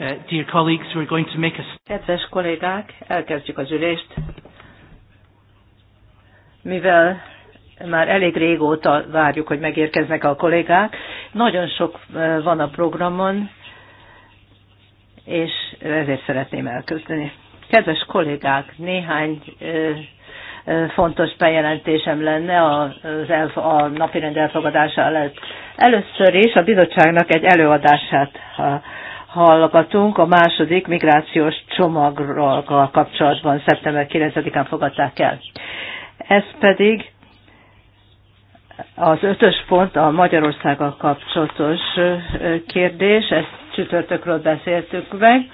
Uh, dear colleagues, we're going to make a... Kedves kollégák, elkezdjük az ülést. Mivel már elég régóta várjuk, hogy megérkeznek a kollégák, nagyon sok uh, van a programon, és ezért szeretném elkezdeni. Kedves kollégák, néhány uh, fontos bejelentésem lenne az elf- a napirend elfogadása előtt. Először is a bizottságnak egy előadását hallgatunk a második migrációs csomagról kapcsolatban szeptember 9-án fogadták el. Ez pedig az ötös pont a Magyarországgal kapcsolatos kérdés, ezt csütörtökről beszéltük meg,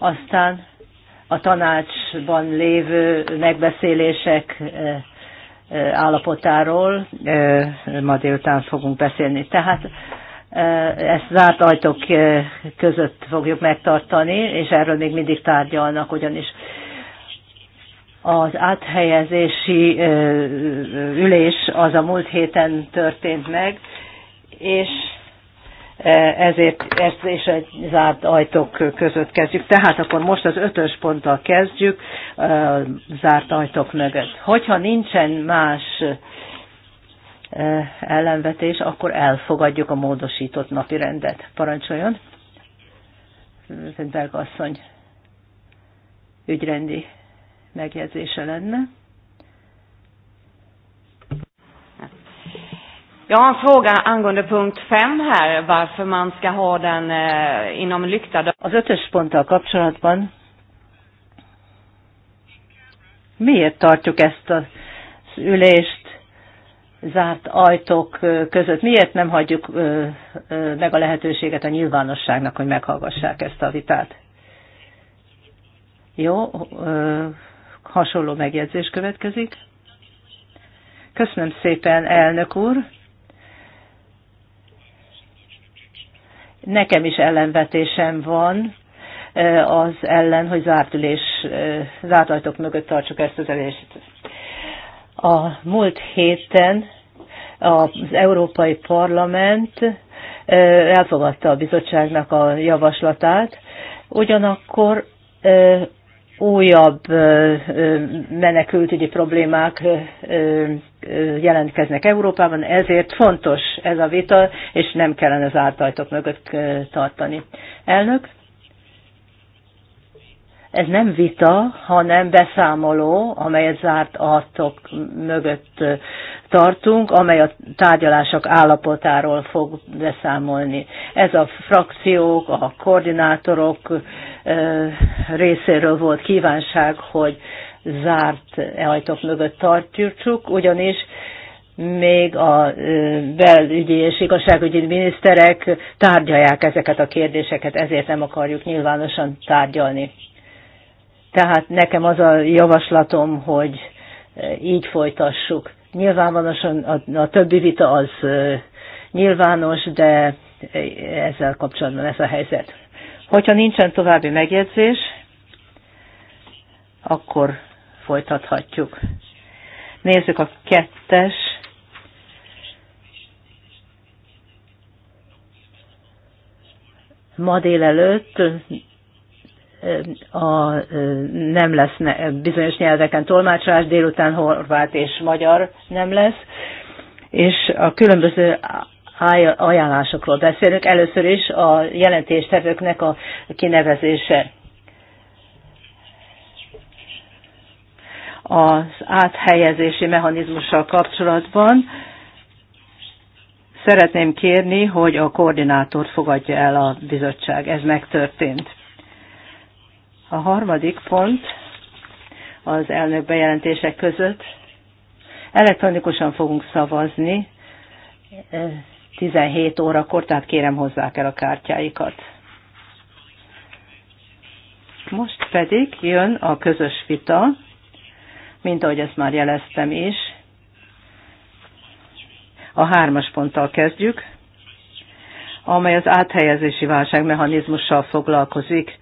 aztán a tanácsban lévő megbeszélések állapotáról ma délután fogunk beszélni. Tehát Eh, ezt zárt ajtók eh, között fogjuk megtartani, és erről még mindig tárgyalnak, ugyanis az áthelyezési eh, ülés az a múlt héten történt meg, és ezért ezt és egy zárt ajtók között kezdjük. Tehát akkor most az ötös ponttal kezdjük, zárt ajtók mögött. Hogyha nincsen más E, ellenvetés, akkor elfogadjuk a módosított napi rendet. Parancsoljon! Belga asszony ügyrendi megjegyzése lenne. Jag har en fråga angående punkt 5 här, varför man ska ha den eh, inom lyckta Az ötös ponttal kapcsolatban miért tartjuk ezt az ülést zárt ajtók között. Miért nem hagyjuk meg a lehetőséget a nyilvánosságnak, hogy meghallgassák ezt a vitát? Jó, hasonló megjegyzés következik. Köszönöm szépen, elnök úr. Nekem is ellenvetésem van az ellen, hogy zárt ülés, zárt ajtók mögött tartsuk ezt az elést. A múlt héten az Európai Parlament elfogadta a bizottságnak a javaslatát, ugyanakkor újabb menekültügyi problémák jelentkeznek Európában, ezért fontos ez a vita, és nem kellene az ártajtok mögött tartani. Elnök, ez nem vita, hanem beszámoló, amelyet zárt artok mögött tartunk, amely a tárgyalások állapotáról fog beszámolni. Ez a frakciók, a koordinátorok részéről volt kívánság, hogy zárt ajtók mögött tartjuk, ugyanis még a belügyi és igazságügyi miniszterek tárgyalják ezeket a kérdéseket, ezért nem akarjuk nyilvánosan tárgyalni. Tehát nekem az a javaslatom, hogy e, így folytassuk. Nyilvánvalóan a, a többi vita az e, nyilvános, de ezzel kapcsolatban ez a helyzet. Hogyha nincsen további megjegyzés, akkor folytathatjuk. Nézzük a kettes. Ma délelőtt a, nem lesz ne, bizonyos nyelveken tolmácsolás, délután horvát és magyar nem lesz, és a különböző ajánlásokról beszélünk. Először is a jelentéstevőknek a kinevezése. Az áthelyezési mechanizmussal kapcsolatban szeretném kérni, hogy a koordinátort fogadja el a bizottság. Ez megtörtént. A harmadik pont az elnök bejelentések között elektronikusan fogunk szavazni 17 eh, órakor, tehát kérem hozzák el a kártyáikat. Most pedig jön a közös vita, mint ahogy ezt már jeleztem is. A hármas ponttal kezdjük, amely az áthelyezési válságmechanizmussal foglalkozik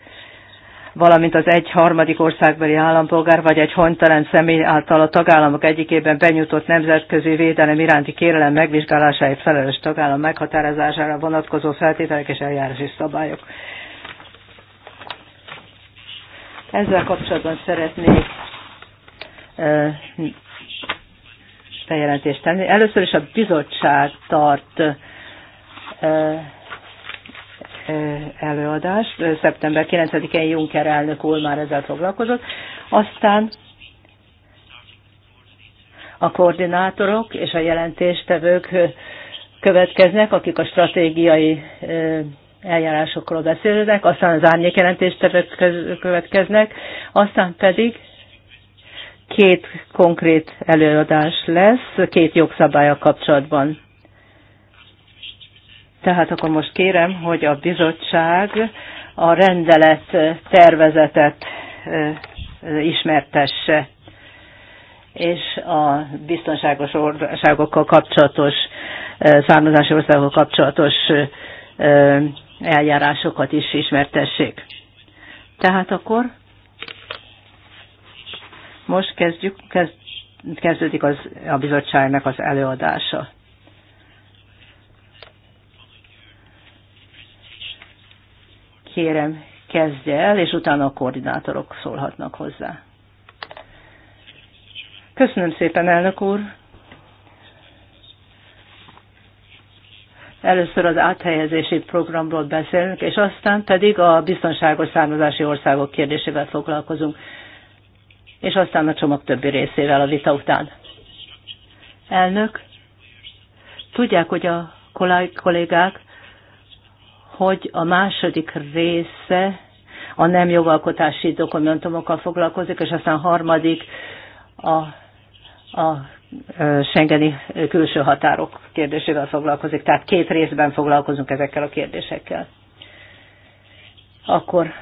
valamint az egy harmadik országbeli állampolgár vagy egy hontelen személy által a tagállamok egyikében benyújtott nemzetközi védelem iránti kérelem megvizsgálásáért felelős tagállam meghatározására vonatkozó feltételek és eljárási szabályok. Ezzel kapcsolatban szeretnék bejelentést tenni. Először is a bizottság tart előadást. Szeptember 9-én Juncker elnök úr már ezzel foglalkozott. Aztán a koordinátorok és a jelentéstevők következnek, akik a stratégiai eljárásokról beszélnek, aztán az jelentéstevők következnek, aztán pedig két konkrét előadás lesz, két jogszabálya kapcsolatban. Tehát akkor most kérem, hogy a bizottság a rendelet tervezetet ismertesse, és a biztonságos országokkal kapcsolatos, származási országokkal kapcsolatos eljárásokat is ismertessék. Tehát akkor most kezdjük, kezd, kezdődik az, a bizottságnak az előadása. kérem kezdje el, és utána a koordinátorok szólhatnak hozzá. Köszönöm szépen, elnök úr! Először az áthelyezési programról beszélünk, és aztán pedig a biztonságos származási országok kérdésével foglalkozunk, és aztán a csomag többi részével a vita után. Elnök, tudják, hogy a kollégák hogy a második része a nem jogalkotási dokumentumokkal foglalkozik, és aztán a harmadik a, a Schengeni külső határok kérdésével foglalkozik. Tehát két részben foglalkozunk ezekkel a kérdésekkel. Akkor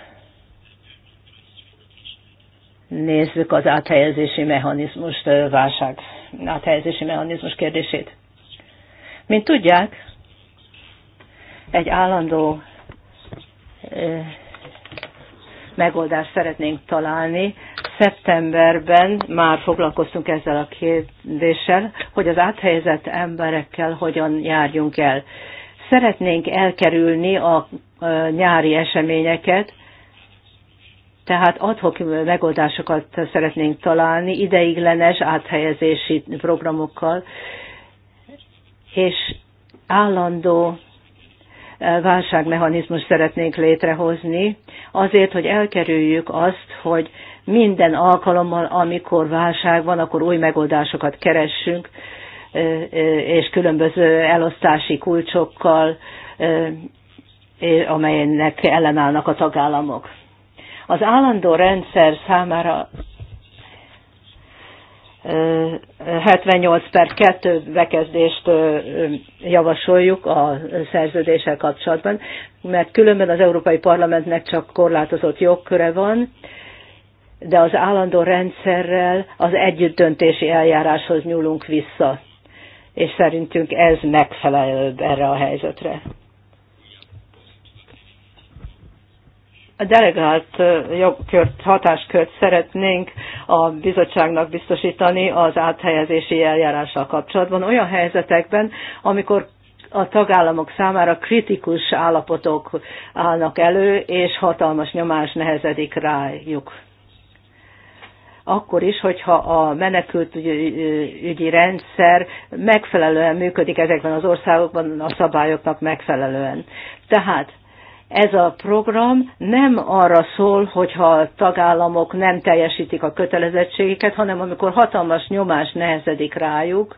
nézzük az áthelyezési mechanizmust, válság áthelyezési mechanizmus kérdését. Mint tudják, egy állandó megoldást szeretnénk találni. Szeptemberben már foglalkoztunk ezzel a kérdéssel, hogy az áthelyezett emberekkel hogyan járjunk el. Szeretnénk elkerülni a nyári eseményeket, tehát adhok megoldásokat szeretnénk találni, ideiglenes áthelyezési programokkal, és állandó válságmechanizmus szeretnénk létrehozni, azért, hogy elkerüljük azt, hogy minden alkalommal, amikor válság van, akkor új megoldásokat keressünk, és különböző elosztási kulcsokkal, amelynek ellenállnak a tagállamok. Az állandó rendszer számára 78 per 2 bekezdést javasoljuk a szerződéssel kapcsolatban, mert különben az Európai Parlamentnek csak korlátozott jogköre van, de az állandó rendszerrel az együttdöntési eljáráshoz nyúlunk vissza, és szerintünk ez megfelelőbb erre a helyzetre. a delegált jogkört, hatáskört szeretnénk a bizottságnak biztosítani az áthelyezési eljárással kapcsolatban olyan helyzetekben, amikor a tagállamok számára kritikus állapotok állnak elő, és hatalmas nyomás nehezedik rájuk. Akkor is, hogyha a menekültügyi rendszer megfelelően működik ezekben az országokban a szabályoknak megfelelően. Tehát ez a program nem arra szól, hogyha a tagállamok nem teljesítik a kötelezettségeket, hanem amikor hatalmas nyomás nehezedik rájuk,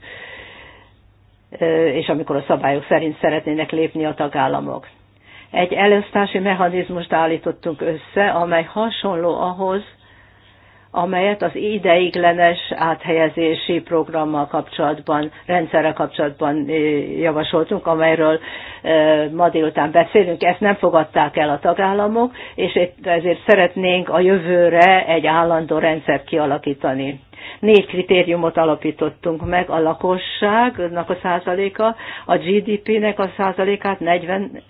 és amikor a szabályok szerint szeretnének lépni a tagállamok. Egy elosztási mechanizmust állítottunk össze, amely hasonló ahhoz, amelyet az ideiglenes áthelyezési programmal kapcsolatban, rendszerrel kapcsolatban javasoltunk, amelyről ma délután beszélünk. Ezt nem fogadták el a tagállamok, és ezért szeretnénk a jövőre egy állandó rendszert kialakítani. Négy kritériumot alapítottunk meg, a lakosságnak a százaléka, a GDP-nek a százalékát, 40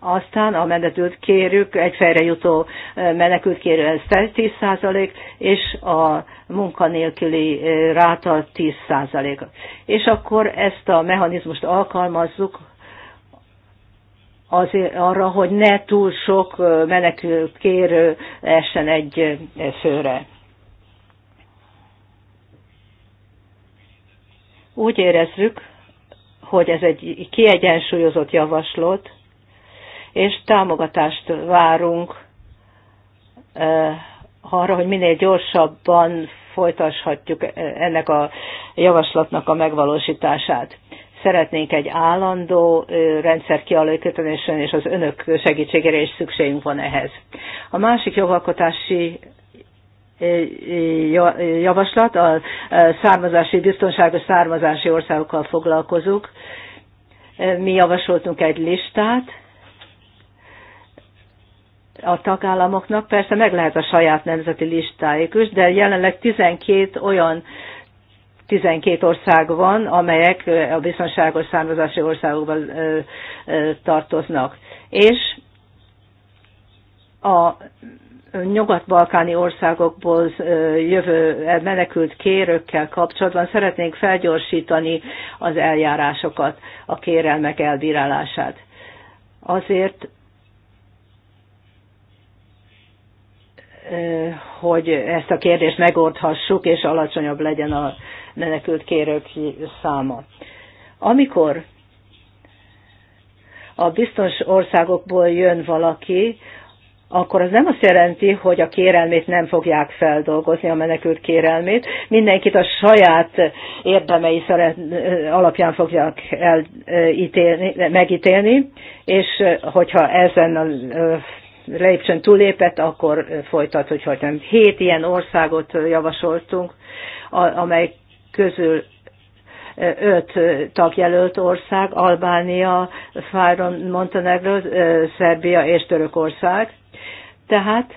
aztán a menekült kérők, egy jutó menekült kérő, ez 10 százalék, és a munkanélküli ráta 10 százalék. És akkor ezt a mechanizmust alkalmazzuk azért arra, hogy ne túl sok menekült kérő essen egy főre. Úgy érezzük, hogy ez egy kiegyensúlyozott javaslat, és támogatást várunk arra, hogy minél gyorsabban folytashatjuk ennek a javaslatnak a megvalósítását. Szeretnénk egy állandó rendszer kialakításon, és az önök segítségére is szükségünk van ehhez. A másik jogalkotási javaslat, a származási, biztonságos származási országokkal foglalkozunk. Mi javasoltunk egy listát, a tagállamoknak. Persze meg lehet a saját nemzeti listájuk is, de jelenleg 12 olyan 12 ország van, amelyek a biztonságos származási országokban tartoznak. És a nyugat-balkáni országokból jövő menekült kérőkkel kapcsolatban szeretnénk felgyorsítani az eljárásokat, a kérelmek elbírálását. Azért, hogy ezt a kérdést megoldhassuk, és alacsonyabb legyen a menekült kérők száma. Amikor a biztos országokból jön valaki, akkor az nem azt jelenti, hogy a kérelmét nem fogják feldolgozni, a menekült kérelmét. Mindenkit a saját érdemei alapján fogják ítélni, megítélni, és hogyha ezen a lépcsőn túllépett, akkor folytat, hogy nem Hét ilyen országot javasoltunk, amely közül öt tagjelölt ország, Albánia, Fáron, Montenegro, Szerbia és Törökország. Tehát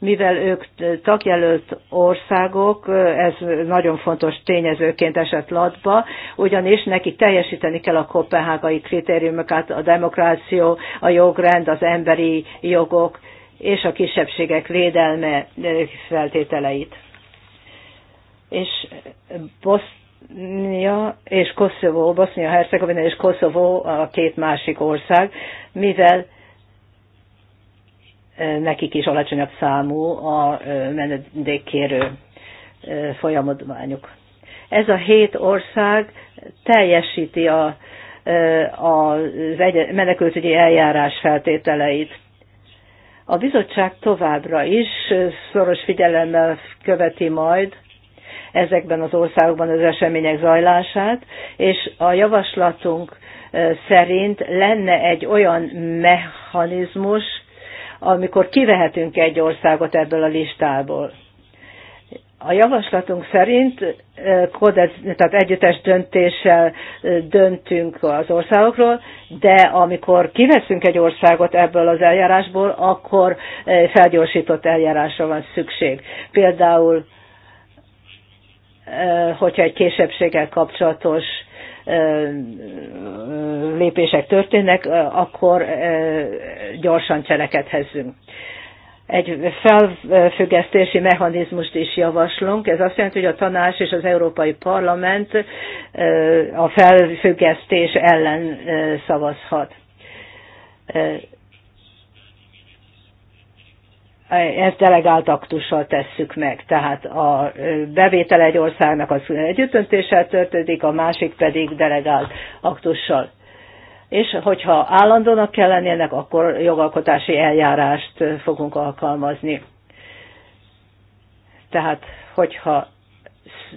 mivel ők tagjelölt országok, ez nagyon fontos tényezőként esett latba, ugyanis neki teljesíteni kell a kopenhágai kritériumokat, a demokráció, a jogrend, az emberi jogok és a kisebbségek védelme feltételeit. És Bosznia és Koszovó, Bosznia-Hercegovina és Koszovó a két másik ország, mivel nekik is alacsonyabb számú a menedékkérő folyamodmányuk. Ez a hét ország teljesíti a, a menekültügyi eljárás feltételeit. A bizottság továbbra is szoros figyelemmel követi majd ezekben az országokban az események zajlását, és a javaslatunk szerint lenne egy olyan mechanizmus, amikor kivehetünk egy országot ebből a listából. A javaslatunk szerint kodez, tehát együttes döntéssel döntünk az országokról, de amikor kiveszünk egy országot ebből az eljárásból, akkor felgyorsított eljárásra van szükség. Például, hogyha egy kisebbséggel kapcsolatos lépések történnek, akkor gyorsan cselekedhezünk. Egy felfüggesztési mechanizmust is javaslunk. Ez azt jelenti, hogy a tanács és az Európai Parlament a felfüggesztés ellen szavazhat ezt delegált aktussal tesszük meg. Tehát a bevétel egy országnak az együttöntéssel történik, a másik pedig delegált aktussal. És hogyha állandónak kell lennének, akkor jogalkotási eljárást fogunk alkalmazni. Tehát, hogyha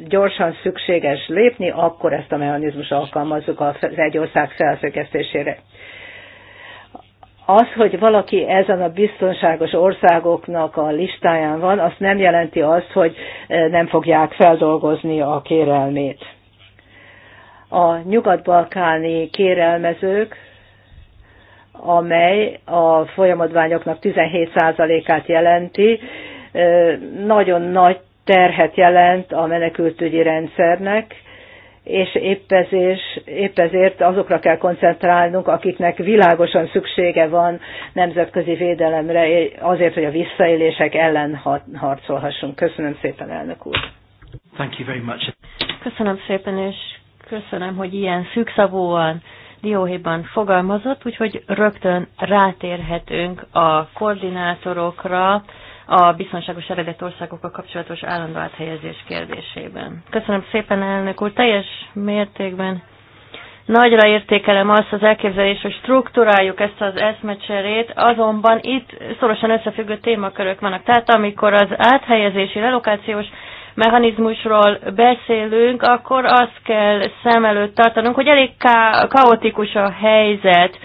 gyorsan szükséges lépni, akkor ezt a mechanizmus alkalmazzuk az egy ország felfüggesztésére az, hogy valaki ezen a biztonságos országoknak a listáján van, azt nem jelenti azt, hogy e, nem fogják feldolgozni a kérelmét. A nyugat-balkáni kérelmezők, amely a folyamatványoknak 17%-át jelenti, e, nagyon nagy terhet jelent a menekültügyi rendszernek, és épp ezért, épp ezért azokra kell koncentrálnunk, akiknek világosan szüksége van nemzetközi védelemre, azért, hogy a visszaélések ellen harcolhassunk. Köszönöm szépen, elnök úr! Thank you very much. Köszönöm szépen, és köszönöm, hogy ilyen szűkszavúan, dióhéjban fogalmazott, úgyhogy rögtön rátérhetünk a koordinátorokra, a biztonságos eredet országokkal kapcsolatos állandó áthelyezés kérdésében. Köszönöm szépen, elnök úr. Teljes mértékben nagyra értékelem azt az elképzelés, hogy struktúráljuk ezt az eszmecserét, azonban itt szorosan összefüggő témakörök vannak. Tehát amikor az áthelyezési, relokációs mechanizmusról beszélünk, akkor azt kell szem előtt tartanunk, hogy elég ka- kaotikus a helyzet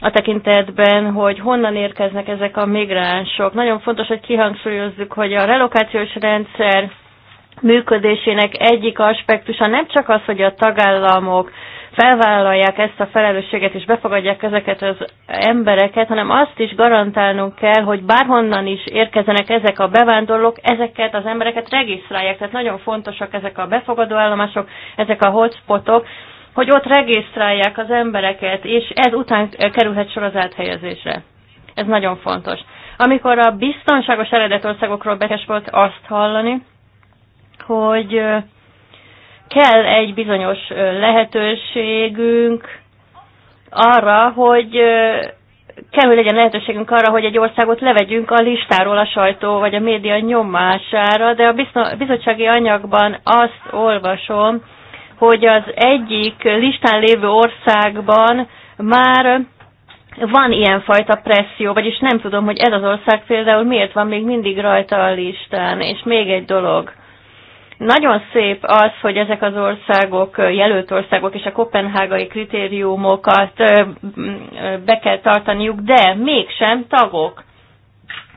a tekintetben, hogy honnan érkeznek ezek a migránsok. Nagyon fontos, hogy kihangsúlyozzuk, hogy a relokációs rendszer működésének egyik aspektusa nem csak az, hogy a tagállamok felvállalják ezt a felelősséget és befogadják ezeket az embereket, hanem azt is garantálnunk kell, hogy bárhonnan is érkezenek ezek a bevándorlók, ezeket az embereket regisztrálják. Tehát nagyon fontosak ezek a befogadó állomások, ezek a hotspotok, -ok, hogy ott regisztrálják az embereket, és ez után kerülhet sor az áthelyezésre. Ez nagyon fontos. Amikor a biztonságos eredetországokról bekes volt azt hallani, hogy kell egy bizonyos lehetőségünk arra, hogy kell, hogy legyen lehetőségünk arra, hogy egy országot levegyünk a listáról a sajtó vagy a média nyomására, de a bizottsági anyagban azt olvasom, hogy az egyik listán lévő országban már van ilyenfajta presszió, vagyis nem tudom, hogy ez az ország például miért van még mindig rajta a listán. És még egy dolog. Nagyon szép az, hogy ezek az országok, jelölt országok és a kopenhágai kritériumokat be kell tartaniuk, de mégsem tagok.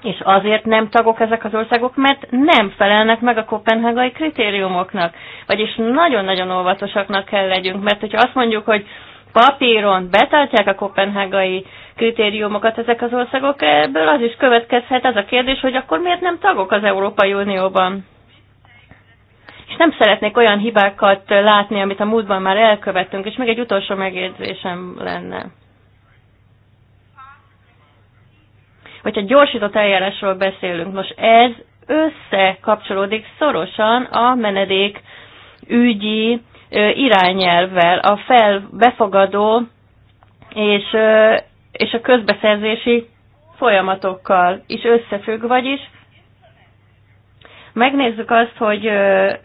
És azért nem tagok ezek az országok, mert nem felelnek meg a kopenhágai kritériumoknak. Vagyis nagyon-nagyon óvatosaknak kell legyünk, mert hogyha azt mondjuk, hogy papíron betartják a kopenhágai kritériumokat ezek az országok, ebből az is következhet ez a kérdés, hogy akkor miért nem tagok az Európai Unióban? És nem szeretnék olyan hibákat látni, amit a múltban már elkövettünk, és még egy utolsó megjegyzésem lenne. vagy ha gyorsított eljárásról beszélünk. Most ez összekapcsolódik szorosan a menedék ügyi irányelvvel, a fel, befogadó és, és a közbeszerzési folyamatokkal is összefügg, vagyis megnézzük azt, hogy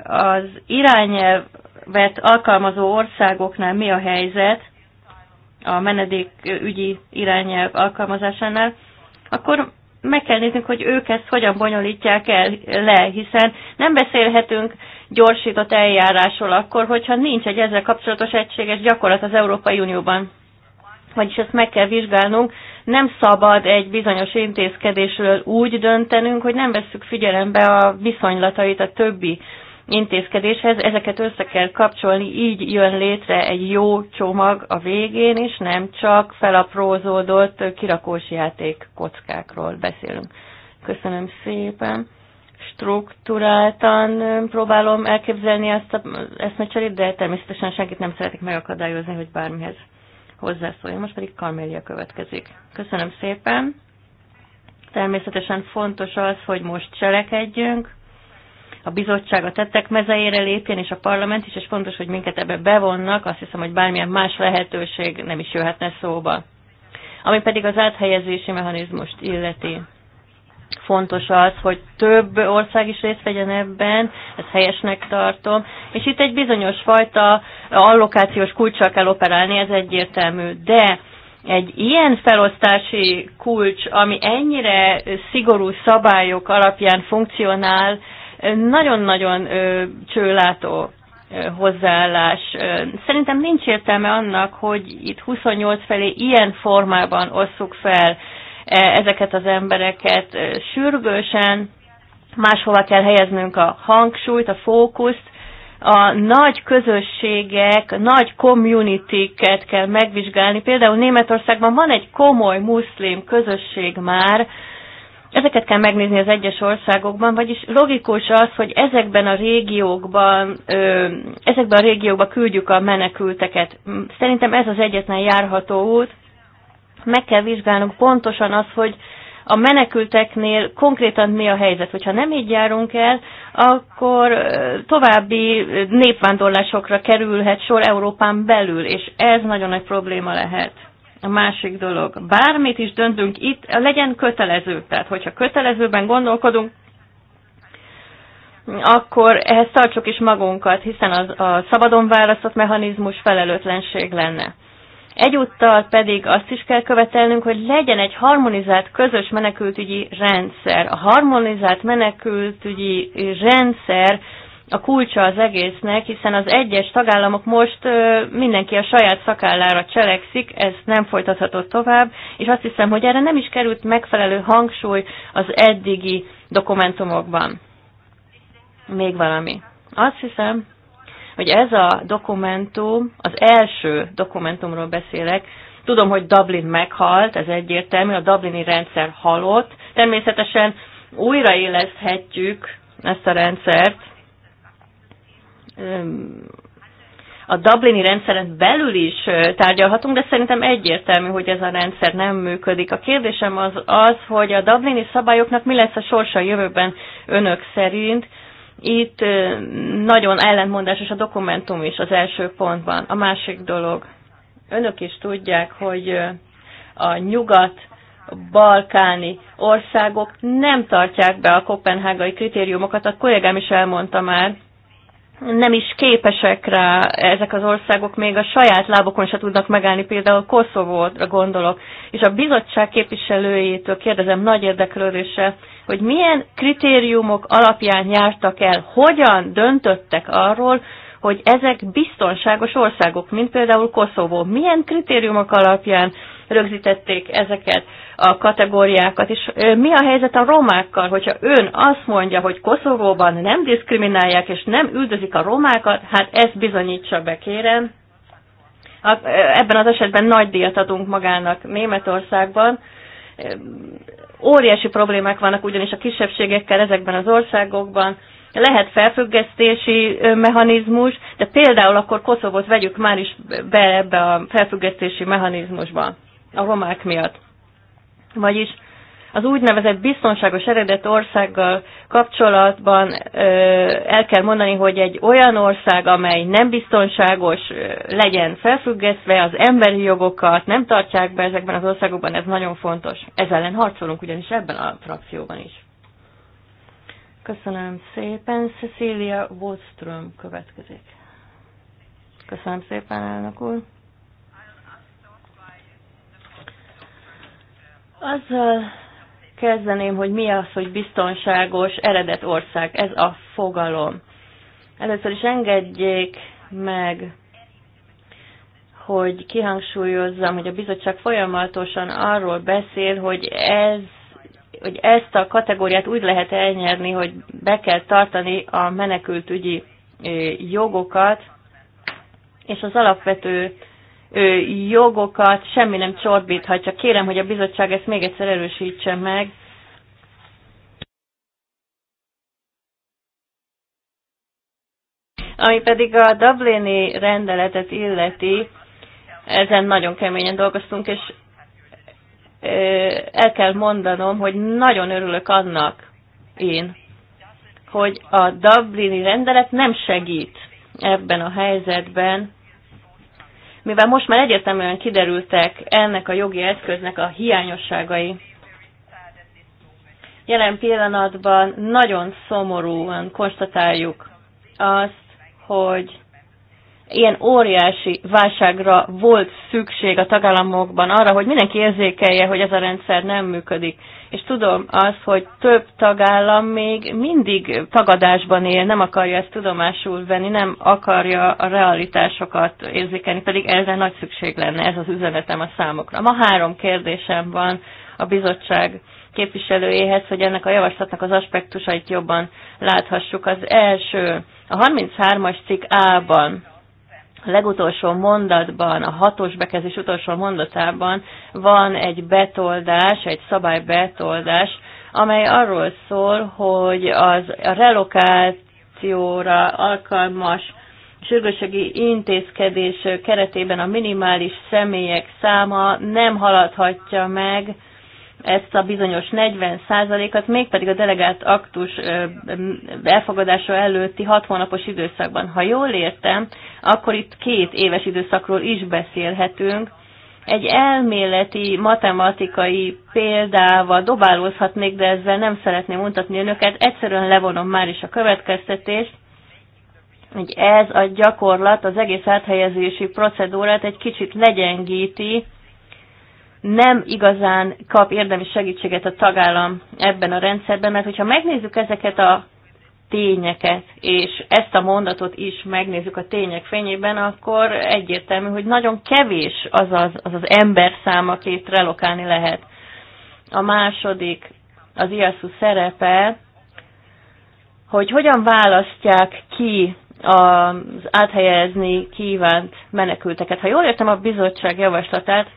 az irányelvet alkalmazó országoknál mi a helyzet, a menedékügyi irányelv alkalmazásánál, akkor meg kell néznünk, hogy ők ezt hogyan bonyolítják el le, hiszen nem beszélhetünk gyorsított eljárásról akkor, hogyha nincs egy ezzel kapcsolatos egységes gyakorlat az Európai Unióban. Vagyis ezt meg kell vizsgálnunk, nem szabad egy bizonyos intézkedésről úgy döntenünk, hogy nem vesszük figyelembe a viszonylatait a többi intézkedéshez, ezeket össze kell kapcsolni, így jön létre egy jó csomag a végén, és nem csak felaprózódott kirakós játék kockákról beszélünk. Köszönöm szépen. Struktúráltan próbálom elképzelni ezt a eszmecserét, de természetesen senkit nem szeretik megakadályozni, hogy bármihez hozzászóljon. Most pedig Kamélia következik. Köszönöm szépen. Természetesen fontos az, hogy most cselekedjünk, a bizottság a tettek mezeére lépjen, és a parlament is, és fontos, hogy minket ebbe bevonnak, azt hiszem, hogy bármilyen más lehetőség nem is jöhetne szóba. Ami pedig az áthelyezési mechanizmust illeti. Fontos az, hogy több ország is részt vegyen ebben, ezt helyesnek tartom, és itt egy bizonyos fajta allokációs kulcsal kell operálni, ez egyértelmű, de egy ilyen felosztási kulcs, ami ennyire szigorú szabályok alapján funkcionál, nagyon-nagyon csőlátó hozzáállás. Szerintem nincs értelme annak, hogy itt 28 felé ilyen formában osszuk fel e, ezeket az embereket sürgősen, máshova kell helyeznünk a hangsúlyt, a fókuszt, a nagy közösségek, nagy communityket kell megvizsgálni. Például Németországban van egy komoly muszlim közösség már, Ezeket kell megnézni az egyes országokban, vagyis logikus az, hogy ezekben a régiókban, ö, ezekben a régiókban küldjük a menekülteket. Szerintem ez az egyetlen járható út. Meg kell vizsgálnunk pontosan az, hogy a menekülteknél konkrétan mi a helyzet. Hogyha nem így járunk el, akkor további népvándorlásokra kerülhet sor Európán belül, és ez nagyon nagy probléma lehet. A másik dolog, bármit is döntünk itt, legyen kötelező. Tehát, hogyha kötelezőben gondolkodunk, akkor ehhez tartsuk is magunkat, hiszen az, a szabadon választott mechanizmus felelőtlenség lenne. Egyúttal pedig azt is kell követelnünk, hogy legyen egy harmonizált közös menekültügyi rendszer. A harmonizált menekültügyi rendszer a kulcsa az egésznek, hiszen az egyes tagállamok most ö, mindenki a saját szakállára cselekszik, ez nem folytatható tovább, és azt hiszem, hogy erre nem is került megfelelő hangsúly az eddigi dokumentumokban. Még valami. Azt hiszem, hogy ez a dokumentum, az első dokumentumról beszélek, tudom, hogy Dublin meghalt, ez egyértelmű, a Dublini rendszer halott, természetesen újraéleszthetjük ezt a rendszert, a Dublini rendszeren belül is tárgyalhatunk, de szerintem egyértelmű, hogy ez a rendszer nem működik. A kérdésem az az, hogy a Dublini szabályoknak mi lesz a sorsa a jövőben önök szerint. Itt nagyon ellentmondásos a dokumentum is az első pontban. A másik dolog, önök is tudják, hogy a nyugat balkáni országok nem tartják be a kopenhágai kritériumokat, a kollégám is elmondta már, nem is képesek rá ezek az országok, még a saját lábokon se tudnak megállni, például Koszovóra gondolok. És a bizottság képviselőjétől kérdezem nagy érdeklődéssel, hogy milyen kritériumok alapján jártak el, hogyan döntöttek arról, hogy ezek biztonságos országok, mint például Koszovó. Milyen kritériumok alapján rögzítették ezeket? a kategóriákat, és mi a helyzet a romákkal, hogyha ön azt mondja, hogy Koszovóban nem diszkriminálják és nem üldözik a romákat, hát ezt bizonyítsa be, kérem. Ebben az esetben nagy díjat adunk magának Németországban. Óriási problémák vannak ugyanis a kisebbségekkel ezekben az országokban, lehet felfüggesztési mechanizmus, de például akkor Koszovot vegyük már is be ebbe a felfüggesztési mechanizmusba a romák miatt. Vagyis az úgynevezett biztonságos eredet országgal kapcsolatban el kell mondani, hogy egy olyan ország, amely nem biztonságos, legyen felfüggesztve, az emberi jogokat nem tartják be ezekben az országokban, ez nagyon fontos. Ez ellen harcolunk ugyanis ebben a frakcióban is. Köszönöm szépen. Cecilia Wallström következik. Köszönöm szépen, elnök úr. Azzal kezdeném, hogy mi az, hogy biztonságos eredet ország. Ez a fogalom. Először is engedjék meg, hogy kihangsúlyozzam, hogy a bizottság folyamatosan arról beszél, hogy ez hogy ezt a kategóriát úgy lehet elnyerni, hogy be kell tartani a menekültügyi eh, jogokat, és az alapvető jogokat semmi nem csorbíthat, csak kérem, hogy a bizottság ezt még egyszer erősítse meg. Ami pedig a Dublini rendeletet illeti, ezen nagyon keményen dolgoztunk, és el kell mondanom, hogy nagyon örülök annak én, hogy a Dublini rendelet nem segít ebben a helyzetben, mivel most már egyértelműen kiderültek ennek a jogi eszköznek a hiányosságai, jelen pillanatban nagyon szomorúan konstatáljuk azt, hogy ilyen óriási válságra volt szükség a tagállamokban arra, hogy mindenki érzékelje, hogy ez a rendszer nem működik. És tudom az, hogy több tagállam még mindig tagadásban él, nem akarja ezt tudomásul venni, nem akarja a realitásokat érzékelni, pedig erre nagy szükség lenne, ez az üzenetem a számokra. Ma három kérdésem van a bizottság képviselőjéhez, hogy ennek a javaslatnak az aspektusait jobban láthassuk. Az első, a 33-as cikk A-ban a legutolsó mondatban, a hatos bekezdés utolsó mondatában van egy betoldás, egy szabálybetoldás, amely arról szól, hogy az a relokációra alkalmas sürgősségi intézkedés keretében a minimális személyek száma nem haladhatja meg ezt a bizonyos 40%-at, mégpedig a delegált aktus elfogadása előtti 6 hónapos időszakban. Ha jól értem, akkor itt két éves időszakról is beszélhetünk. Egy elméleti, matematikai példával dobálózhatnék, de ezzel nem szeretném mutatni önöket. Egyszerűen levonom már is a következtetést, hogy ez a gyakorlat az egész áthelyezési procedúrát egy kicsit legyengíti, nem igazán kap érdemi segítséget a tagállam ebben a rendszerben, mert hogyha megnézzük ezeket a tényeket, és ezt a mondatot is megnézzük a tények fényében, akkor egyértelmű, hogy nagyon kevés az az, az, az ember szám, akit relokálni lehet. A második, az IASZU szerepe, hogy hogyan választják ki az áthelyezni kívánt menekülteket. Ha jól értem a bizottság javaslatát,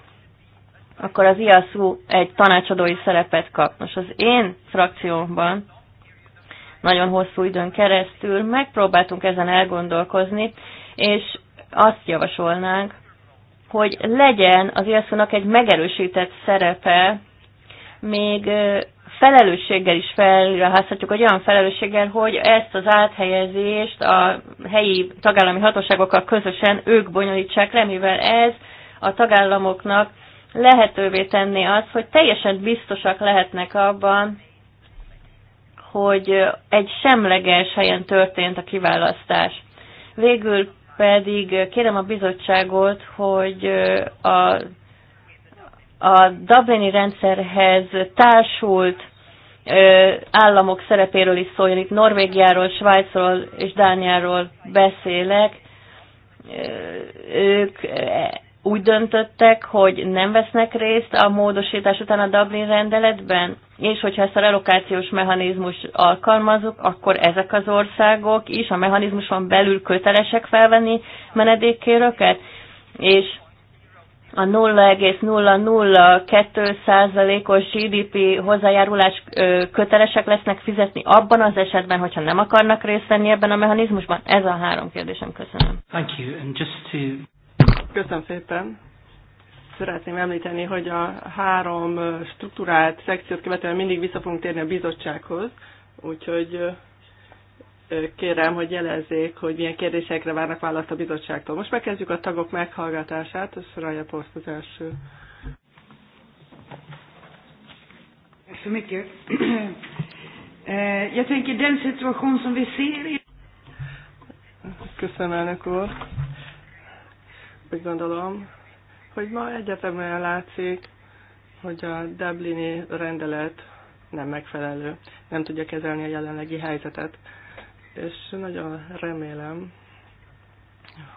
akkor az IASZU egy tanácsadói szerepet kap. Most az én frakciómban nagyon hosszú időn keresztül megpróbáltunk ezen elgondolkozni, és azt javasolnánk, hogy legyen az iasu nak egy megerősített szerepe, még felelősséggel is felházhatjuk, hogy olyan felelősséggel, hogy ezt az áthelyezést a helyi tagállami hatóságokkal közösen ők bonyolítsák le, mivel ez a tagállamoknak lehetővé tenni azt, hogy teljesen biztosak lehetnek abban, hogy egy semleges helyen történt a kiválasztás. Végül pedig kérem a bizottságot, hogy a, a Dublini rendszerhez társult államok szerepéről is szóljon. Itt Norvégiáról, Svájcról és Dániáról beszélek. Ők úgy döntöttek, hogy nem vesznek részt a módosítás után a Dublin rendeletben, és hogyha ezt a relokációs mechanizmus alkalmazunk, akkor ezek az országok is a mechanizmuson belül kötelesek felvenni menedékkérőket, és a 0,002%-os GDP hozzájárulás kötelesek lesznek fizetni abban az esetben, hogyha nem akarnak részt venni ebben a mechanizmusban? Ez a három kérdésem, köszönöm. Thank you. And just to... Köszönöm szépen. Szeretném említeni, hogy a három struktúrált szekciót követően mindig vissza fogunk térni a bizottsághoz, úgyhogy kérem, hogy jelezzék, hogy milyen kérdésekre várnak választ a bizottságtól. Most megkezdjük a tagok meghallgatását, és Raja Poszt az első. Euh, Köszönöm, elnök úr úgy gondolom, hogy ma egyetemben látszik, hogy a Dublini rendelet nem megfelelő, nem tudja kezelni a jelenlegi helyzetet. És nagyon remélem,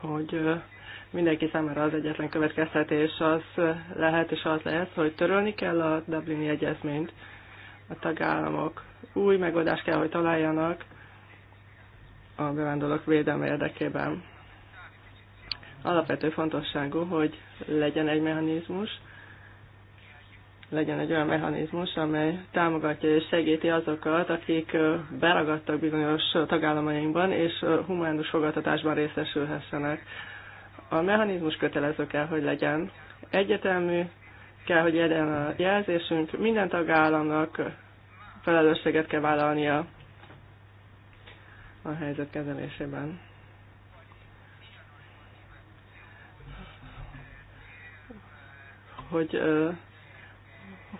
hogy mindenki számára az egyetlen következtetés az lehet és az lesz, hogy törölni kell a Dublini egyezményt. A tagállamok új megoldást kell, hogy találjanak a bevándorlók védelme érdekében. Alapvető fontosságú, hogy legyen egy mechanizmus, legyen egy olyan mechanizmus, amely támogatja és segíti azokat, akik beragadtak bizonyos tagállamainkban, és humánus fogadtatásban részesülhessenek. A mechanizmus kötelező kell, hogy legyen. Egyetemű kell, hogy legyen a jelzésünk. Minden tagállamnak felelősséget kell vállalnia a helyzet kezelésében. hogy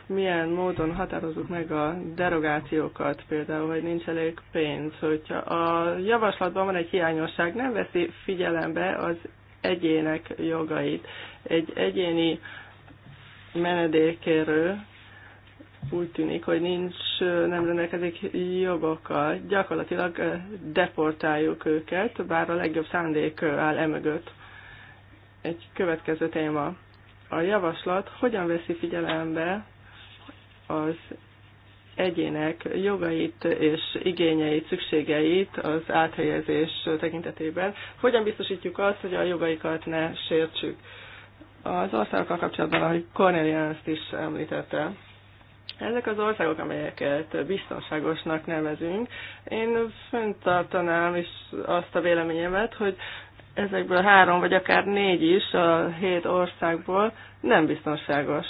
milyen módon határozzuk meg a derogációkat, például, hogy nincs elég pénz, hogyha a javaslatban van egy hiányosság, nem veszi figyelembe az egyének jogait. Egy egyéni menedékérő úgy tűnik, hogy nincs, nem rendelkezik jogokkal. Gyakorlatilag deportáljuk őket, bár a legjobb szándék áll emögött. Egy következő téma a javaslat hogyan veszi figyelembe az egyének jogait és igényeit, szükségeit az áthelyezés tekintetében. Hogyan biztosítjuk azt, hogy a jogaikat ne sértsük? Az országokkal kapcsolatban, ahogy Cornelian ezt is említette, ezek az országok, amelyeket biztonságosnak nevezünk, én fönntartanám is azt a véleményemet, hogy ezekből három vagy akár négy is a hét országból nem biztonságos.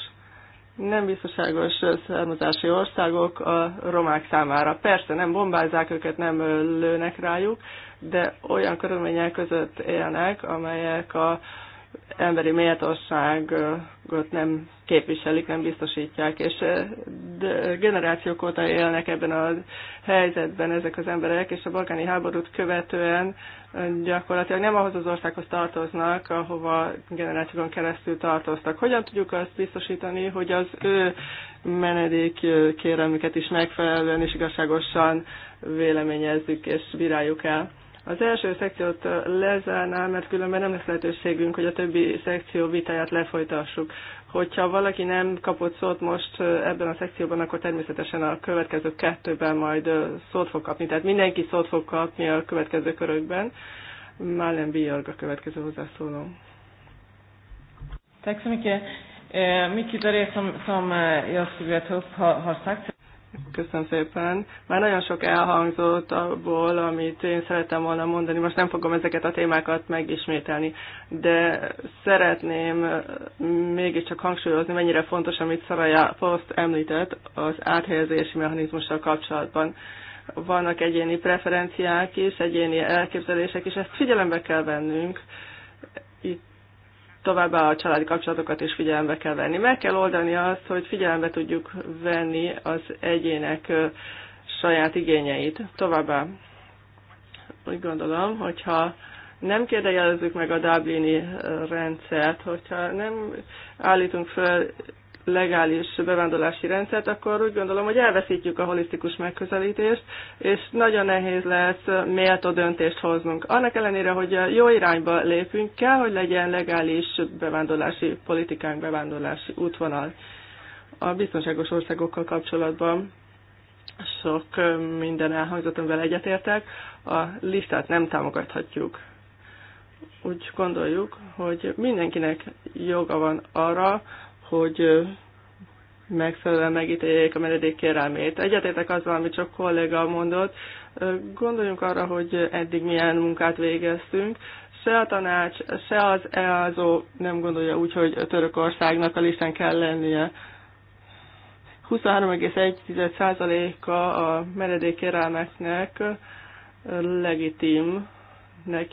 Nem biztonságos származási országok a romák számára. Persze nem bombázzák őket, nem lőnek rájuk, de olyan körülmények között élnek, amelyek a emberi méltóságot nem képviselik, nem biztosítják, és eh, generációk óta élnek ebben a helyzetben ezek az emberek, és a balkáni háborút követően eh, gyakorlatilag nem ahhoz az országhoz tartoznak, ahova generációkon keresztül tartoztak. Hogyan tudjuk azt biztosítani, hogy az ő menedék eh, kérelmüket is megfelelően és igazságosan véleményezzük és bíráljuk el? Az első szekciót lezárnám, mert különben nem lesz lehetőségünk, hogy a többi szekció vitáját lefolytassuk. Hogyha valaki nem kapott szót most ebben a szekcióban, akkor természetesen a következő kettőben majd szót fog kapni. Tehát mindenki szót fog kapni a következő körökben. Málen Björg a következő hozzászóló. Tack Miki. Eh, Miki, Mycket av det som, som eh, jag skulle vilja ta upp har, har Köszönöm szépen. Már nagyon sok elhangzott abból, amit én szeretem volna mondani. Most nem fogom ezeket a témákat megismételni, de szeretném mégiscsak hangsúlyozni, mennyire fontos, amit Szaraja Post említett az áthelyezési mechanizmussal kapcsolatban. Vannak egyéni preferenciák is, egyéni elképzelések is, ezt figyelembe kell vennünk. Itt továbbá a családi kapcsolatokat is figyelembe kell venni. Meg kell oldani azt, hogy figyelembe tudjuk venni az egyének saját igényeit. Továbbá úgy gondolom, hogyha nem kérdejelezzük meg a Dublini rendszert, hogyha nem állítunk fel legális bevándorlási rendszert, akkor úgy gondolom, hogy elveszítjük a holisztikus megközelítést, és nagyon nehéz lesz méltó döntést hoznunk. Annak ellenére, hogy jó irányba lépünk, kell, hogy legyen legális bevándorlási politikánk, bevándorlási útvonal a biztonságos országokkal kapcsolatban sok minden elhangzott, amivel egyetértek, a listát nem támogathatjuk. Úgy gondoljuk, hogy mindenkinek joga van arra, hogy megfelelően megítéljék a menedék kérelmét. Egyetértek azzal, amit csak kolléga mondott. Gondoljunk arra, hogy eddig milyen munkát végeztünk. Se a tanács, se az EASO nem gondolja úgy, hogy Törökországnak a listán kell lennie. 23,1%-a a meredék kérelmeknek legitimnek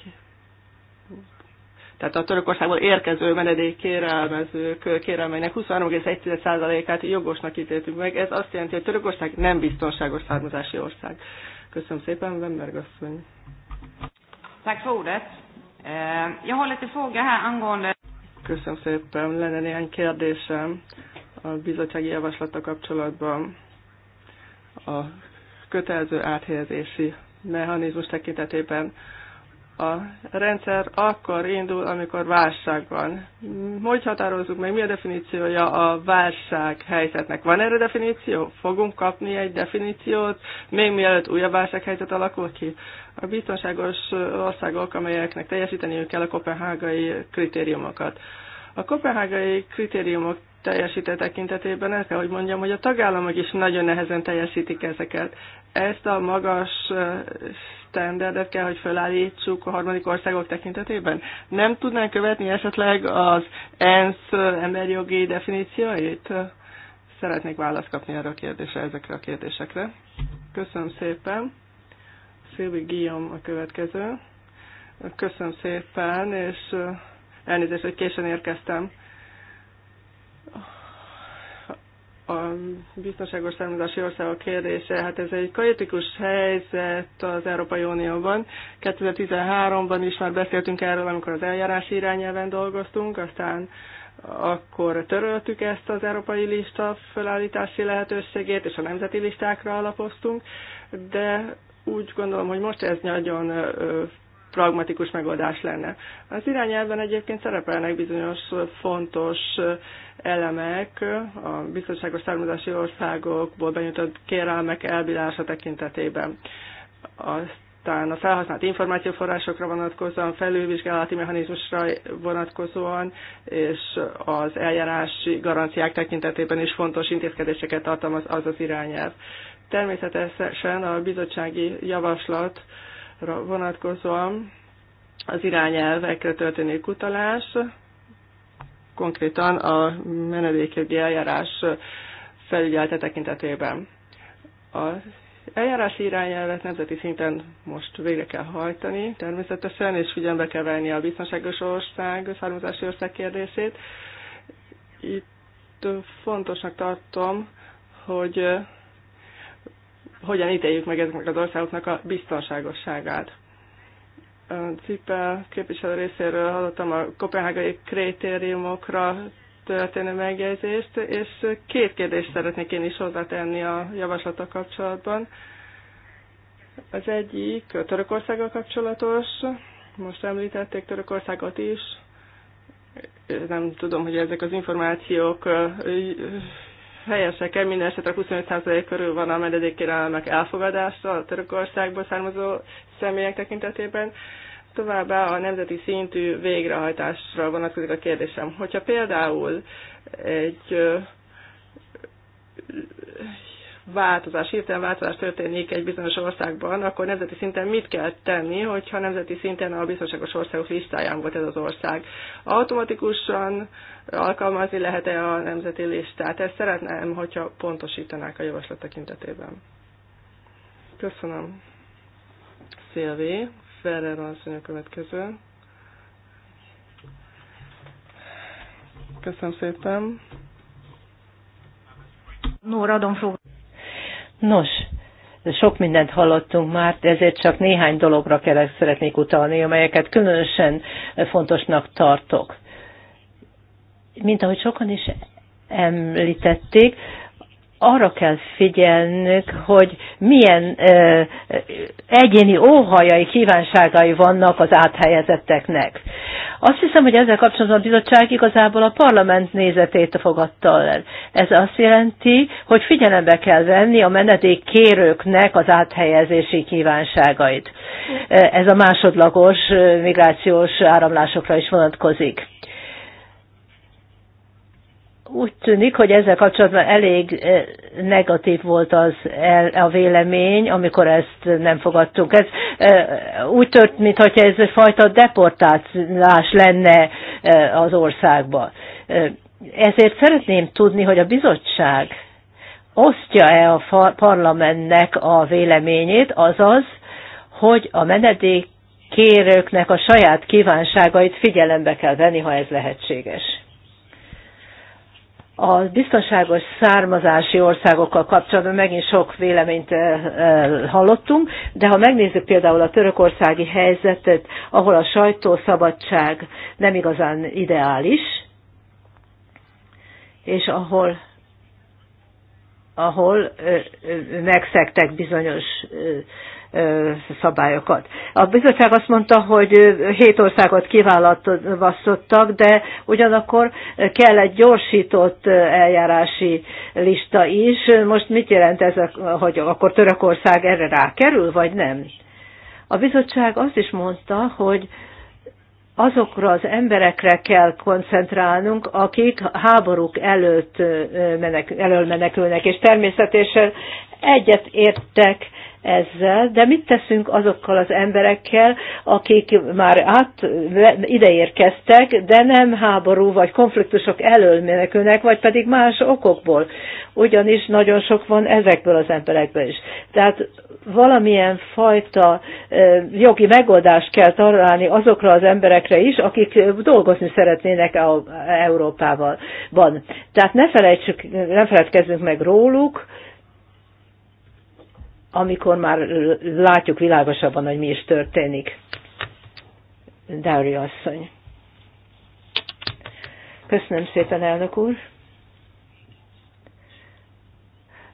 tehát a Törökországból érkező menedék kérelmezők kérelmeinek 23,1%-át jogosnak ítéltük meg. Ez azt jelenti, hogy Törökország nem biztonságos származási ország. Köszönöm szépen, Wemberg asszony. Tack för ordet. Eh, jag har lite fråga här angående... Köszönöm szépen. Lenne néhány kérdésem a bizottsági javaslata kapcsolatban a kötelező áthelyezési mechanizmus tekintetében a rendszer akkor indul, amikor válság van. Hogy határozzuk meg, mi a definíciója a válság helyzetnek? Van erre definíció? Fogunk kapni egy definíciót, még mielőtt újabb válsághelyzet alakul ki? A biztonságos országok, amelyeknek teljesíteniük kell a kopenhágai kritériumokat a kopenhágai kritériumok teljesítő tekintetében el kell, hogy mondjam, hogy a tagállamok is nagyon nehezen teljesítik ezeket. Ezt a magas standardet kell, hogy felállítsuk a harmadik országok tekintetében. Nem tudnánk követni esetleg az ENSZ emberjogi definícióit? Szeretnék választ kapni erre a kérdésre, ezekre a kérdésekre. Köszönöm szépen. Szilvi Guillaume a következő. Köszönöm szépen, és Elnézést, hogy későn érkeztem. A biztonságos származási országok kérdése, hát ez egy kritikus helyzet az Európai Unióban. 2013-ban is már beszéltünk erről, amikor az eljárási irányelven dolgoztunk, aztán akkor töröltük ezt az európai lista felállítási lehetőségét, és a nemzeti listákra alapoztunk, de úgy gondolom, hogy most ez nagyon pragmatikus megoldás lenne. Az irányelven egyébként szerepelnek bizonyos fontos elemek a biztonságos származási országokból benyújtott kérelmek elbírása tekintetében. Aztán a felhasznált információforrásokra vonatkozóan, felülvizsgálati mechanizmusra vonatkozóan, és az eljárási garanciák tekintetében is fontos intézkedéseket tartalmaz az az irányelv. Természetesen a bizottsági javaslat vonatkozóan az irányelvekre történő kutalás, konkrétan a menedékjogi eljárás felügyelte tekintetében. A eljárási irányelvet nemzeti szinten most végre kell hajtani természetesen, és figyelembe kell venni a biztonságos ország, származási ország kérdését. Itt fontosnak tartom, hogy hogyan ítéljük meg ezeknek az országoknak a biztonságosságát. Cipel képviselő részéről hallottam a kopenhágai kritériumokra történő megjegyzést, és két kérdést szeretnék én is hozzátenni a javaslata kapcsolatban. Az egyik a Törökországgal kapcsolatos, most említették Törökországot is, nem tudom, hogy ezek az információk helyesek-e, minden esetre 25% körül van a menedékkérelmek elfogadása a Törökországból származó személyek tekintetében. Továbbá a nemzeti szintű végrehajtásra vonatkozik a kérdésem. Hogyha például egy változás, hirtelen változás történik egy bizonyos országban, akkor nemzeti szinten mit kell tenni, hogyha nemzeti szinten a biztonságos országok listáján volt ez az ország. Automatikusan alkalmazni lehet-e a nemzeti listát? Ezt szeretném, hogyha pontosítanák a javaslat tekintetében. Köszönöm. Szilvi, Ferrer asszony a következő. Köszönöm szépen. Nóra, adom Nos, sok mindent hallottunk már, ezért csak néhány dologra kellett szeretnék utalni, amelyeket különösen fontosnak tartok. Mint ahogy sokan is említették, arra kell figyelnünk, hogy milyen ö, egyéni óhajai, kívánságai vannak az áthelyezetteknek. Azt hiszem, hogy ezzel kapcsolatban a bizottság igazából a parlament nézetét fogadta el. Ez azt jelenti, hogy figyelembe kell venni a menedék kérőknek az áthelyezési kívánságait. Ez a másodlagos migrációs áramlásokra is vonatkozik úgy tűnik, hogy ezzel kapcsolatban elég eh, negatív volt az a vélemény, amikor ezt nem fogadtunk. Ez eh, úgy tört, mintha ez egyfajta deportálás lenne eh, az országba. Ezért szeretném tudni, hogy a bizottság osztja-e a parlamentnek a véleményét, azaz, hogy a menedékkérőknek a saját kívánságait figyelembe kell venni, ha ez lehetséges. A biztonságos származási országokkal kapcsolatban megint sok véleményt eh, eh, hallottunk, de ha megnézzük például a törökországi helyzetet, ahol a sajtószabadság nem igazán ideális, és ahol ahol eh, megszektek bizonyos szabályokat. A bizottság azt mondta, hogy hét országot kiválasztottak, de ugyanakkor kell egy gyorsított eljárási lista is. Most mit jelent ez, hogy akkor Törökország erre rákerül, vagy nem? A bizottság azt is mondta, hogy azokra az emberekre kell koncentrálnunk, akik háborúk előtt menek, elől menekülnek, és természetesen egyet értek ezzel, de mit teszünk azokkal az emberekkel, akik már át, ideérkeztek, de nem háború vagy konfliktusok elől menekülnek, vagy pedig más okokból. Ugyanis nagyon sok van ezekből az emberekből is. Tehát valamilyen fajta jogi megoldást kell találni azokra az emberekre is, akik dolgozni szeretnének Európával. Van. Tehát ne, felejtsük, ne feledkezzünk meg róluk, amikor már látjuk világosabban, hogy mi is történik. Dári asszony. Köszönöm szépen, elnök úr.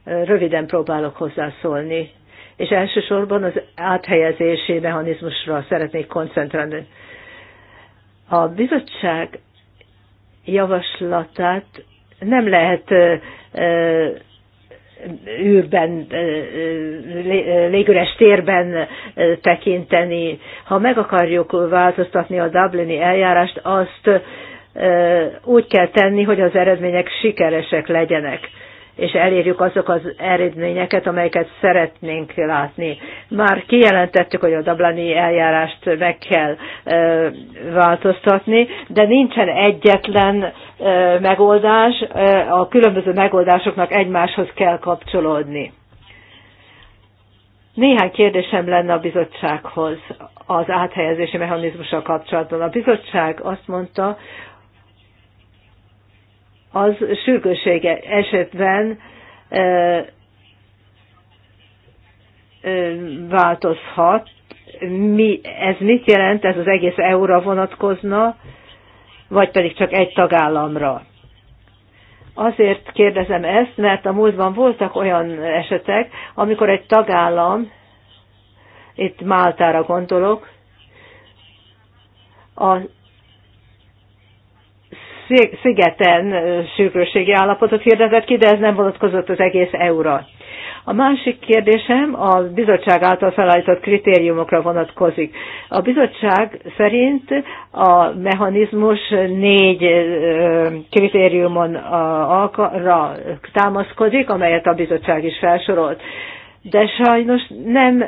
Röviden próbálok hozzászólni, és elsősorban az áthelyezési mechanizmusra szeretnék koncentrálni. A bizottság javaslatát nem lehet űrben, légüres térben tekinteni. Ha meg akarjuk változtatni a Dublini eljárást, azt úgy kell tenni, hogy az eredmények sikeresek legyenek és elérjük azok az eredményeket, amelyeket szeretnénk látni. Már kijelentettük, hogy a Dablani eljárást meg kell ö, változtatni, de nincsen egyetlen ö, megoldás, ö, a különböző megoldásoknak egymáshoz kell kapcsolódni. Néhány kérdésem lenne a bizottsághoz az áthelyezési mechanizmussal kapcsolatban. A bizottság azt mondta, az sürgősége esetben változhat. Mi, ez mit jelent? Ez az egész EU-ra vonatkozna, vagy pedig csak egy tagállamra? Azért kérdezem ezt, mert a múltban voltak olyan esetek, amikor egy tagállam, itt Máltára gondolok, a szigeten sűrűségi állapotot hirdetett ki, de ez nem vonatkozott az egész EU-ra. A másik kérdésem a bizottság által felállított kritériumokra vonatkozik. A bizottság szerint a mechanizmus négy kritériumon támaszkodik, amelyet a bizottság is felsorolt de sajnos nem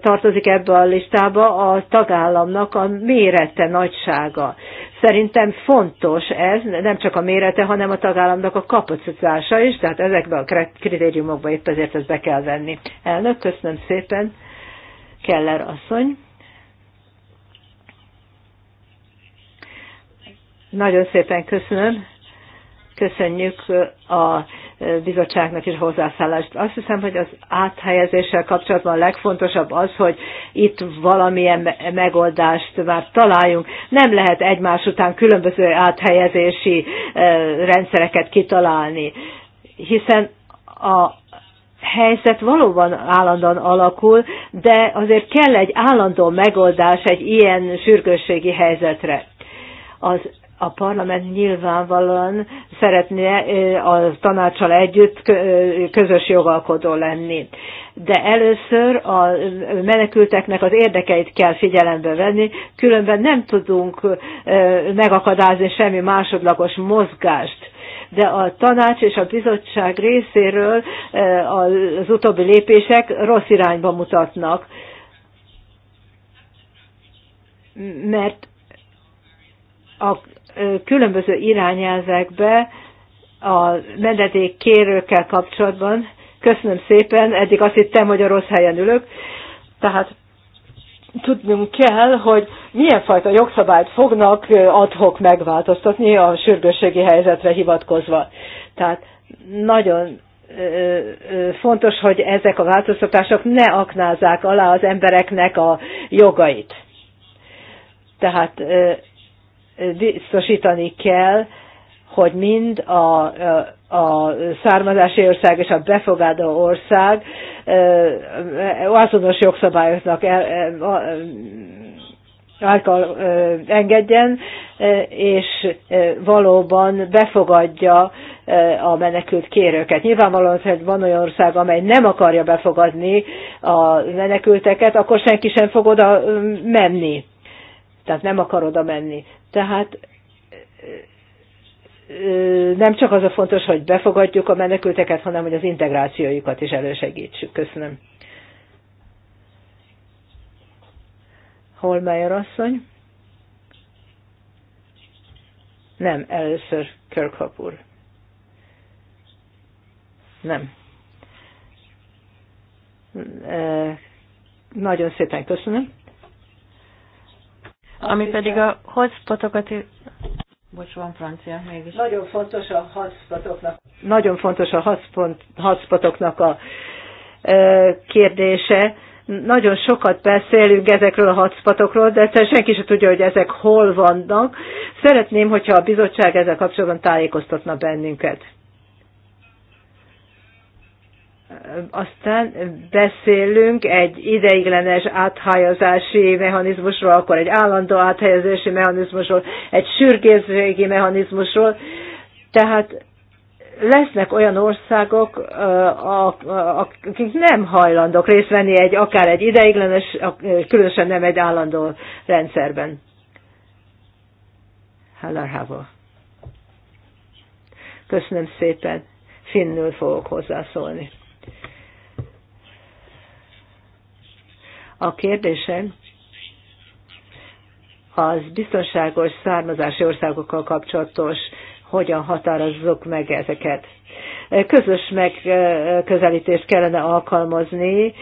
tartozik ebbe a listába a tagállamnak a mérete, nagysága. Szerintem fontos ez, nem csak a mérete, hanem a tagállamnak a kapacitása is, tehát ezekbe a kritériumokba épp ezért ezt be kell venni. Elnök, köszönöm szépen, Keller asszony. Nagyon szépen köszönöm. Köszönjük a bizottságnak is hozzászállást. Azt hiszem, hogy az áthelyezéssel kapcsolatban a legfontosabb az, hogy itt valamilyen megoldást már találjunk. Nem lehet egymás után különböző áthelyezési eh, rendszereket kitalálni, hiszen a helyzet valóban állandóan alakul, de azért kell egy állandó megoldás egy ilyen sürgősségi helyzetre. Az a parlament nyilvánvalóan szeretne a tanácsal együtt közös jogalkodó lenni. De először a menekülteknek az érdekeit kell figyelembe venni, különben nem tudunk megakadályozni semmi másodlagos mozgást de a tanács és a bizottság részéről az utóbbi lépések rossz irányba mutatnak. Mert a különböző irányelvekbe a menedék kérőkkel kapcsolatban. Köszönöm szépen, eddig azt hittem, hogy a rossz helyen ülök. Tehát tudnunk kell, hogy milyen fajta jogszabályt fognak adhok megváltoztatni a sürgősségi helyzetre hivatkozva. Tehát nagyon fontos, hogy ezek a változtatások ne aknázzák alá az embereknek a jogait. Tehát biztosítani kell, hogy mind a, a származási ország és a befogadó ország azonos jogszabályoknak el, által engedjen, és valóban befogadja a menekült kérőket. Nyilvánvalóan, hogy van olyan ország, amely nem akarja befogadni a menekülteket, akkor senki sem fog oda menni. Tehát nem akar oda menni. Tehát nem csak az a fontos, hogy befogadjuk a menekülteket, hanem hogy az integrációjukat is elősegítsük. Köszönöm. Holmeyer asszony. Nem, először Kirkhop úr. Nem. Nagyon szépen köszönöm. Ami pedig a hotspotokat... Bocs, van francia mégis. Nagyon fontos a hotspotoknak. Nagyon fontos a hotspotoknak a kérdése. Nagyon sokat beszélünk ezekről a hotspotokról, de egyszerűen senki sem tudja, hogy ezek hol vannak. Szeretném, hogyha a bizottság ezzel kapcsolatban tájékoztatna bennünket. Aztán beszélünk egy ideiglenes áthajazási mechanizmusról, akkor egy állandó áthelyezési mechanizmusról, egy sürgészségi mechanizmusról. Tehát lesznek olyan országok, akik nem hajlandók részt venni egy akár egy ideiglenes, különösen nem egy állandó rendszerben. Hallarhavo. Köszönöm szépen. Finnül fogok hozzászólni. A kérdésem az biztonságos származási országokkal kapcsolatos, hogyan határozzuk meg ezeket. Közös megközelítést kellene alkalmazni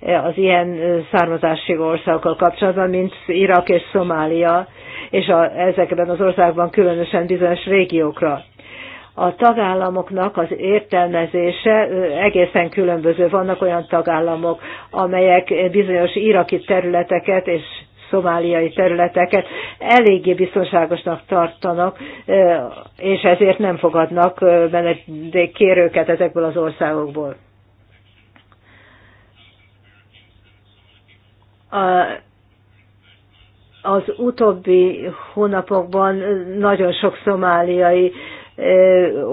az ilyen származási országokkal kapcsolatban, mint Irak és Szomália, és a, ezekben az országban különösen bizonyos régiókra a tagállamoknak az értelmezése egészen különböző. Vannak olyan tagállamok, amelyek bizonyos iraki területeket és szomáliai területeket eléggé biztonságosnak tartanak, és ezért nem fogadnak menedékkérőket ezekből az országokból. A, az utóbbi hónapokban nagyon sok szomáliai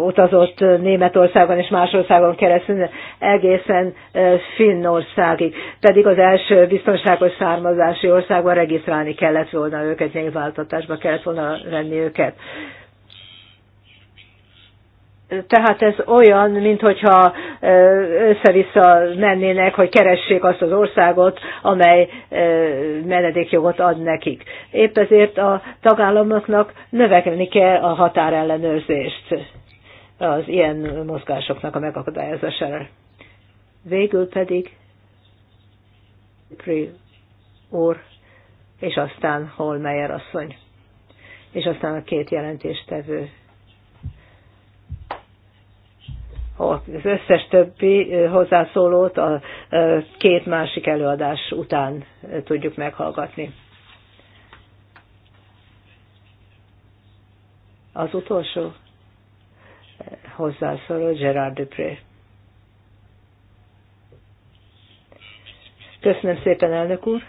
utazott Németországon és más országon keresztül egészen Finnországig. Pedig az első biztonságos származási országban regisztrálni kellett volna őket, nyilváltatásba kellett volna venni őket. Tehát ez olyan, mintha össze-vissza mennének, hogy keressék azt az országot, amely menedékjogot ad nekik. Épp ezért a tagállamoknak növekedni kell a határellenőrzést az ilyen mozgásoknak a megakadályozására. Végül pedig Pri úr, és aztán Holmeyer asszony, és aztán a két jelentéstevő az összes többi hozzászólót a két másik előadás után tudjuk meghallgatni. Az utolsó hozzászóló Gerard Dupré. Köszönöm szépen, elnök úr.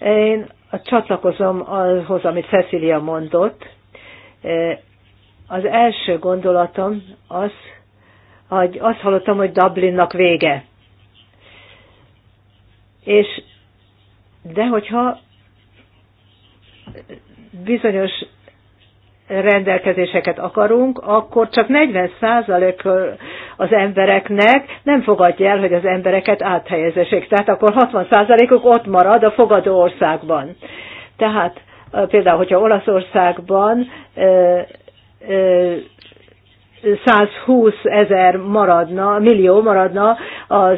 Én csatlakozom ahhoz, amit Cecilia mondott az első gondolatom az, hogy azt hallottam, hogy Dublinnak vége. És de hogyha bizonyos rendelkezéseket akarunk, akkor csak 40% az embereknek nem fogadja el, hogy az embereket áthelyezessék. Tehát akkor 60%-uk ott marad a fogadó országban. Tehát például, hogyha Olaszországban 120 ezer maradna, millió maradna az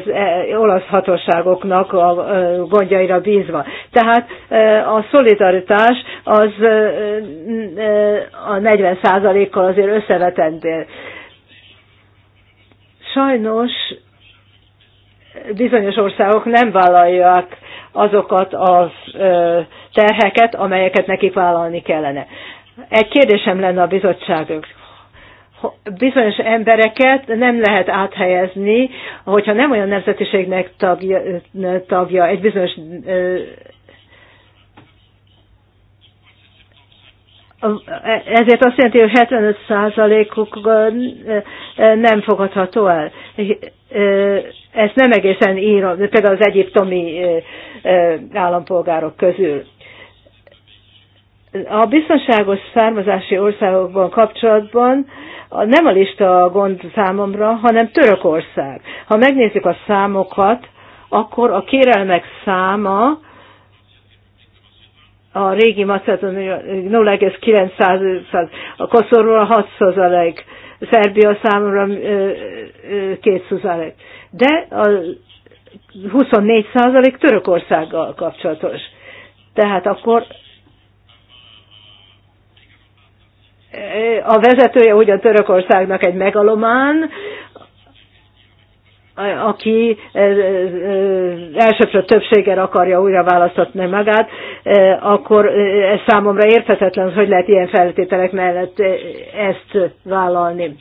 olasz hatóságoknak a gondjaira bízva. Tehát a szolidaritás az a 40 kal azért összevetendő. Sajnos bizonyos országok nem vállalják azokat a terheket, amelyeket nekik vállalni kellene. Egy kérdésem lenne a bizottságok. Bizonyos embereket nem lehet áthelyezni, hogyha nem olyan nemzetiségnek tagja, tagja egy bizonyos ezért azt jelenti, hogy 75%-uk nem fogadható el. Ez nem egészen ír, például az egyiptomi állampolgárok közül. A biztonságos származási országokban kapcsolatban nem a lista a gond számomra, hanem Törökország. Ha megnézzük a számokat, akkor a kérelmek száma a régi Macedónia 0,9 a Koszorról 6 százalék, Szerbia számomra 2 százalék. De a 24 százalék Törökországgal kapcsolatos. Tehát akkor a vezetője ugyan Törökországnak egy megalomán, aki eh, eh, eh, elsőbb többséggel akarja újra választatni magát, akkor ez számomra érthetetlen, hogy lehet ilyen feltételek mellett ezt vállalni.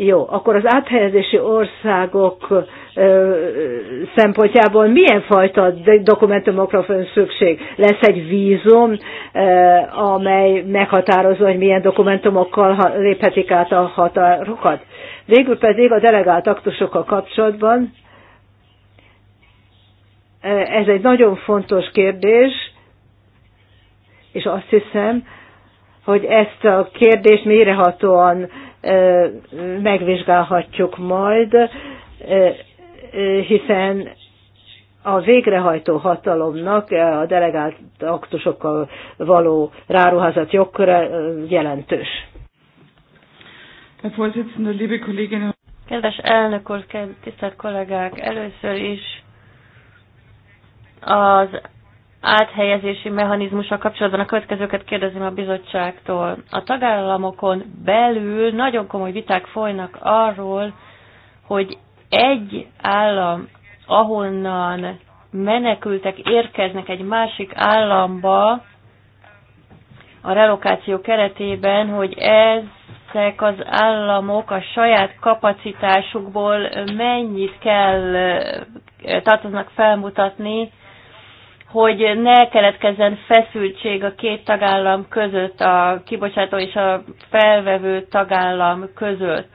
Jó, akkor az áthelyezési országok ö, szempontjából milyen fajta dokumentumokra van szükség? Lesz egy vízum, ö, amely meghatározza, hogy milyen dokumentumokkal léphetik át a határokat. Végül pedig a delegált aktusokkal kapcsolatban, ez egy nagyon fontos kérdés, és azt hiszem, hogy ezt a kérdést mérehatóan megvizsgálhatjuk majd, hiszen a végrehajtó hatalomnak a delegált aktusokkal való ráruházat jogköre jelentős. Kedves elnök úr, tisztelt kollégák, először is az áthelyezési mechanizmussal kapcsolatban a következőket kérdezem a bizottságtól. A tagállamokon belül nagyon komoly viták folynak arról, hogy egy állam, ahonnan menekültek érkeznek egy másik államba a relokáció keretében, hogy ezek az államok a saját kapacitásukból mennyit kell eh, tartoznak felmutatni, hogy ne keletkezzen feszültség a két tagállam között, a kibocsátó és a felvevő tagállam között,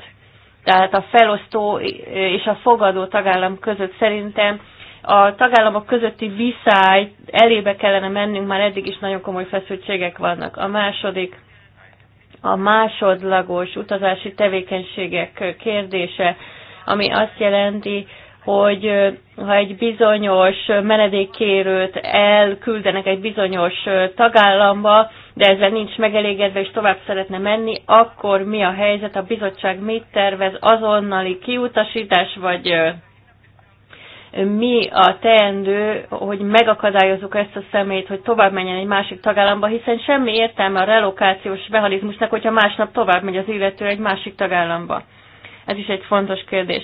tehát a felosztó és a fogadó tagállam között szerintem a tagállamok közötti viszály elébe kellene mennünk, már eddig is nagyon komoly feszültségek vannak. A második, a másodlagos utazási tevékenységek kérdése, ami azt jelenti, hogy ha egy bizonyos menedékkérőt elküldenek egy bizonyos tagállamba, de ezzel nincs megelégedve és tovább szeretne menni, akkor mi a helyzet, a bizottság mit tervez, azonnali kiutasítás vagy mi a teendő, hogy megakadályozzuk ezt a szemét, hogy tovább menjen egy másik tagállamba, hiszen semmi értelme a relokációs mechanizmusnak, hogyha másnap tovább megy az illető egy másik tagállamba. Ez is egy fontos kérdés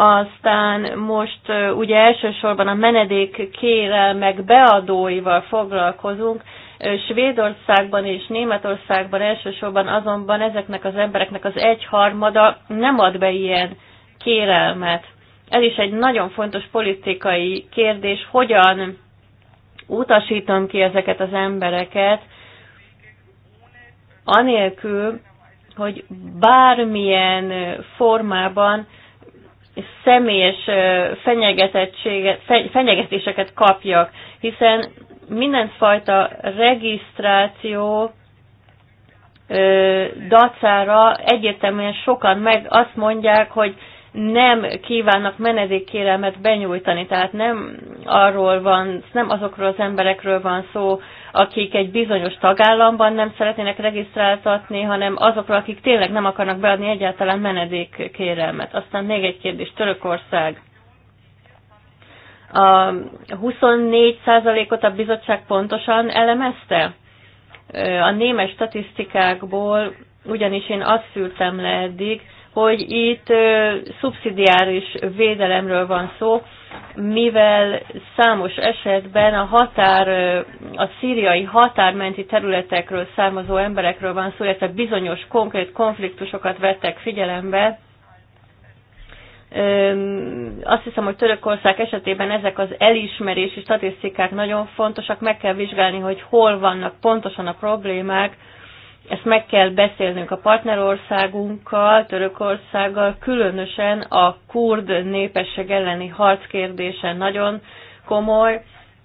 aztán most ugye elsősorban a menedék kérelmek beadóival foglalkozunk, Svédországban és Németországban elsősorban azonban ezeknek az embereknek az egyharmada nem ad be ilyen kérelmet. Ez is egy nagyon fontos politikai kérdés, hogyan utasítom ki ezeket az embereket, anélkül, hogy bármilyen formában személyes fenyegetettséget, fenyegetéseket kapjak, hiszen mindenfajta regisztráció dacára egyértelműen sokan meg azt mondják, hogy nem kívánnak menedékkérelmet benyújtani, tehát nem arról van, nem azokról az emberekről van szó, akik egy bizonyos tagállamban nem szeretnének regisztráltatni, hanem azokra, akik tényleg nem akarnak beadni egyáltalán menedékkérelmet. Aztán még egy kérdés, Törökország. A 24%-ot a bizottság pontosan elemezte? A némes statisztikákból ugyanis én azt szűrtem le eddig, hogy itt szubszidiáris védelemről van szó, mivel számos esetben a határ, a szíriai határmenti területekről származó emberekről van szó, illetve bizonyos konkrét konfliktusokat vettek figyelembe, azt hiszem, hogy Törökország esetében ezek az elismerési statisztikák nagyon fontosak, meg kell vizsgálni, hogy hol vannak pontosan a problémák, ezt meg kell beszélnünk a partnerországunkkal, Törökországgal, különösen a kurd népesség elleni harc kérdése nagyon komoly,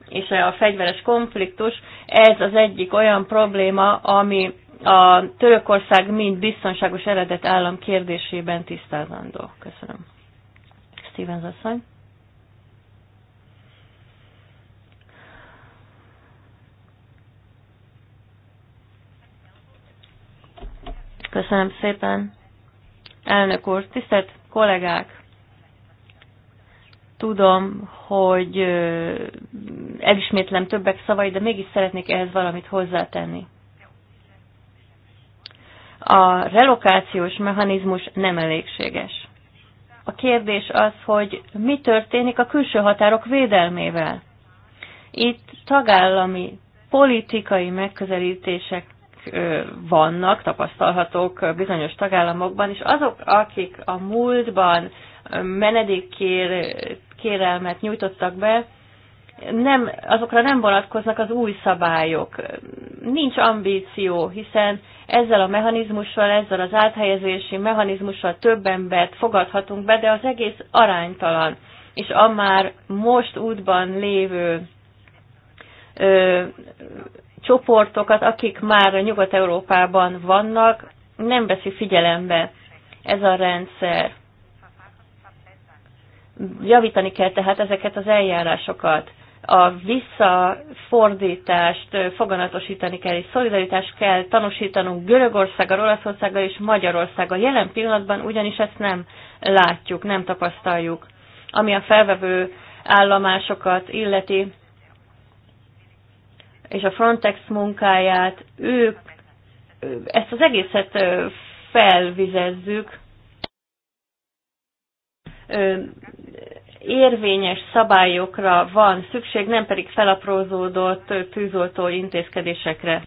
és a fegyveres konfliktus, ez az egyik olyan probléma, ami a Törökország mind biztonságos eredet állam kérdésében tisztázandó. Köszönöm. Stevens asszony. Köszönöm szépen. Elnök úr, tisztelt kollégák! Tudom, hogy elismétlem többek szavai, de mégis szeretnék ehhez valamit hozzátenni. A relokációs mechanizmus nem elégséges. A kérdés az, hogy mi történik a külső határok védelmével. Itt tagállami politikai megközelítések vannak, tapasztalhatók bizonyos tagállamokban, és azok, akik a múltban menedékkérelmet nyújtottak be, nem, azokra nem vonatkoznak az új szabályok. Nincs ambíció, hiszen ezzel a mechanizmussal, ezzel az áthelyezési mechanizmussal több embert fogadhatunk be, de az egész aránytalan. És a már most útban lévő ö, csoportokat, akik már Nyugat-Európában vannak, nem veszi figyelembe ez a rendszer. Javítani kell tehát ezeket az eljárásokat. A visszafordítást foganatosítani kell, és szolidaritást kell tanúsítanunk Görögországgal, Olaszországgal és Magyarországgal. Jelen pillanatban ugyanis ezt nem látjuk, nem tapasztaljuk. Ami a felvevő állomásokat illeti, és a Frontex munkáját, ők ezt az egészet felvizezzük, érvényes szabályokra van szükség, nem pedig felaprózódott tűzoltó intézkedésekre.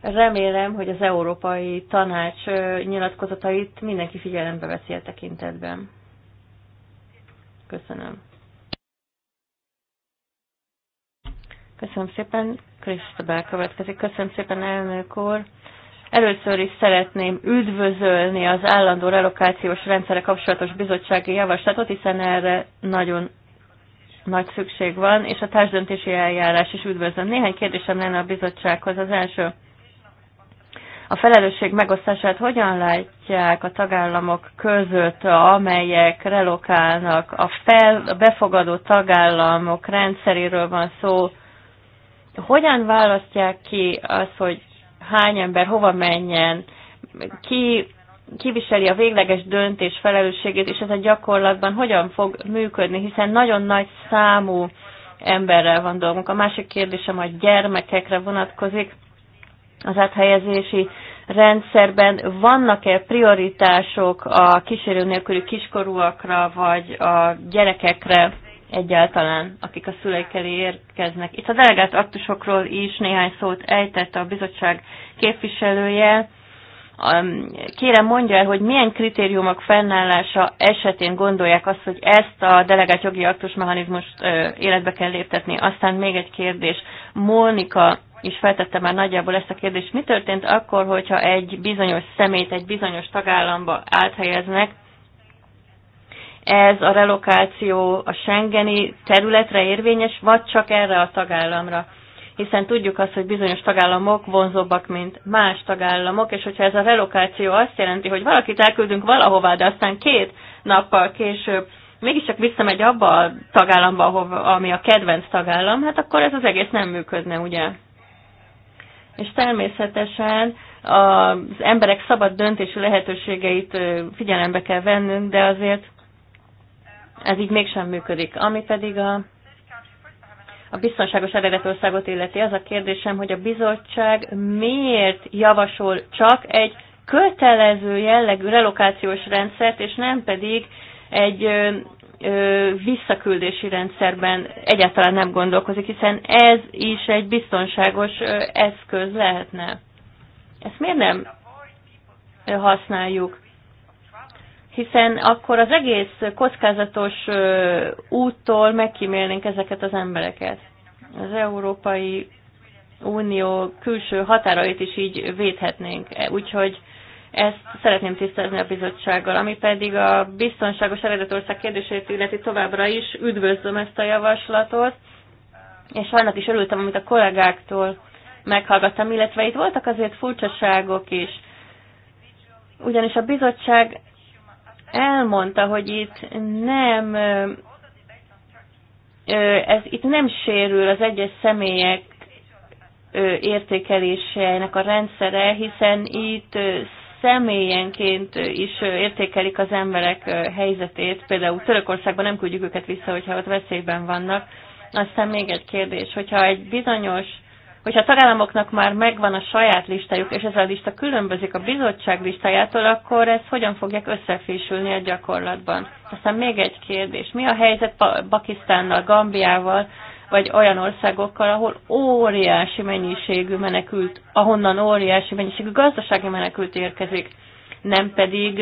Remélem, hogy az Európai Tanács nyilatkozatait mindenki figyelembe veszi a tekintetben. Köszönöm. Köszönöm szépen. Krisztabel következik. Köszönöm szépen, elnök úr. Először is szeretném üdvözölni az állandó relokációs rendszerek kapcsolatos bizottsági javaslatot, hiszen erre nagyon nagy szükség van, és a társdöntési eljárás is üdvözlöm. Néhány kérdésem lenne a bizottsághoz. Az első, a felelősség megosztását hogyan látják a tagállamok között, amelyek relokálnak? A, fel, a befogadó tagállamok rendszeréről van szó, hogyan választják ki az, hogy hány ember hova menjen, ki kiviseli a végleges döntés felelősségét, és ez a gyakorlatban hogyan fog működni, hiszen nagyon nagy számú emberrel van dolgunk. A másik kérdésem a gyermekekre vonatkozik. Az áthelyezési rendszerben vannak-e prioritások a kísérő nélküli kiskorúakra, vagy a gyerekekre egyáltalán, akik a szüleikkel érkeznek. Itt a delegált aktusokról is néhány szót ejtette a bizottság képviselője. Kérem mondja el, hogy milyen kritériumok fennállása esetén gondolják azt, hogy ezt a delegált jogi aktus mechanizmust életbe kell léptetni. Aztán még egy kérdés. Mónika is feltette már nagyjából ezt a kérdést. Mi történt akkor, hogyha egy bizonyos szemét egy bizonyos tagállamba áthelyeznek, ez a relokáció a Schengeni területre érvényes, vagy csak erre a tagállamra? Hiszen tudjuk azt, hogy bizonyos tagállamok vonzóbbak, mint más tagállamok, és hogyha ez a relokáció azt jelenti, hogy valakit elküldünk valahová, de aztán két nappal később mégiscsak visszamegy abba a tagállamba, ami a kedvenc tagállam, hát akkor ez az egész nem működne, ugye? És természetesen az emberek szabad döntési lehetőségeit figyelembe kell vennünk, de azért ez így mégsem működik. Ami pedig a, a biztonságos eredetországot illeti, az a kérdésem, hogy a bizottság miért javasol csak egy kötelező jellegű relokációs rendszert, és nem pedig egy ö, ö, visszaküldési rendszerben egyáltalán nem gondolkozik, hiszen ez is egy biztonságos ö, eszköz lehetne. Ezt miért nem használjuk? hiszen akkor az egész kockázatos úttól megkímélnénk ezeket az embereket. Az Európai Unió külső határait is így védhetnénk. E, úgyhogy ezt szeretném tisztázni a bizottsággal, ami pedig a biztonságos eredetország kérdését illeti továbbra is. Üdvözlöm ezt a javaslatot, és annak is örültem, amit a kollégáktól meghallgattam, illetve itt voltak azért furcsaságok is. Ugyanis a bizottság elmondta, hogy itt nem ez itt nem sérül az egyes személyek értékelésének a rendszere, hiszen itt személyenként is értékelik az emberek helyzetét. Például Törökországban nem küldjük őket vissza, hogyha ott veszélyben vannak. Aztán még egy kérdés, hogyha egy bizonyos hogyha a tagállamoknak már megvan a saját listájuk, és ez a lista különbözik a bizottság listájától, akkor ezt hogyan fogják összefésülni a gyakorlatban? Aztán még egy kérdés. Mi a helyzet Pakisztánnal, Gambiával, vagy olyan országokkal, ahol óriási mennyiségű menekült, ahonnan óriási mennyiségű gazdasági menekült érkezik, nem pedig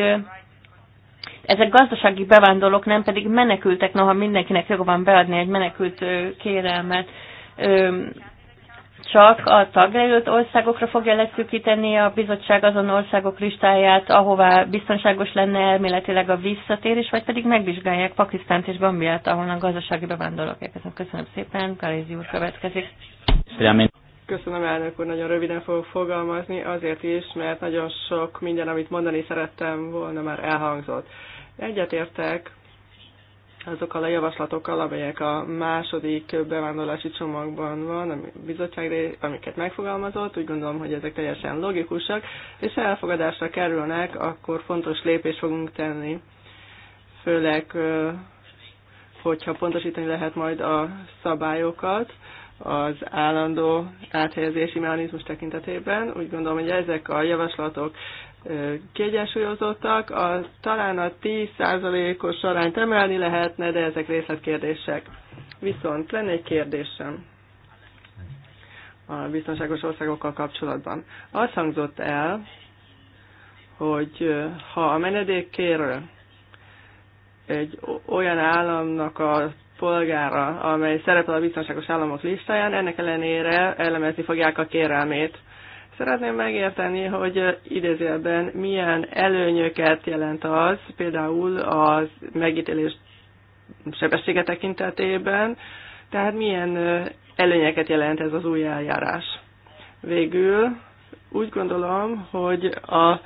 ezek gazdasági bevándorlók, nem pedig menekültek, noha mindenkinek joga van beadni egy menekült kérelmet csak a tagjelölt országokra fogja leszűkíteni a bizottság azon országok listáját, ahová biztonságos lenne elméletileg a visszatérés, vagy pedig megvizsgálják Pakisztánt és Gambiát, ahonnan gazdasági bevándorlók érkeznek. Köszönöm szépen, Kalézi úr következik. Köszönöm, elnök úr, nagyon röviden fogok fogalmazni, azért is, mert nagyon sok minden, amit mondani szerettem volna, már elhangzott. Egyetértek azokkal a javaslatokkal, amelyek a második bevándorlási csomagban van, a bizottság, amiket megfogalmazott, úgy gondolom, hogy ezek teljesen logikusak, és ha elfogadásra kerülnek, akkor fontos lépést fogunk tenni, főleg hogyha pontosítani lehet majd a szabályokat az állandó áthelyezési mechanizmus tekintetében. Úgy gondolom, hogy ezek a javaslatok kiegyensúlyozottak. A, talán a 10%-os arányt emelni lehetne, de ezek részletkérdések. Viszont lenne egy kérdésem a biztonságos országokkal kapcsolatban. Azt hangzott el, hogy ha a menedékkérő egy olyan államnak a polgára, amely szerepel a biztonságos államok listáján, ennek ellenére elemezni fogják a kérelmét. Szeretném megérteni, hogy idézőben milyen előnyöket jelent az, például az megítélés sebessége tekintetében, tehát milyen előnyeket jelent ez az új eljárás. Végül úgy gondolom, hogy a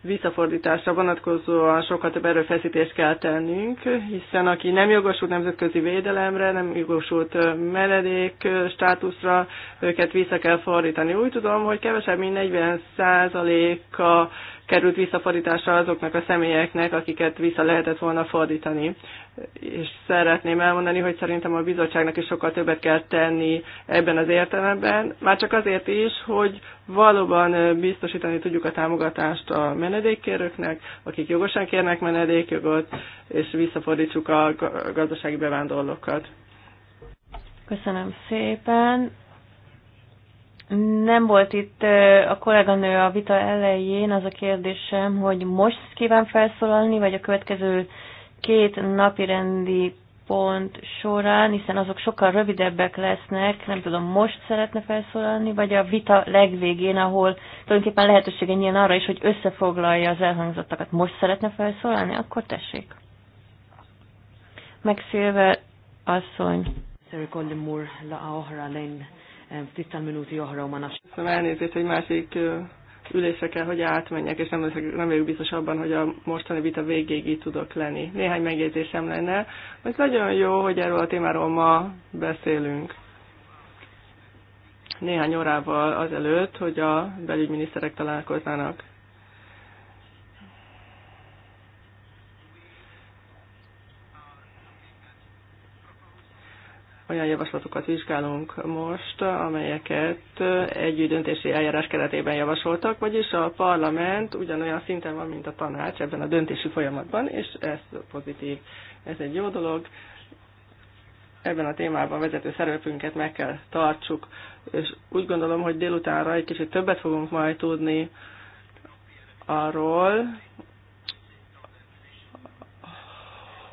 visszafordításra vonatkozóan sokkal több erőfeszítést kell tennünk, hiszen aki nem jogosult nemzetközi védelemre, nem jogosult menedék státuszra, őket vissza kell fordítani. Úgy tudom, hogy kevesebb, mint 40%-a került visszafordításra azoknak a személyeknek, akiket vissza lehetett volna fordítani. És szeretném elmondani, hogy szerintem a bizottságnak is sokkal többet kell tenni ebben az értelemben, már csak azért is, hogy valóban biztosítani tudjuk a támogatást a menedékkérőknek, akik jogosan kérnek menedékjogot, és visszafordítsuk a gazdasági bevándorlókat. Köszönöm szépen. Nem volt itt a kolléganő a vita elején az a kérdésem, hogy most kíván felszólalni, vagy a következő két napi rendi? pont során, hiszen azok sokkal rövidebbek lesznek, nem tudom, most szeretne felszólalni, vagy a vita legvégén, ahol tulajdonképpen lehetősége nyílna arra is, hogy összefoglalja az elhangzottakat. Most szeretne felszólalni? Akkor tessék. Megszélve asszony. Köszönöm eh, szóval elnézést, hogy másik ülésre kell, hogy átmenjek, és nem, leszek, nem vagyok biztos abban, hogy a mostani vita végéig így tudok lenni. Néhány megjegyzésem lenne, hogy nagyon jó, hogy erről a témáról ma beszélünk. Néhány órával azelőtt, hogy a belügyminiszterek találkoznának. Olyan javaslatokat vizsgálunk most, amelyeket egy döntési eljárás keretében javasoltak, vagyis a parlament ugyanolyan szinten van, mint a tanács ebben a döntési folyamatban, és ez pozitív. Ez egy jó dolog. Ebben a témában vezető szerepünket meg kell tartsuk, és úgy gondolom, hogy délutánra egy kicsit többet fogunk majd tudni arról,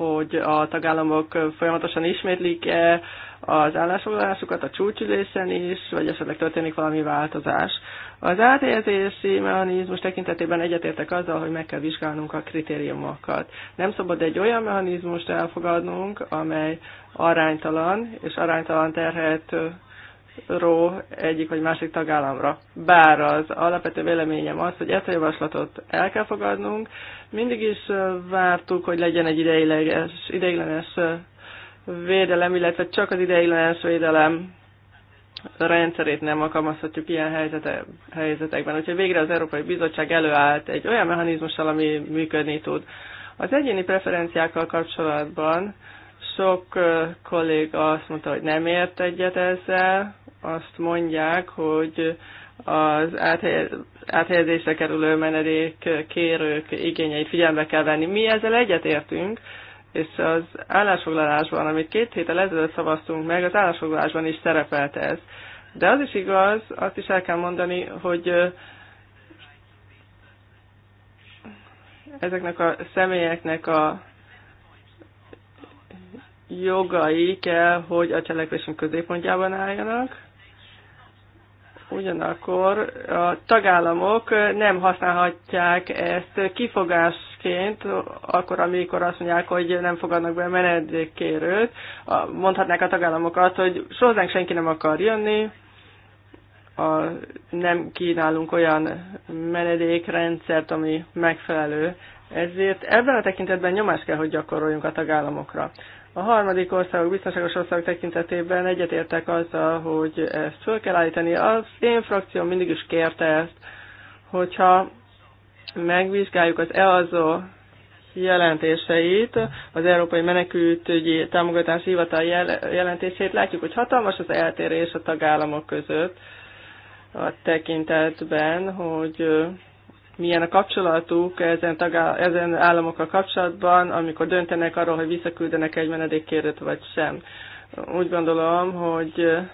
hogy a tagállamok folyamatosan ismétlik-e az állásfoglalásukat a csúcsülésen is, vagy esetleg történik valami változás. Az áthelyezési mechanizmus tekintetében egyetértek azzal, hogy meg kell vizsgálnunk a kritériumokat. Nem szabad egy olyan mechanizmust elfogadnunk, amely aránytalan és aránytalan terhet ró egyik vagy másik tagállamra. Bár az alapvető véleményem az, hogy ezt a javaslatot el kell fogadnunk, mindig is vártuk, hogy legyen egy ideiglenes, ideiglenes védelem, illetve csak az ideiglenes védelem rendszerét nem alkalmazhatjuk ilyen helyzete, helyzetekben. Úgyhogy végre az Európai Bizottság előállt egy olyan mechanizmussal, ami működni tud. Az egyéni preferenciákkal kapcsolatban sok kolléga azt mondta, hogy nem ért egyet ezzel, azt mondják, hogy az áthelyezésre kerülő menedék kérők igényeit figyelme kell venni. Mi ezzel egyetértünk, és az állásfoglalásban, amit két héttel ezelőtt szavaztunk meg, az állásfoglalásban is szerepelt ez. De az is igaz, azt is el kell mondani, hogy ezeknek a személyeknek a jogai kell, hogy a cselekvésünk középpontjában álljanak, Ugyanakkor a tagállamok nem használhatják ezt kifogásként, akkor, amikor azt mondják, hogy nem fogadnak be menedékkérőt, mondhatnák a tagállamok azt, hogy hozzánk senki nem akar jönni, a, nem kínálunk olyan menedékrendszert, ami megfelelő. Ezért ebben a tekintetben nyomást kell, hogy gyakoroljunk a tagállamokra. A harmadik országok, biztonságos országok tekintetében egyetértek azzal, hogy ezt föl kell állítani. Az én frakcióm mindig is kérte ezt, hogyha megvizsgáljuk az EASO jelentéseit, az Európai Menekültügyi Támogatási Hivatal jelentését, látjuk, hogy hatalmas az eltérés a tagállamok között a tekintetben, hogy milyen a kapcsolatuk ezen, tagá- ezen államokkal kapcsolatban, amikor döntenek arról, hogy visszaküldenek egy menedékkérőt vagy sem. Úgy gondolom, hogy eh,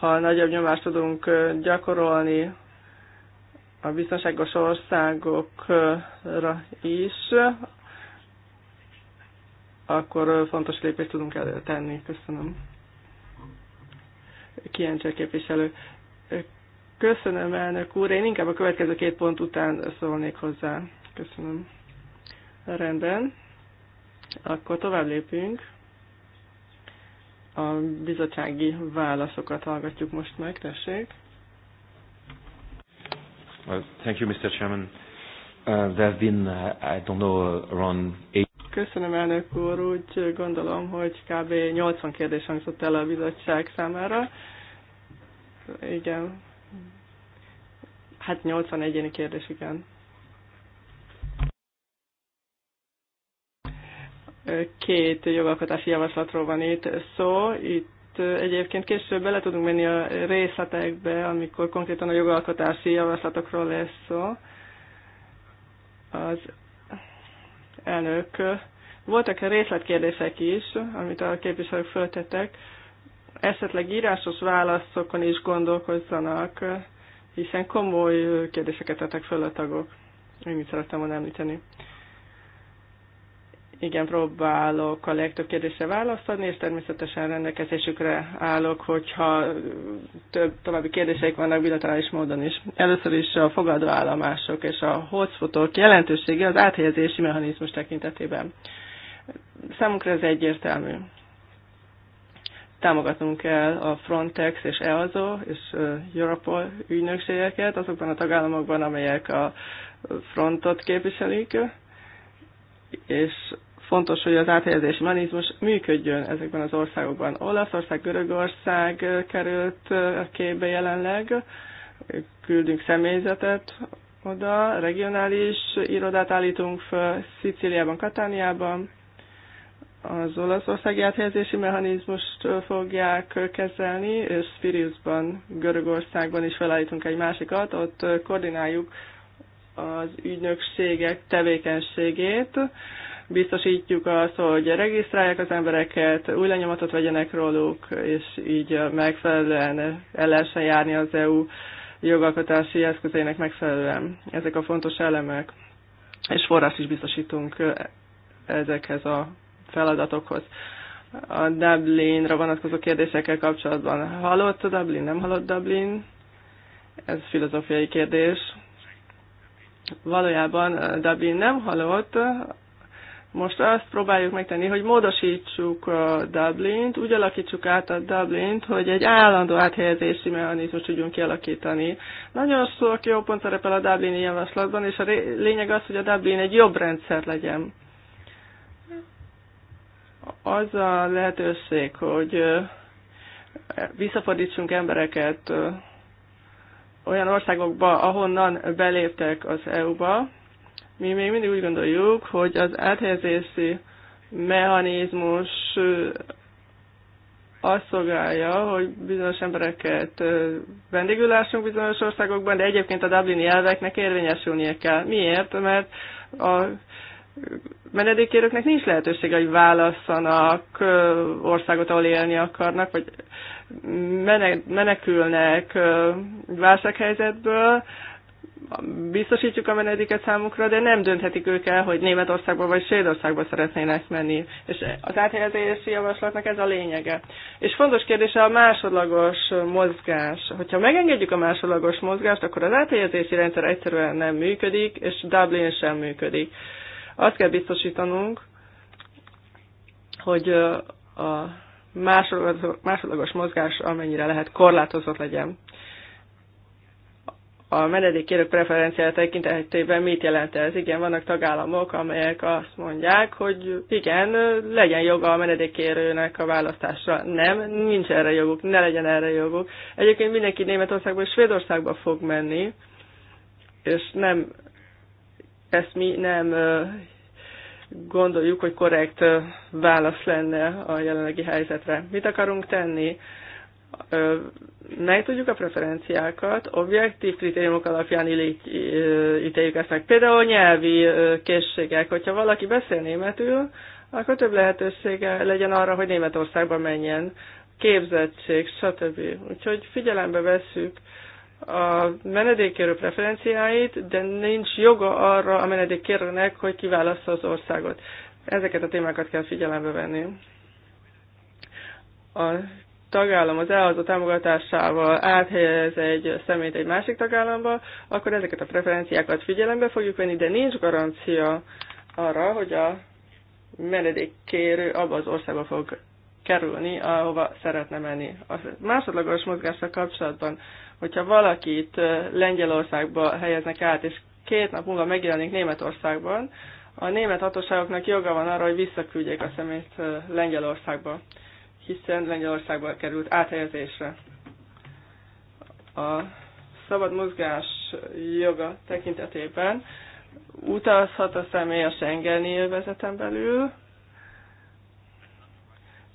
ha nagyobb nyomást tudunk eh, gyakorolni a biztonságos országokra is, akkor eh, fontos lépést tudunk előtenni. Köszönöm. Kiencse képviselő. Köszönöm, elnök úr. Én inkább a következő két pont után szólnék hozzá. Köszönöm. Rendben. Akkor tovább lépünk. A bizottsági válaszokat hallgatjuk most meg, tessék. Well, thank you, Mr. Chairman. Uh, been, uh, I don't know, around eight... Köszönöm, elnök úr. Úgy gondolom, hogy kb. 80 kérdés hangzott el a bizottság számára. Igen, Hát 80 egyéni kérdés, igen. Két jogalkotási javaslatról van itt szó. Itt egyébként később bele tudunk menni a részletekbe, amikor konkrétan a jogalkotási javaslatokról lesz szó. Az elnök. Voltak részletkérdések is, amit a képviselők föltettek. Esetleg írásos válaszokon is gondolkozzanak hiszen komoly kérdéseket tettek föl a tagok. mit szerettem volna említeni. Igen, próbálok a legtöbb kérdésre választ adni, és természetesen rendelkezésükre állok, hogyha több további kérdéseik vannak bilaterális módon is. Először is a fogadóállomások és a hotspotok jelentősége az áthelyezési mechanizmus tekintetében. Számunkra ez egyértelmű támogatnunk kell a Frontex és EASO és Europol ügynökségeket azokban a tagállamokban, amelyek a frontot képviselik, és fontos, hogy az áthelyezési mechanizmus működjön ezekben az országokban. Olaszország, Görögország került a képbe jelenleg, küldünk személyzetet oda, regionális irodát állítunk föl Szicíliában, Katániában, az olaszországi áthelyezési mechanizmust fogják kezelni, és Spiriusban, Görögországban is felállítunk egy másikat, ott koordináljuk az ügynökségek tevékenységét, biztosítjuk azt, hogy regisztrálják az embereket, új lenyomatot vegyenek róluk, és így megfelelően el lehessen járni az EU jogalkotási eszközeinek megfelelően. Ezek a fontos elemek, és forrás is biztosítunk ezekhez a feladatokhoz. A Dublinra vonatkozó kérdésekkel kapcsolatban halott a Dublin, nem halott Dublin? Ez filozófiai kérdés. Valójában eh, Dublin nem halott, most azt próbáljuk megtenni, hogy módosítsuk a Dublint, úgy alakítsuk át a Dublint, hogy egy állandó áthelyezési mechanizmus tudjunk kialakítani. Nagyon sok jó pont szerepel a Dublini javaslatban, és a lényeg az, hogy a Dublin egy jobb rendszer legyen az a lehetőség, hogy visszafordítsunk embereket olyan országokba, ahonnan beléptek az EU-ba. Mi még mindig úgy gondoljuk, hogy az áthelyezési mechanizmus azt szolgálja, hogy bizonyos embereket vendégül lássunk bizonyos országokban, de egyébként a Dublini elveknek érvényesülnie kell. Miért? Mert a menedékérőknek nincs lehetősége, hogy válasszanak országot, ahol élni akarnak, vagy menekülnek válsághelyzetből, biztosítjuk a menedéket számukra, de nem dönthetik ők el, hogy Németországba vagy Svédországba szeretnének menni. És az áthelyezési javaslatnak ez a lényege. És fontos kérdés a másodlagos mozgás. Hogyha megengedjük a másodlagos mozgást, akkor az áthelyezési rendszer egyszerűen nem működik, és Dublin sem működik. Azt kell biztosítanunk, hogy a másodlagos mozgás amennyire lehet korlátozott legyen. A menedékkérő preferenciája tekintetében mit jelent ez? Igen, vannak tagállamok, amelyek azt mondják, hogy igen, legyen joga a menedékkérőnek a választásra. Nem, nincs erre joguk, ne legyen erre joguk. Egyébként mindenki Németországba és Svédországba fog menni, és nem ezt mi nem gondoljuk, hogy korrekt válasz lenne a jelenlegi helyzetre. Mit akarunk tenni? tudjuk a preferenciákat, objektív kritériumok alapján ítéljük ezt meg. Például nyelvi készségek. Hogyha valaki beszél németül, akkor több lehetősége legyen arra, hogy Németországba menjen, képzettség, stb. Úgyhogy figyelembe vesszük a menedékkérő preferenciáit, de nincs joga arra a menedékkérőnek, hogy kiválassza az országot. Ezeket a témákat kell figyelembe venni. A tagállam az elhozó támogatásával áthelyez egy szemét egy másik tagállamba, akkor ezeket a preferenciákat figyelembe fogjuk venni, de nincs garancia arra, hogy a menedékkérő abba az országba fog kerülni, ahova szeretne menni. A másodlagos mozgással kapcsolatban Hogyha valakit Lengyelországba helyeznek át, és két nap múlva megjelenik Németországban, a német hatóságoknak joga van arra, hogy visszaküldjék a szemét Lengyelországba, hiszen Lengyelországba került áthelyezésre. A szabad mozgás joga tekintetében utazhat a személy a Schengeni övezeten belül,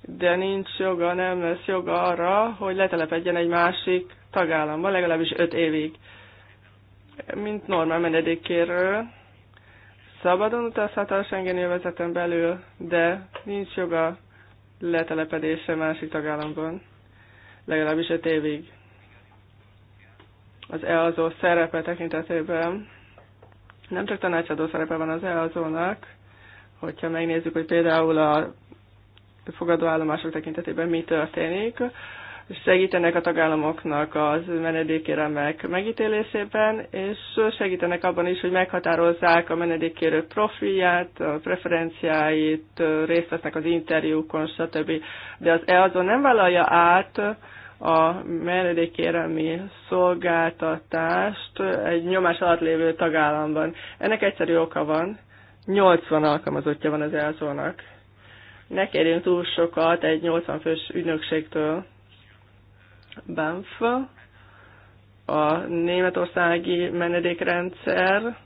de nincs joga, nem lesz joga arra, hogy letelepedjen egy másik tagállamban, legalábbis 5 évig. Mint normál menedékkérő, szabadon utazhat a Schengen élvezeten belül, de nincs joga letelepedése másik tagállamban, legalábbis 5 évig. Az EAZO szerepe tekintetében nem csak tanácsadó szerepe van az EAZO-nak, hogyha megnézzük, hogy például a fogadóállomások tekintetében mi történik, segítenek a tagállamoknak az menedékéremek megítélésében, és segítenek abban is, hogy meghatározzák a menedékkérő profilját, a preferenciáit, részt vesznek az interjúkon, stb. De az EASO nem vállalja át a menedékérelmi szolgáltatást egy nyomás alatt lévő tagállamban. Ennek egyszerű oka van, 80 alkalmazottja van az elszónak. Ne kérjünk túl sokat egy 80 fős ügynökségtől. Banff, a németországi menedékrendszer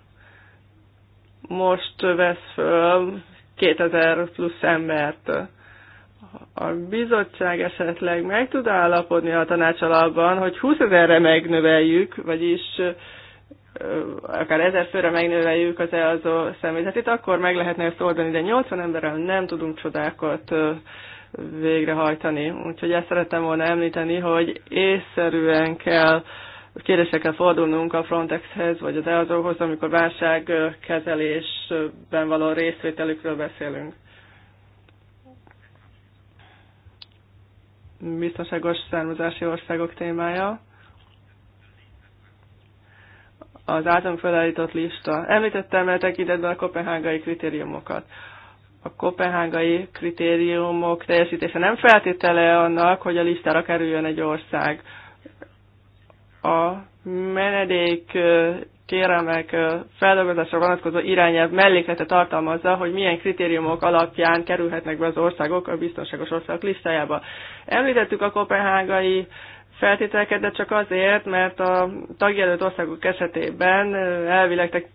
most vesz föl 2000 plusz embert. A bizottság esetleg meg tud állapodni a tanács alapban, hogy 20 ezerre megnöveljük, vagyis akár ezer főre megnöveljük az EASO személyzetét, akkor meg lehetne ezt oldani, de 80 emberrel nem tudunk csodákat végrehajtani. Úgyhogy ezt szerettem volna említeni, hogy észszerűen kell kérdésekkel fordulnunk a Frontexhez, vagy az EASO-hoz, amikor válságkezelésben való részvételükről beszélünk. Biztonságos származási országok témája. Az általam felállított lista. Említettem el tekintetben a kopenhágai kritériumokat a kopenhágai kritériumok teljesítése nem feltétele annak, hogy a listára kerüljön egy ország. A menedék kérelmek feldolgozásra vonatkozó irányelv melléklete tartalmazza, hogy milyen kritériumok alapján kerülhetnek be az országok a biztonságos országok listájába. Említettük a kopenhágai feltételeket, de csak azért, mert a tagjelölt országok esetében elvileg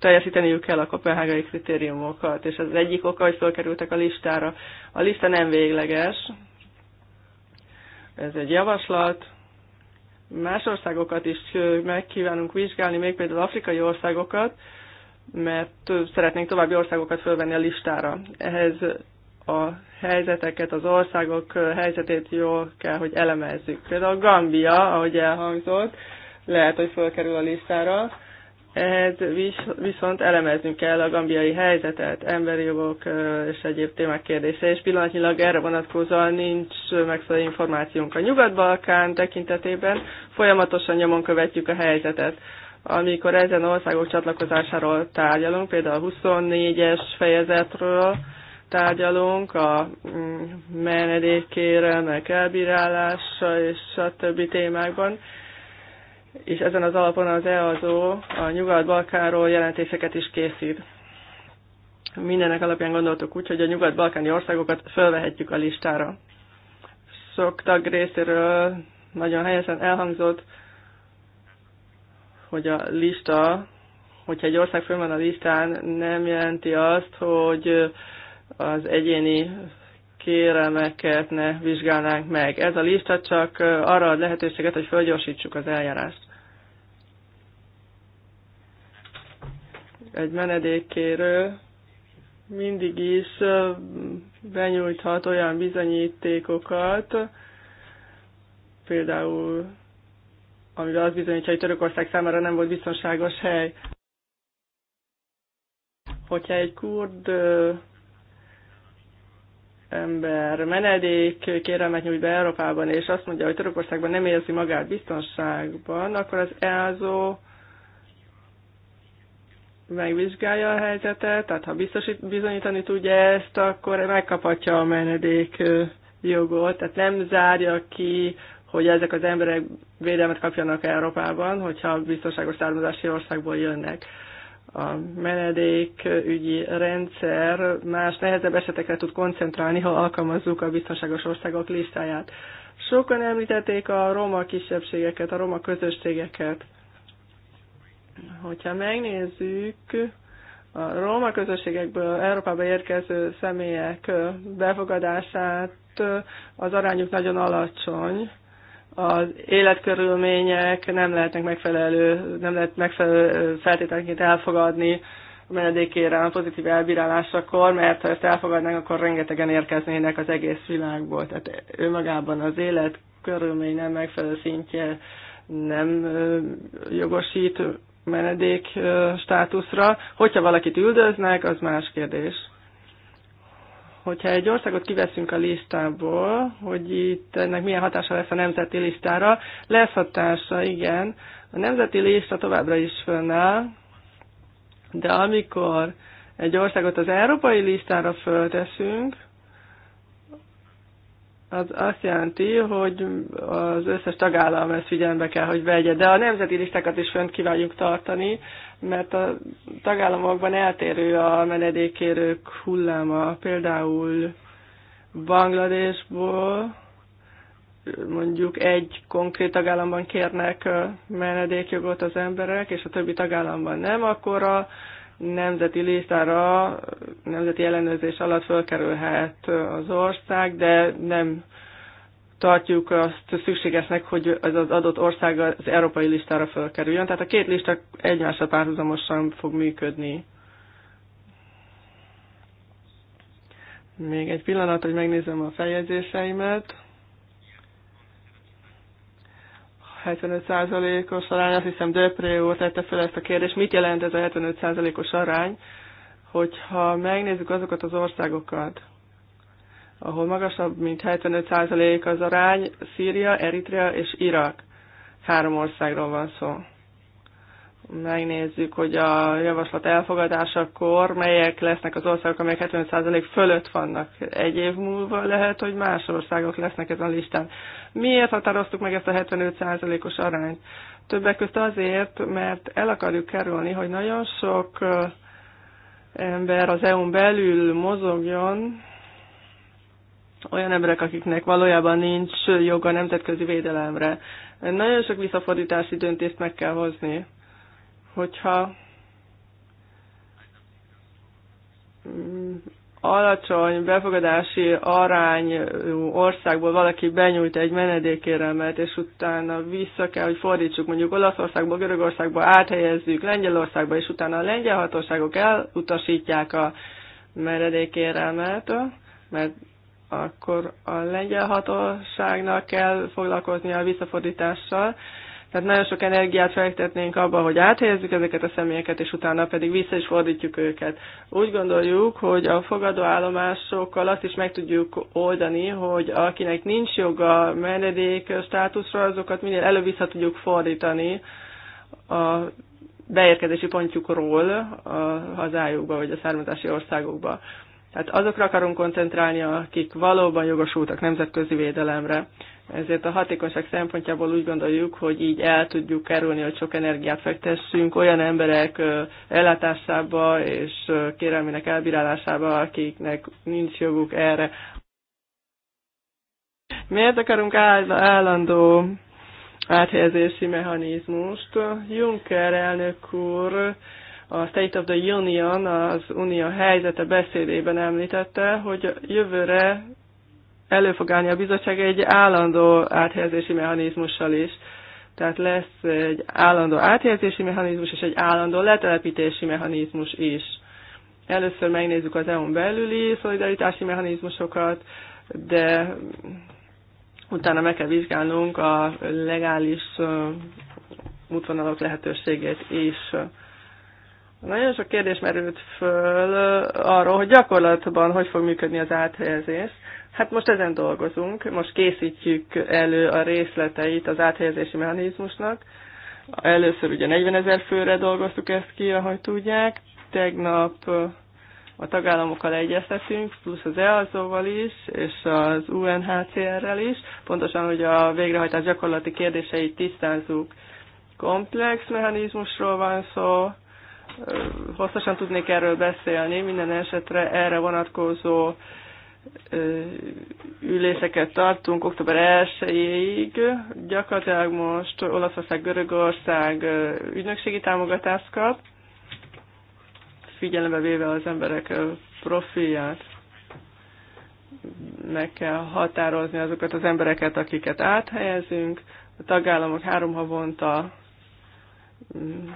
teljesíteniük kell a kopenhágai kritériumokat, és az egyik oka, hogy felkerültek a listára. A lista nem végleges, ez egy javaslat, más országokat is megkívánunk vizsgálni, még például afrikai országokat, mert szeretnénk további országokat fölvenni a listára. Ehhez a helyzeteket, az országok helyzetét jól kell, hogy elemezzük. Például Gambia, ahogy elhangzott, lehet, hogy fölkerül a listára, ehhez viszont elemeznünk kell a gambiai helyzetet, emberi jogok és egyéb témák kérdése, és pillanatnyilag erre vonatkozóan nincs megfelelő információnk. A Nyugat-Balkán tekintetében folyamatosan nyomon követjük a helyzetet. Amikor ezen országok csatlakozásáról tárgyalunk, például a 24-es fejezetről, tárgyalunk, a mm, meg elbírálása és stb. témákban. És ezen az alapon az EAZO a Nyugat-Balkánról jelentéseket is készít. Mindenek alapján gondoltuk úgy, hogy a nyugat-balkáni országokat fölvehetjük a listára. Sok tag részéről nagyon helyesen elhangzott, hogy a lista hogyha egy ország föl van a listán, nem jelenti azt, hogy az egyéni kérelmeket ne vizsgálnánk meg. Ez a lista csak arra ad lehetőséget, hogy fölgyorsítsuk az eljárást. Egy menedékkérő mindig is benyújthat olyan bizonyítékokat, például amivel az bizonyítja, hogy Törökország számára nem volt biztonságos hely. Hogyha egy kurd ember menedék kérelmet nyújt be Európában, és azt mondja, hogy Törökországban nem érzi magát biztonságban, akkor az elzo megvizsgálja a helyzetet, tehát ha biztosít, bizonyítani tudja ezt, akkor megkaphatja a menedék jogot, tehát nem zárja ki, hogy ezek az emberek védelmet kapjanak Európában, hogyha biztonságos származási országból jönnek a menedékügyi rendszer más nehezebb esetekre tud koncentrálni, ha alkalmazzuk a biztonságos országok listáját. Sokan említették a roma kisebbségeket, a roma közösségeket. Hogyha megnézzük a roma közösségekből Európába érkező személyek befogadását, az arányuk nagyon alacsony az életkörülmények nem lehetnek megfelelő, nem lehet megfelelő feltételként elfogadni a a pozitív elbírálásakor, mert ha ezt elfogadnánk, akkor rengetegen érkeznének az egész világból. Tehát önmagában az életkörülmény nem megfelelő szintje nem jogosít menedék státuszra. Hogyha valakit üldöznek, az más kérdés hogyha egy országot kiveszünk a listából, hogy itt ennek milyen hatása lesz a nemzeti listára, lesz hatása, igen. A nemzeti lista továbbra is fönnáll, de amikor egy országot az európai listára fölteszünk, az azt jelenti, hogy az összes tagállam ezt figyelembe kell, hogy vegye. De a nemzeti listákat is fönt kívánjuk tartani, mert a tagállamokban eltérő a menedékérők hulláma. Például Bangladesból mondjuk egy konkrét tagállamban kérnek menedékjogot az emberek, és a többi tagállamban nem, akkor a nemzeti listára, nemzeti ellenőrzés alatt fölkerülhet az ország, de nem tartjuk azt szükségesnek, hogy ez az adott ország az európai listára felkerüljön. Tehát a két lista egymásra párhuzamosan fog működni. Még egy pillanat, hogy megnézem a feljegyzéseimet. 75%-os arány, azt hiszem Döpré úr tette fel ezt a kérdést, mit jelent ez a 75%-os arány, hogyha megnézzük azokat az országokat, ahol magasabb, mint 75% az arány, Szíria, Eritrea és Irak. Három országról van szó. Megnézzük, hogy a javaslat elfogadásakor melyek lesznek az országok, amelyek 75% fölött vannak. Egy év múlva lehet, hogy más országok lesznek ezen a listán. Miért határoztuk meg ezt a 75%-os arányt? Többek között azért, mert el akarjuk kerülni, hogy nagyon sok eh, ember az EU-n belül mozogjon, olyan emberek, akiknek valójában nincs joga nemzetközi védelemre. Nagyon sok visszafordítási döntést meg kell hozni. Hogyha mm, alacsony befogadási arány országból valaki benyújt egy menedékérelmet, és utána vissza kell, hogy fordítsuk, mondjuk Olaszországba, Görögországba áthelyezzük Lengyelországba, és utána a lengyel hatóságok elutasítják a menedékérelmet, mert akkor a lengyel hatóságnak kell foglalkozni a visszafordítással. Tehát nagyon sok energiát fektetnénk abba, hogy áthelyezzük ezeket a személyeket, és utána pedig vissza is fordítjuk őket. Úgy gondoljuk, hogy a fogadóállomásokkal azt is meg tudjuk oldani, hogy akinek nincs joga menedék státuszra, azokat minél előbb vissza tudjuk fordítani a beérkezési pontjukról a hazájukba, vagy a származási országokba. Tehát azokra akarunk koncentrálni, akik valóban jogosultak nemzetközi védelemre. Ezért a hatékonyság szempontjából úgy gondoljuk, hogy így el tudjuk kerülni, hogy sok energiát fektessünk olyan emberek ellátásába és kérelmének elbírálásába, akiknek nincs joguk erre. Miért akarunk állandó áthelyezési mechanizmust? Juncker elnök úr a State of the Union, az Unió helyzete beszédében említette, hogy jövőre elő fog állni a bizottság egy állandó áthelyezési mechanizmussal is. Tehát lesz egy állandó áthelyezési mechanizmus és egy állandó letelepítési mechanizmus is. Először megnézzük az EU-n belüli szolidaritási mechanizmusokat, de utána meg kell vizsgálnunk a legális útvonalak lehetőségét is. És nagyon sok kérdés merült föl arról, hogy gyakorlatban hogy fog működni az áthelyezés. Hát most ezen dolgozunk, most készítjük elő a részleteit az áthelyezési mechanizmusnak. Először ugye 40 ezer főre dolgoztuk ezt ki, ahogy tudják. Tegnap a tagállamokkal egyeztetünk, plusz az EASO-val is, és az UNHCR-rel is, pontosan, hogy a végrehajtás gyakorlati kérdéseit tisztázzuk. Komplex mechanizmusról van szó, hosszasan tudnék erről beszélni, minden esetre erre vonatkozó üléseket tartunk október 1-ig. Gyakorlatilag most Olaszország, Görögország ügynökségi támogatást kap, figyelembe véve az emberek profilját. Meg kell határozni azokat az embereket, akiket áthelyezünk. A tagállamok három havonta mm,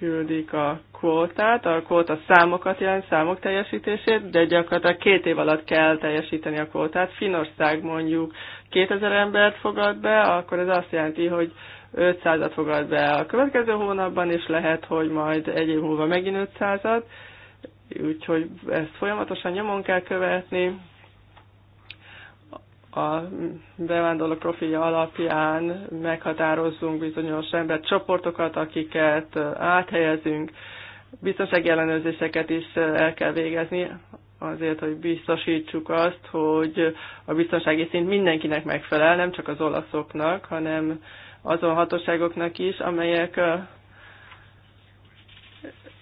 küldik a kvótát, a kvóta számokat jelent, számok teljesítését, de gyakorlatilag két év alatt kell teljesíteni a kvótát. Finország mondjuk 2000 embert fogad be, akkor ez azt jelenti, hogy 500-at fogad be a következő hónapban, és lehet, hogy majd egy év múlva megint 500-at, úgyhogy ezt folyamatosan nyomon kell követni, a bevándorló profilja alapján meghatározzunk bizonyos embercsoportokat, akiket áthelyezünk, biztonsági ellenőrzéseket is el kell végezni, azért, hogy biztosítsuk azt, hogy a biztonsági szint mindenkinek megfelel, nem csak az olaszoknak, hanem azon hatóságoknak is, amelyek eh,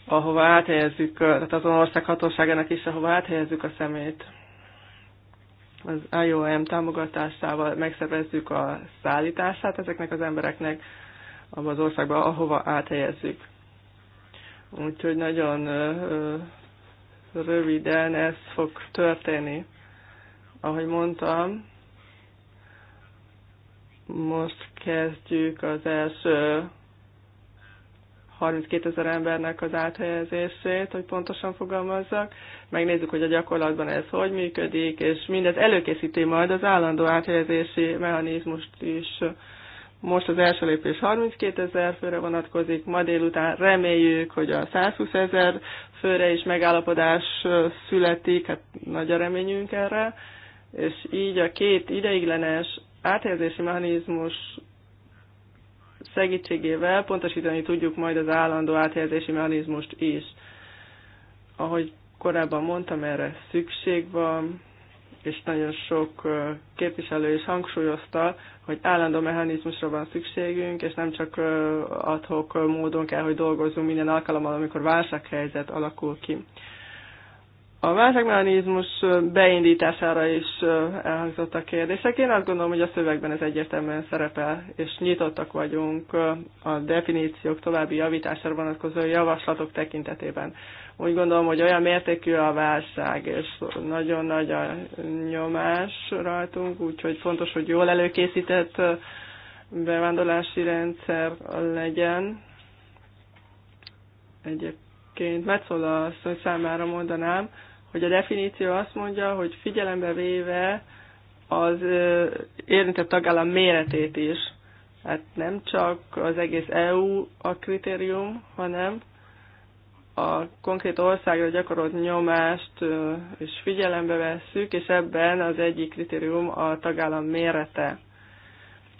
ahova áthelyezzük, eh, tehát azon ország hatóságának is, ahova áthelyezzük a szemét az IOM támogatásával megszervezzük a szállítását ezeknek az embereknek abban az országban ahova áthelyezzük. Úgyhogy nagyon röviden ez fog történni. Ahogy mondtam, most kezdjük az első 32 ezer embernek az áthelyezését, hogy pontosan fogalmazzak. Megnézzük, hogy a gyakorlatban ez hogy működik, és mindez előkészíti majd az állandó áthelyezési mechanizmust is. Most az első lépés 32 ezer főre vonatkozik, ma délután reméljük, hogy a 120 ezer főre is megállapodás születik, hát nagy a reményünk erre, és így a két ideiglenes áthelyezési mechanizmus segítségével pontosítani tudjuk majd az állandó áthelyezési mechanizmust is. Ahogy korábban mondtam, erre szükség van, és nagyon sok képviselő is hangsúlyozta, hogy állandó mechanizmusra van szükségünk, és nem csak adhok módon kell, hogy dolgozzunk minden alkalommal, amikor válsághelyzet alakul ki. A válságmechanizmus beindítására is elhangzottak kérdések. Én azt gondolom, hogy a szövegben ez egyértelműen szerepel, és nyitottak vagyunk a definíciók további javítására vonatkozó javaslatok tekintetében. Úgy gondolom, hogy olyan mértékű a válság, és nagyon nagy a nyomás rajtunk, úgyhogy fontos, hogy jól előkészített bevándorlási rendszer legyen. Egyébként egyébként Metzola asszony számára mondanám, hogy a definíció azt mondja, hogy figyelembe véve az érintett tagállam méretét is. Hát nem csak az egész EU a kritérium, hanem a konkrét országra gyakorolt nyomást és figyelembe vesszük, és ebben az egyik kritérium a tagállam mérete.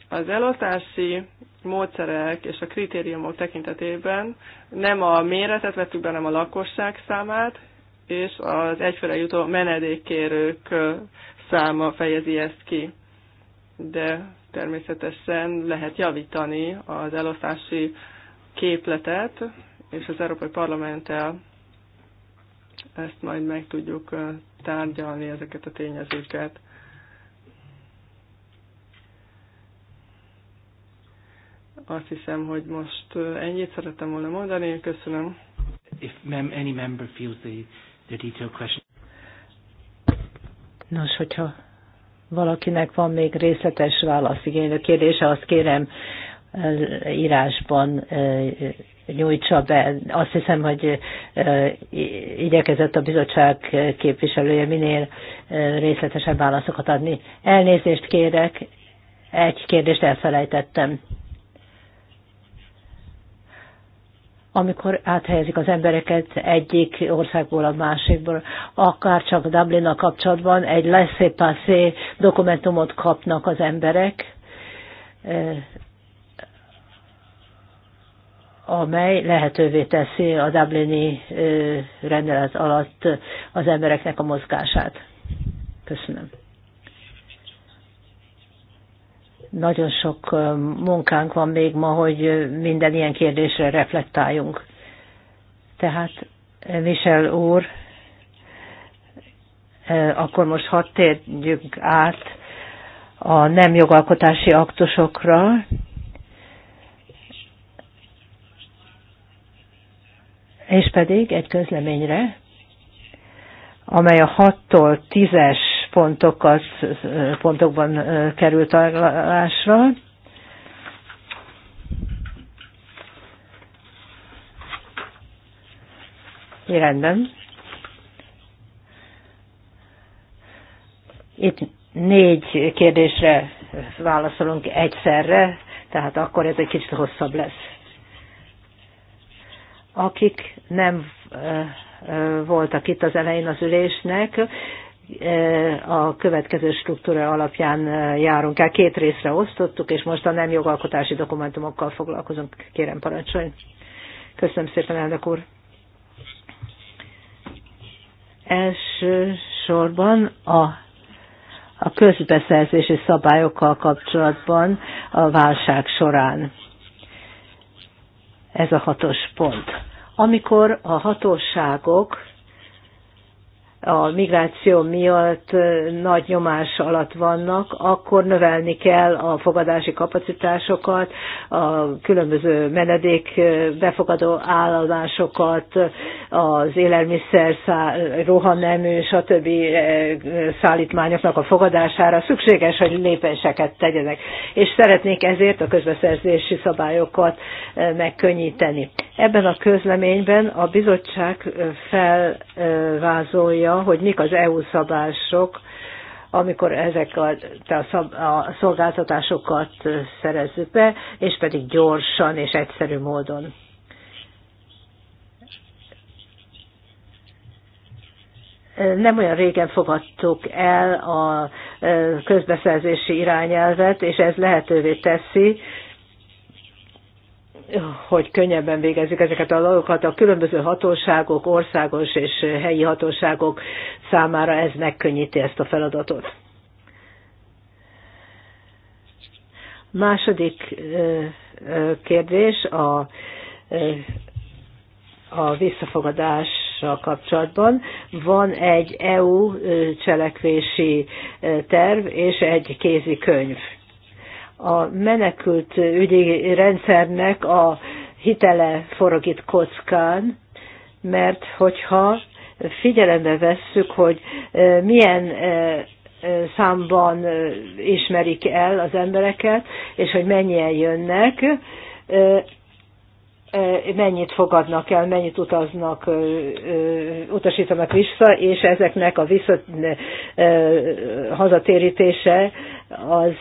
Az elosztási módszerek és a kritériumok tekintetében nem a méretet vettük be, hanem a lakosság számát, és az egyfőre jutó menedékkérők száma fejezi ezt ki. De természetesen lehet javítani az elosztási képletet, és az Európai Parlamenttel ezt majd meg tudjuk tárgyalni ezeket a tényezőket. Azt hiszem, hogy most ennyit szerettem volna mondani. Köszönöm. If any member feels the the detailed question. Nos, hogyha valakinek van még részletes válasz igénylő kérdése, azt kérem eh, írásban eh, nyújtsa be. Azt hiszem, hogy eh, igyekezett a bizottság képviselője minél részletesebb válaszokat adni. Elnézést kérek, egy kérdést elfelejtettem. amikor áthelyezik az embereket egyik országból a másikból, akár csak Dublin-a kapcsolatban egy leszépászé dokumentumot kapnak az emberek, e, amely lehetővé teszi a Dublini e, rendelet alatt az embereknek a mozgását. Köszönöm. Nagyon sok munkánk van még ma, hogy minden ilyen kérdésre reflektáljunk. Tehát Michel úr, akkor most hadd térjünk át a nem jogalkotási aktusokra. És pedig egy közleményre, amely a 6-tól 10-es pontokat, pontokban került találásra. Rendben. Itt négy kérdésre válaszolunk egyszerre, tehát akkor ez egy kicsit hosszabb lesz. Akik nem voltak itt az elején az ülésnek, a következő struktúra alapján e, járunk el. Két részre osztottuk, és most a nem jogalkotási dokumentumokkal foglalkozunk. Kérem, parancsolj. Köszönöm szépen, elnök úr. Elsősorban a, a közbeszerzési szabályokkal kapcsolatban a válság során. Ez a hatos pont. Amikor a hatóságok a migráció miatt nagy nyomás alatt vannak, akkor növelni kell a fogadási kapacitásokat, a különböző menedék befogadó állomásokat, az élelmiszer rohanemű, stb. szállítmányoknak a fogadására szükséges, hogy lépéseket tegyenek. És szeretnék ezért a közbeszerzési szabályokat megkönnyíteni. Ebben a közleményben a bizottság felvázolja, hogy mik az EU szabások, amikor ezek a, a, szab, a szolgáltatásokat szerezzük be, és pedig gyorsan és egyszerű módon. Nem olyan régen fogadtuk el a közbeszerzési irányelvet, és ez lehetővé teszi, hogy könnyebben végezzük ezeket a dolgokat. A különböző hatóságok, országos és helyi hatóságok számára ez megkönnyíti ezt a feladatot. Második kérdés a, a visszafogadással kapcsolatban. Van egy EU cselekvési terv és egy kézikönyv a menekült ügyi rendszernek a hitele forog itt kockán, mert hogyha figyelembe vesszük, hogy e, milyen e, e, számban ismerik el az embereket, és hogy mennyien jönnek, mennyit fogadnak el, mennyit utaznak, utasítanak vissza, és ezeknek a vissza, az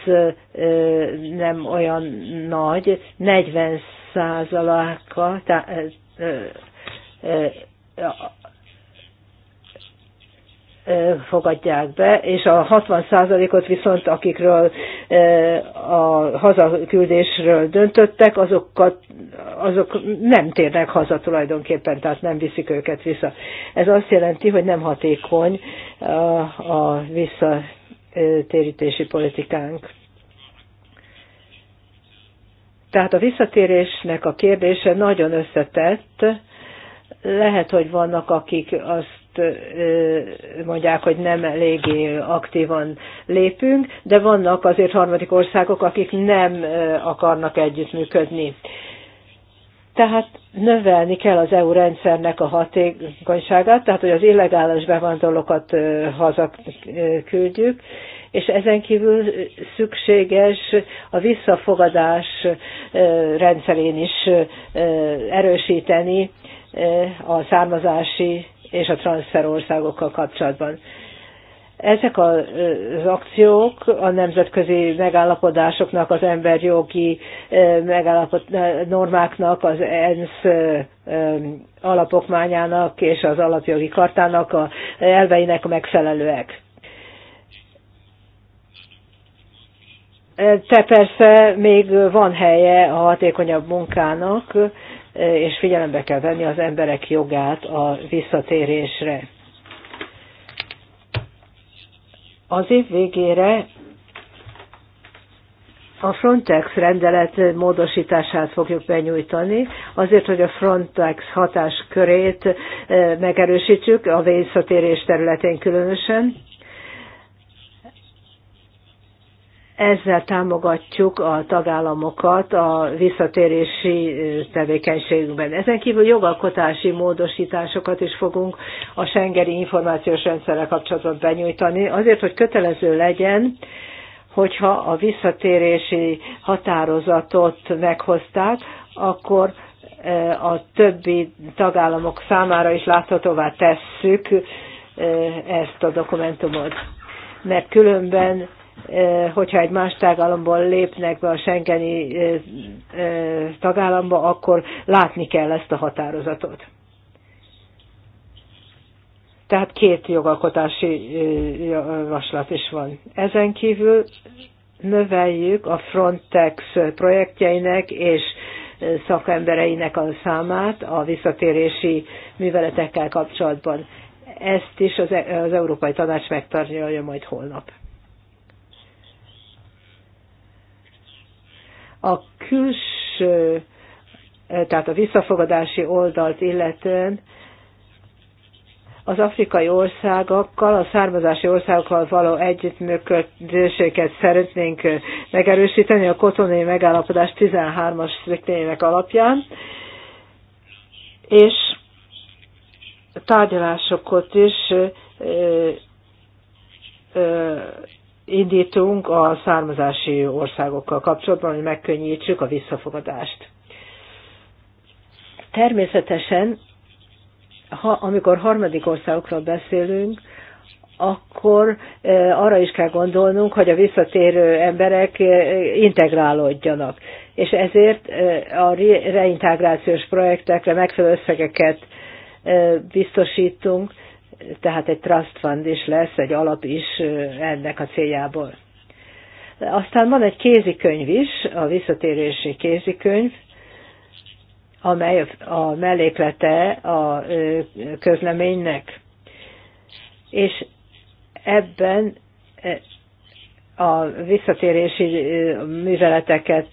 nem olyan nagy, 40 százaláka, fogadják be, és a 60%-ot viszont, akikről a hazaküldésről döntöttek, azokat, azok nem térnek haza tulajdonképpen, tehát nem viszik őket vissza. Ez azt jelenti, hogy nem hatékony a, a vissza térítési politikánk. Tehát a visszatérésnek a kérdése nagyon összetett. Lehet, hogy vannak, akik azt mondják, hogy nem eléggé aktívan lépünk, de vannak azért harmadik országok, akik nem akarnak együttműködni. Tehát növelni kell az EU rendszernek a hatékonyságát, tehát hogy az illegális bevándorlókat hazaküldjük, és ezen kívül szükséges a visszafogadás rendszerén is erősíteni a származási és a transferországokkal kapcsolatban. Ezek az akciók a nemzetközi megállapodásoknak, az emberjogi megállapod, normáknak, az ENSZ alapokmányának és az alapjogi kartának a elveinek megfelelőek. Te persze még van helye a hatékonyabb munkának, és figyelembe kell venni az emberek jogát a visszatérésre. Az év végére a Frontex rendelet módosítását fogjuk benyújtani, azért, hogy a Frontex hatáskörét eh, megerősítsük, a vészatérés területén különösen ezzel támogatjuk a tagállamokat a visszatérési tevékenységükben. Ezen kívül jogalkotási módosításokat is fogunk a Schengeni információs rendszerre kapcsolatban benyújtani, azért, hogy kötelező legyen, hogyha a visszatérési határozatot meghozták, akkor a többi tagállamok számára is láthatóvá tesszük ezt a dokumentumot. Mert különben hogyha egy más tagállamból lépnek be a Schengeni tagállamba, akkor látni kell ezt a határozatot. Tehát két jogalkotási javaslat is van. Ezen kívül növeljük a Frontex projektjeinek és szakembereinek a számát a visszatérési műveletekkel kapcsolatban. Ezt is az, Európai Tanács megtartja majd holnap. A külső, eh, tehát a visszafogadási oldalt illetően az afrikai országokkal, a származási országokkal való együttműködéseket szeretnénk eh, megerősíteni a kotonai megállapodás 13-as szüktének alapján, és tárgyalásokat is eh, indítunk a származási országokkal kapcsolatban, hogy megkönnyítsük a visszafogadást. Természetesen, ha, amikor harmadik országokról beszélünk, akkor e, arra is kell gondolnunk, hogy a visszatérő emberek e, integrálódjanak. És ezért e, a reintegrációs projektekre megfelelő összegeket biztosítunk, tehát egy trust fund is lesz, egy alap is ennek a céljából. Aztán van egy kézikönyv is, a visszatérési kézikönyv, amely a melléklete a közleménynek. És ebben a visszatérési műveleteket,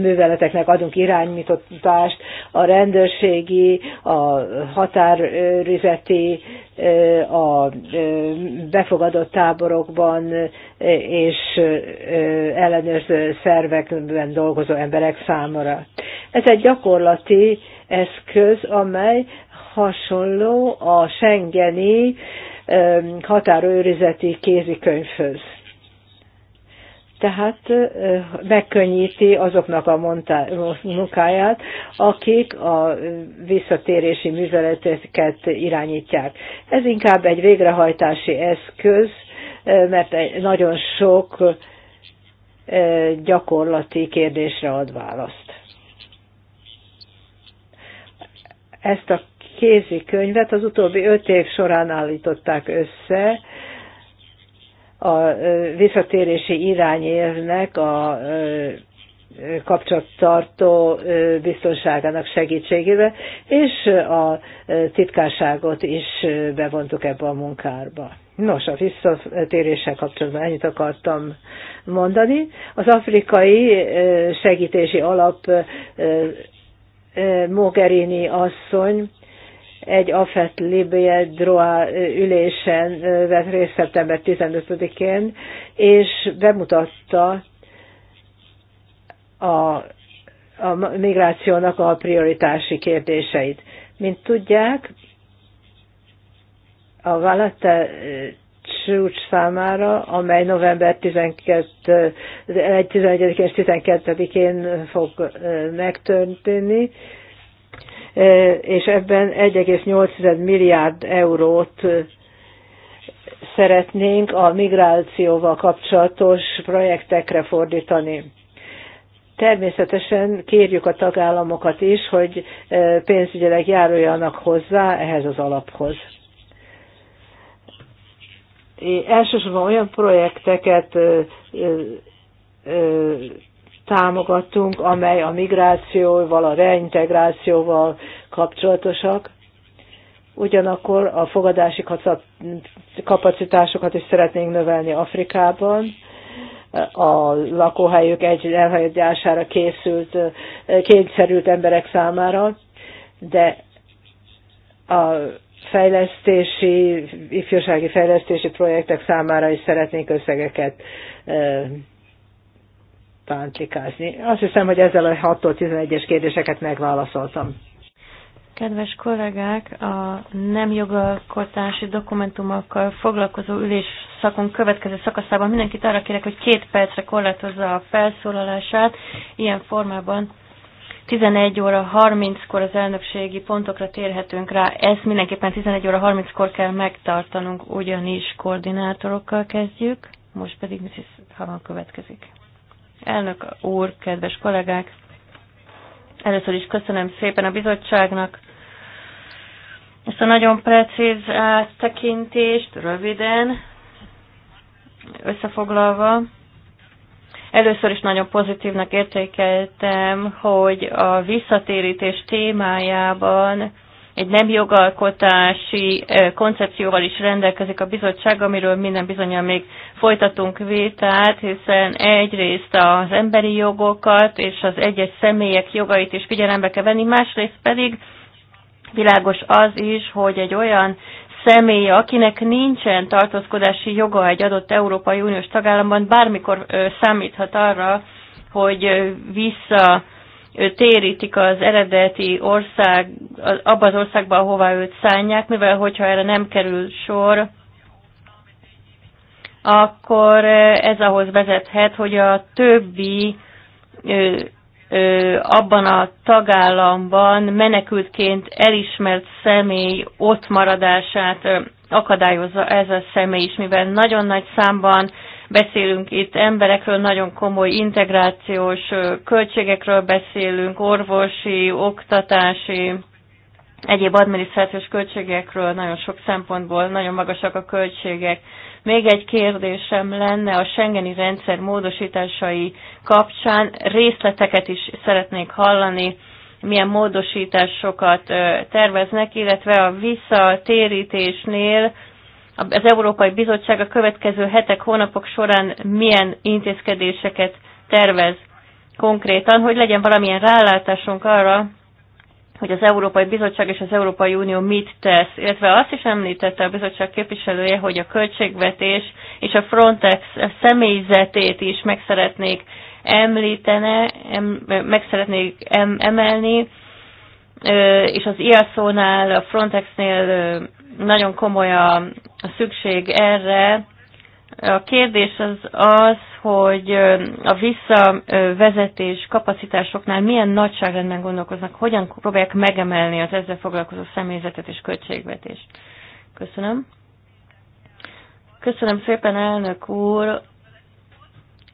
műveleteknek adunk irányítást, a rendőrségi, a határőrizeti, a befogadott táborokban és ellenőrző szervekben dolgozó emberek számára. Ez egy gyakorlati eszköz, amely hasonló a Schengeni határőrizeti kézikönyvhöz tehát megkönnyíti azoknak a munkáját, akik a visszatérési műveleteket irányítják. Ez inkább egy végrehajtási eszköz, mert nagyon sok gyakorlati kérdésre ad választ. Ezt a kézikönyvet az utóbbi öt év során állították össze, a visszatérési irányérnek a kapcsolattartó biztonságának segítségével, és a titkárságot is bevontuk ebbe a munkárba. Nos, a visszatéréssel kapcsolatban ennyit akartam mondani. Az afrikai segítési alap Mogherini asszony egy AFET Libye Droa ülésen vett részt szeptember 15-én, és bemutatta a, a migrációnak a prioritási kérdéseit. Mint tudják, a Valette csúcs számára, amely november 12, 11 és 12-én fog megtörténni, és ebben 1,8 milliárd eurót szeretnénk a migrációval kapcsolatos projektekre fordítani. Természetesen kérjük a tagállamokat is, hogy pénzügyileg járuljanak hozzá ehhez az alaphoz. Én elsősorban olyan projekteket támogattunk, amely a migrációval, a reintegrációval kapcsolatosak. Ugyanakkor a fogadási kapacitásokat is szeretnénk növelni Afrikában. A lakóhelyük egy elhagyására készült, kényszerült emberek számára, de a fejlesztési, ifjúsági fejlesztési projektek számára is szeretnénk összegeket pántlikázni. Azt hiszem, hogy ezzel a 6-tól 11-es kérdéseket megválaszoltam. Kedves kollégák, a nem jogalkotási dokumentumokkal foglalkozó ülés szakon következő szakaszában mindenkit arra kérek, hogy két percre korlátozza a felszólalását. Ilyen formában 11 óra 30-kor az elnökségi pontokra térhetünk rá. Ezt mindenképpen 11 óra 30-kor kell megtartanunk, ugyanis koordinátorokkal kezdjük. Most pedig Mrs. Havan következik. Elnök úr, kedves kollégák! Először is köszönöm szépen a bizottságnak ezt a nagyon precíz áttekintést, röviden, összefoglalva. Először is nagyon pozitívnak értékeltem, hogy a visszatérítés témájában egy nem jogalkotási koncepcióval is rendelkezik a bizottság, amiről minden bizonyal még folytatunk vétát, hiszen egyrészt az emberi jogokat és az egyes személyek jogait is figyelembe kell venni, másrészt pedig világos az is, hogy egy olyan személy, akinek nincsen tartózkodási joga egy adott Európai Uniós tagállamban, bármikor számíthat arra, hogy vissza térítik az eredeti ország, abba az országba, ahová őt szállják, mivel hogyha erre nem kerül sor, akkor ez ahhoz vezethet, hogy a többi ö, ö, abban a tagállamban menekültként elismert személy ott maradását akadályozza ez a személy is, mivel nagyon nagy számban beszélünk itt emberekről, nagyon komoly integrációs költségekről beszélünk, orvosi, oktatási, egyéb adminisztrációs költségekről nagyon sok szempontból nagyon magasak a költségek. Még egy kérdésem lenne a Schengeni rendszer módosításai kapcsán. Részleteket is szeretnék hallani, milyen módosításokat terveznek, illetve a visszatérítésnél az Európai Bizottság a következő hetek, hónapok során milyen intézkedéseket tervez konkrétan, hogy legyen valamilyen rálátásunk arra, hogy az Európai Bizottság és az Európai Unió mit tesz, illetve azt is említette a bizottság képviselője, hogy a költségvetés és a Frontex személyzetét is meg szeretnék említene, em, meg szeretnék em, emelni, és az IASZ-nál, a Frontexnél nagyon komoly a, a szükség erre. A kérdés az az, hogy a visszavezetés kapacitásoknál milyen nagyságrendben gondolkoznak, hogyan próbálják megemelni az ezzel foglalkozó személyzetet és költségvetést. Köszönöm. Köszönöm szépen, elnök úr.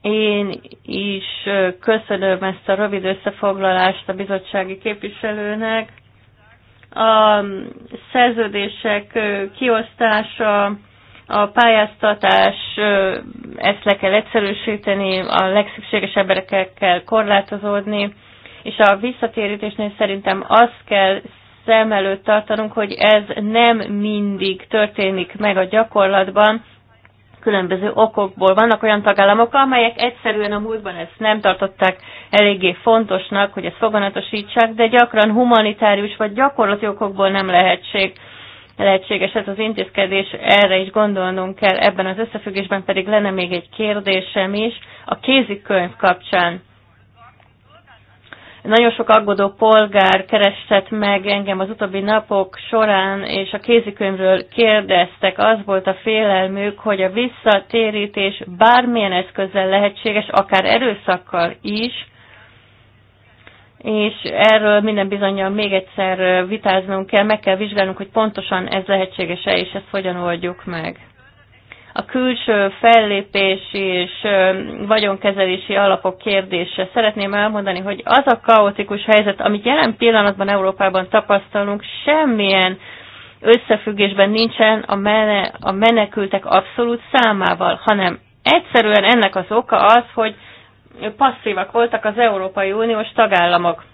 Én is köszönöm ezt a rövid összefoglalást a bizottsági képviselőnek a szerződések kiosztása, a pályáztatás, ezt le kell egyszerűsíteni, a legszükséges emberekkel kell korlátozódni, és a visszatérítésnél szerintem azt kell szem előtt tartanunk, hogy ez nem mindig történik meg a gyakorlatban, különböző okokból. Vannak olyan tagállamok, amelyek egyszerűen a múltban ezt nem tartották eléggé fontosnak, hogy ezt foganatosítsák, de gyakran humanitárius vagy gyakorlati okokból nem lehetség, lehetséges ez az intézkedés, erre is gondolnunk kell. Ebben az összefüggésben pedig lenne még egy kérdésem is a kézikönyv kapcsán nagyon sok aggódó polgár keresett meg engem az utóbbi napok során, és a kézikönyvről kérdeztek. Az volt a félelmük, hogy a visszatérítés bármilyen eszközzel lehetséges, akár erőszakkal is, és erről minden bizonyal még egyszer vitáznunk kell, meg kell vizsgálnunk, hogy pontosan ez lehetséges-e, és ezt hogyan oldjuk meg a külső fellépési és vagyonkezelési alapok kérdése. Szeretném elmondani, hogy az a kaotikus helyzet, amit jelen pillanatban Európában tapasztalunk, semmilyen összefüggésben nincsen a, mene, a menekültek abszolút számával, hanem egyszerűen ennek az oka az, hogy passzívak voltak az Európai Uniós tagállamok.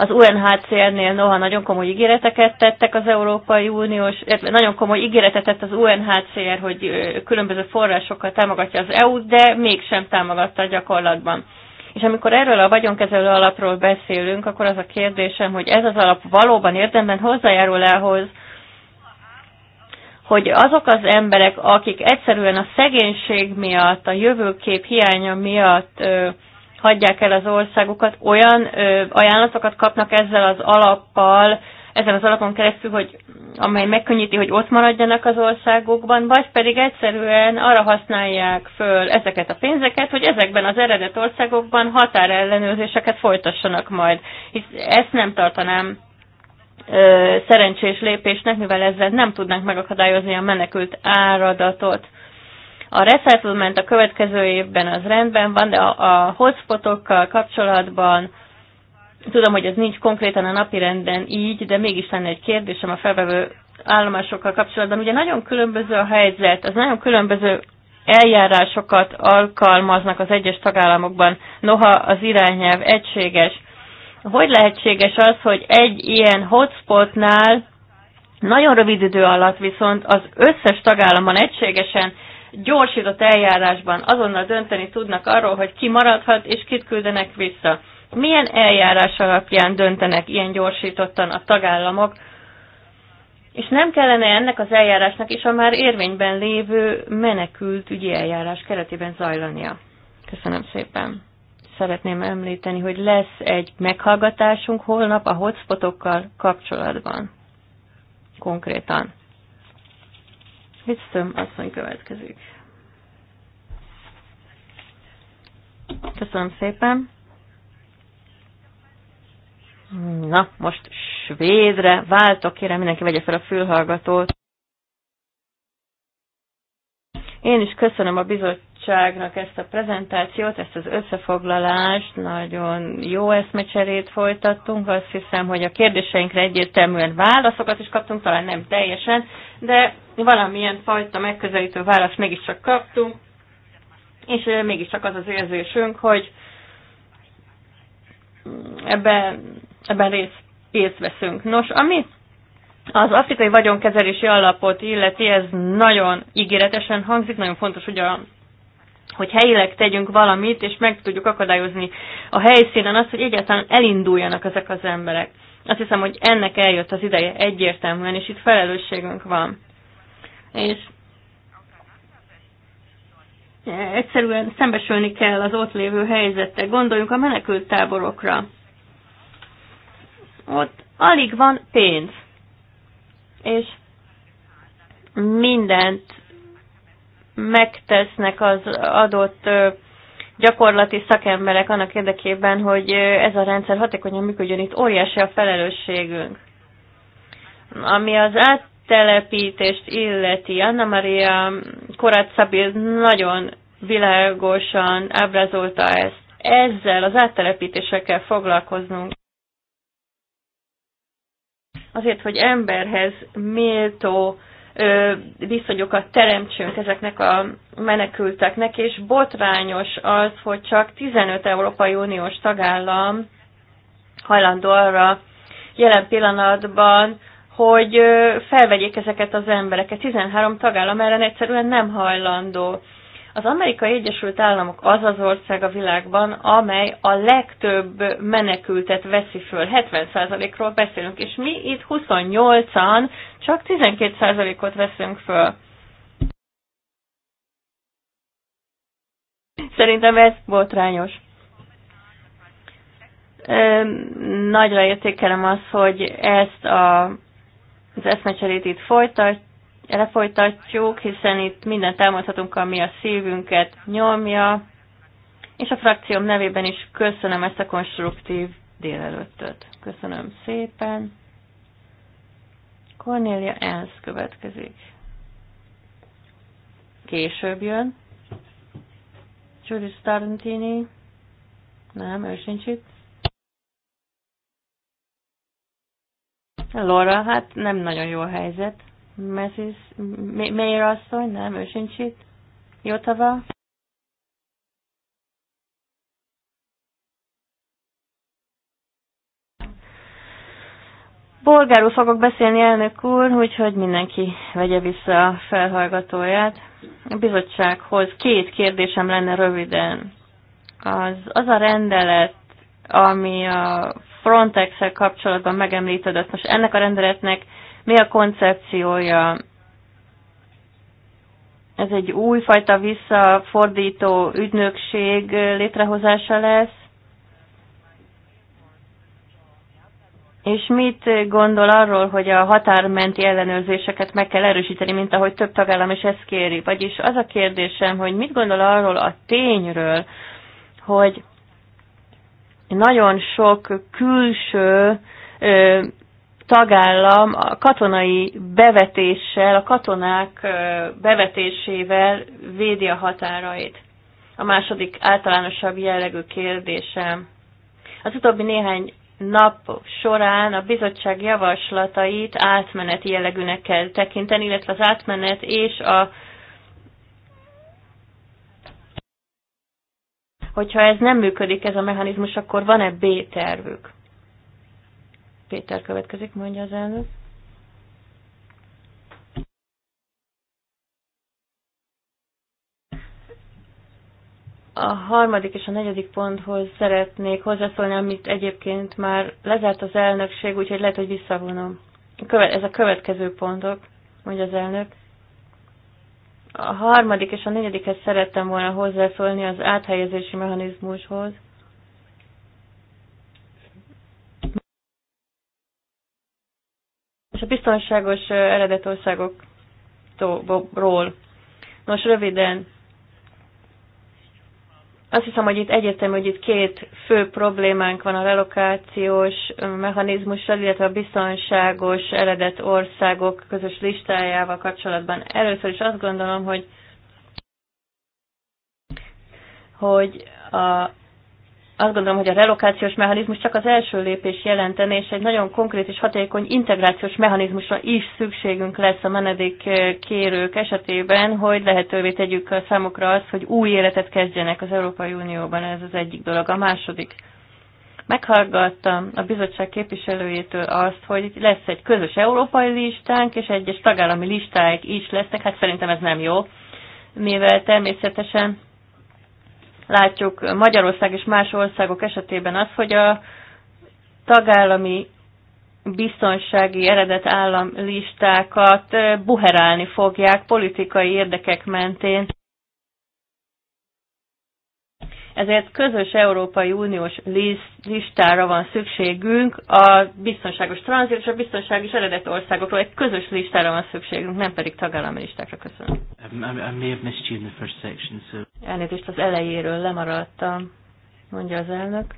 Az UNHCR-nél noha nagyon komoly ígéreteket tettek az Európai Uniós, nagyon komoly ígéretet tett az UNHCR, hogy különböző forrásokkal támogatja az EU-t, de mégsem támogatta a gyakorlatban. És amikor erről a vagyonkezelő alapról beszélünk, akkor az a kérdésem, hogy ez az alap valóban érdemben hozzájárul ahhoz, hogy azok az emberek, akik egyszerűen a szegénység miatt, a jövőkép hiánya miatt ö, hagyják el az országukat, olyan ö, ajánlatokat kapnak ezzel az alappal, ezen az alapon keresztül, hogy amely megkönnyíti, hogy ott maradjanak az országokban, vagy pedig egyszerűen arra használják föl ezeket a pénzeket, hogy ezekben az eredet országokban határellenőrzéseket folytassanak majd. Hisz ezt nem tartanám ö, szerencsés lépésnek, mivel ezzel nem tudnánk megakadályozni a menekült áradatot. A resettlement a következő évben az rendben van, de a, a hotspotokkal kapcsolatban tudom, hogy ez nincs konkrétan a renden így, de mégis lenne egy kérdésem a felvevő állomásokkal kapcsolatban. Ugye nagyon különböző a helyzet, az nagyon különböző eljárásokat alkalmaznak az egyes tagállamokban, noha az irányelv egységes. Hogy lehetséges az, hogy egy ilyen hotspotnál nagyon rövid idő alatt viszont az összes tagállamban egységesen gyorsított eljárásban azonnal dönteni tudnak arról, hogy ki maradhat és kit küldenek vissza. Milyen eljárás alapján döntenek ilyen gyorsítottan a tagállamok, és nem kellene ennek az eljárásnak is a már érvényben lévő menekült ügyi eljárás keretében zajlania. Köszönöm szépen. Szeretném említeni, hogy lesz egy meghallgatásunk holnap a hotspotokkal kapcsolatban. Konkrétan. Wittem asszony következik. Köszönöm szépen. Na, most svédre váltok, kérem mindenki vegye fel a fülhallgatót. Én is köszönöm a bizottságnak ezt a prezentációt, ezt az összefoglalást, nagyon jó eszmecserét folytattunk, azt hiszem, hogy a kérdéseinkre egyértelműen válaszokat is kaptunk, talán nem teljesen, de valamilyen fajta megközelítő választ mégiscsak kaptunk, és mégiscsak az az érzésünk, hogy ebben, ebben részt, részt veszünk. Nos, ami az afrikai vagyonkezelési alapot illeti, ez nagyon ígéretesen hangzik, nagyon fontos, hogy a hogy helyileg tegyünk valamit, és meg tudjuk akadályozni a helyszínen azt, hogy egyáltalán elinduljanak ezek az emberek. Azt hiszem, hogy ennek eljött az ideje egyértelműen, és itt felelősségünk van és egyszerűen szembesülni kell az ott lévő helyzettel. Gondoljunk a menekült táborokra. Ott alig van pénz, és mindent megtesznek az adott gyakorlati szakemberek annak érdekében, hogy ez a rendszer hatékonyan működjön. Itt óriási a felelősségünk. Ami az át telepítést illeti, Anna Maria Koratszabi nagyon világosan ábrázolta ezt. Ezzel az áttelepítésekkel foglalkoznunk. Azért, hogy emberhez méltó ö, viszonyokat teremtsünk ezeknek a menekülteknek, és botrányos az, hogy csak 15 Európai Uniós tagállam hajlandó arra jelen pillanatban, hogy felvegyék ezeket az embereket. 13 tagállam ellen egyszerűen nem hajlandó. Az Amerikai Egyesült Államok az az ország a világban, amely a legtöbb menekültet veszi föl. 70%-ról beszélünk, és mi itt 28-an csak 12%-ot veszünk föl. Szerintem ez botrányos. Nagyra értékelem azt, hogy ezt a az eszmecserét itt folytat, lefolytatjuk, hiszen itt mindent elmondhatunk, ami a szívünket nyomja, és a frakcióm nevében is köszönöm ezt a konstruktív délelőttöt. Köszönöm szépen. Cornelia Enz következik. Később jön. Judith Tarantini. Nem, ő sincs itt. Laura, hát nem nagyon jó a helyzet. Mrs. Mayor asszony, nem, ő sincs itt. tava. Polgárul fogok beszélni, elnök úr, úgyhogy mindenki vegye vissza a felhallgatóját. A bizottsághoz két kérdésem lenne röviden. Az, az a rendelet, ami a frontex kapcsolatban megemlíted azt. Most ennek a rendeletnek mi a koncepciója? Ez egy újfajta visszafordító ügynökség létrehozása lesz, És mit gondol arról, hogy a határmenti ellenőrzéseket meg kell erősíteni, mint ahogy több tagállam is ezt kéri? Vagyis az a kérdésem, hogy mit gondol arról a tényről, hogy nagyon sok külső tagállam a katonai bevetéssel, a katonák bevetésével védi a határait. A második általánosabb jellegű kérdésem. Az utóbbi néhány nap során a bizottság javaslatait átmeneti jellegűnek kell tekinteni, illetve az átmenet és a hogyha ez nem működik, ez a mechanizmus, akkor van-e B-tervük? Péter következik, mondja az elnök. a harmadik és a negyedik ponthoz szeretnék hozzászólni, amit egyébként már lezárt az elnökség, úgyhogy lehet, hogy visszavonom. Ez a következő pontok, mondja az elnök. A harmadik és a negyedikhez szerettem volna hozzászólni az áthelyezési mechanizmushoz. És a biztonságos eredetországokról. Nos, röviden, azt hiszem, hogy itt egyértelmű, hogy itt két fő problémánk van a relokációs mechanizmussal, illetve a biztonságos eredet országok közös listájával kapcsolatban. Először is azt gondolom, hogy hogy a azt gondolom, hogy a relokációs mechanizmus csak az első lépés jelentene, és egy nagyon konkrét és hatékony integrációs mechanizmusra is szükségünk lesz a menedékkérők esetében, hogy lehetővé tegyük a számukra azt, hogy új életet kezdjenek az Európai Unióban. Ez az egyik dolog. A második. Meghallgattam a bizottság képviselőjétől azt, hogy lesz egy közös európai listánk, és egyes tagállami listáik is lesznek. Hát szerintem ez nem jó, mivel természetesen látjuk Magyarország és más országok esetében az, hogy a tagállami biztonsági eredet állam listákat eh, buherálni fogják politikai érdekek mentén ezért közös Európai Uniós listára van szükségünk a biztonságos tranzit és a biztonságos eredet országokról. Egy közös listára van szükségünk, nem pedig tagállami listákra. Köszönöm. Um, um, um, I, section, so... Elnézést az elejéről lemaradtam, mondja az elnök.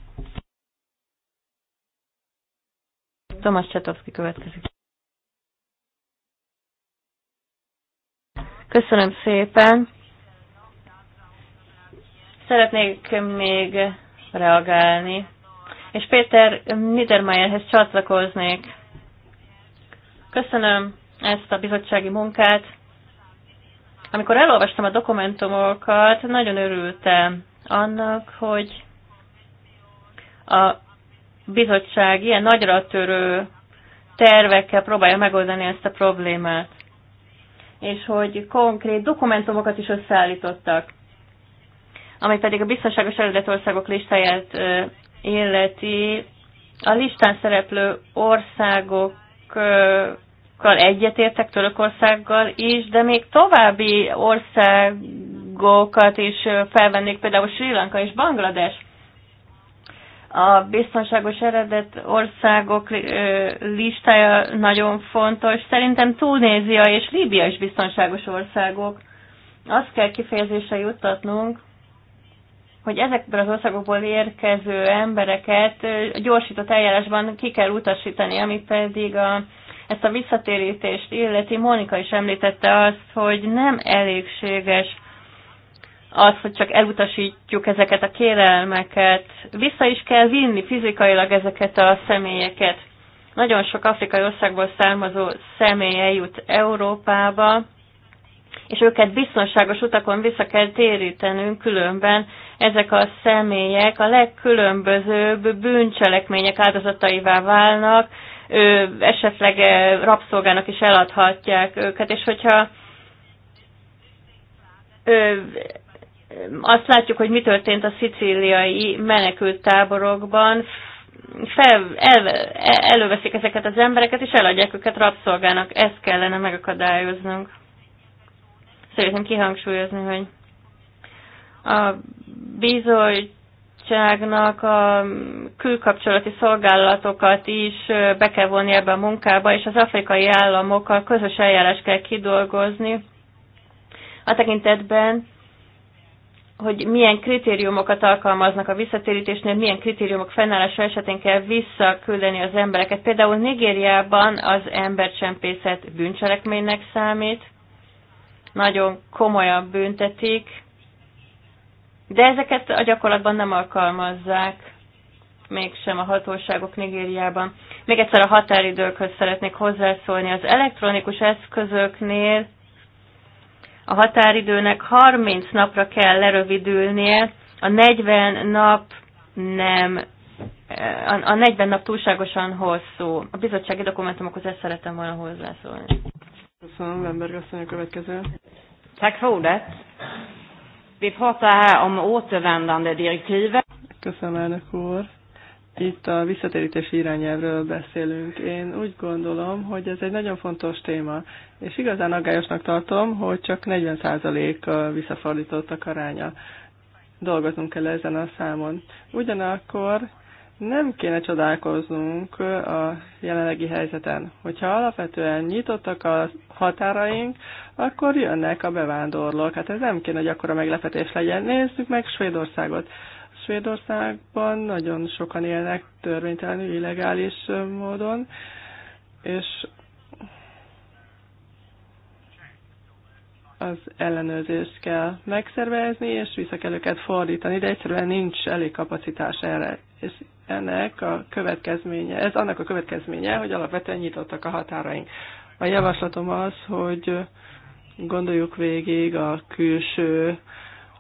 Tomasz Csatovszki következik. Köszönöm szépen. Szeretnék még reagálni. És Péter Niedermayerhez csatlakoznék. Köszönöm ezt a bizottsági munkát. Amikor elolvastam a dokumentumokat, nagyon örültem annak, hogy a bizottság ilyen nagyra törő tervekkel próbálja megoldani ezt a problémát. És hogy konkrét dokumentumokat is összeállítottak. Amely pedig a biztonságos eredetországok listáját illeti. A listán szereplő országokkal egyetértek, Törökországgal is, de még további országokat is felvennék, például Sri Lanka és Banglades a biztonságos eredet országok listája nagyon fontos. Szerintem Tunézia és Líbia is biztonságos országok. Azt kell kifejezésre juttatnunk, hogy ezekből az országokból érkező embereket gyorsított eljárásban ki kell utasítani, ami pedig a, ezt a visszatérítést illeti. Monika is említette azt, hogy nem elégséges az, hogy csak elutasítjuk ezeket a kérelmeket. Vissza is kell vinni fizikailag ezeket a személyeket. Nagyon sok afrikai országból származó személy eljut Európába, és őket biztonságos utakon vissza kell térítenünk, különben ezek a személyek a legkülönbözőbb bűncselekmények áldozataivá válnak, esetleg rabszolgának is eladhatják őket, és hogyha azt látjuk, hogy mi történt a szicíliai menekült táborokban, fel, el, előveszik ezeket az embereket, és eladják őket rabszolgának. Ezt kellene megakadályoznunk. Szeretném kihangsúlyozni, hogy a bizottságnak a külkapcsolati szolgálatokat is be kell vonni ebbe a munkába, és az afrikai államokkal közös eljárás kell kidolgozni a tekintetben, hogy milyen kritériumokat alkalmaznak a visszatérítésnél, milyen kritériumok fennállása esetén kell visszaküldeni az embereket. Például Nigériában az embercsempészet bűncselekménynek számít, nagyon komolyan büntetik, de ezeket a gyakorlatban nem alkalmazzák, mégsem a hatóságok Nigériában. Még egyszer a határidőkhöz szeretnék hozzászólni. Az elektronikus eszközöknél a határidőnek 30 napra kell lerövidülnie, a 40 nap nem a 40 nap túlságosan hosszú. A bizottsági dokumentumokhoz ezt szeretem volna hozzászólni. Köszönöm, Lemberg a következő. Tack för ordet. Vi pratar här om återvändande direktivet. Köszönöm, elnök úr. Itt a visszatérítési irányelvről beszélünk. Én úgy gondolom, hogy ez egy nagyon fontos téma, és igazán aggályosnak tartom, hogy csak 40% a visszafordítottak aránya. Dolgozunk kell ezen a számon. Ugyanakkor nem kéne csodálkoznunk a jelenlegi helyzeten. Hogyha alapvetően nyitottak a határaink, akkor jönnek a bevándorlók. Hát ez nem kéne, hogy akkora meglepetés legyen. Nézzük meg Svédországot. Svédországban nagyon sokan élnek törvénytelenül, illegális módon, és az ellenőrzést kell megszervezni, és vissza kell őket fordítani, de egyszerűen nincs elég kapacitás erre. És ennek a következménye, ez annak a következménye, hogy alapvetően nyitottak a határaink. A javaslatom az, hogy gondoljuk végig a külső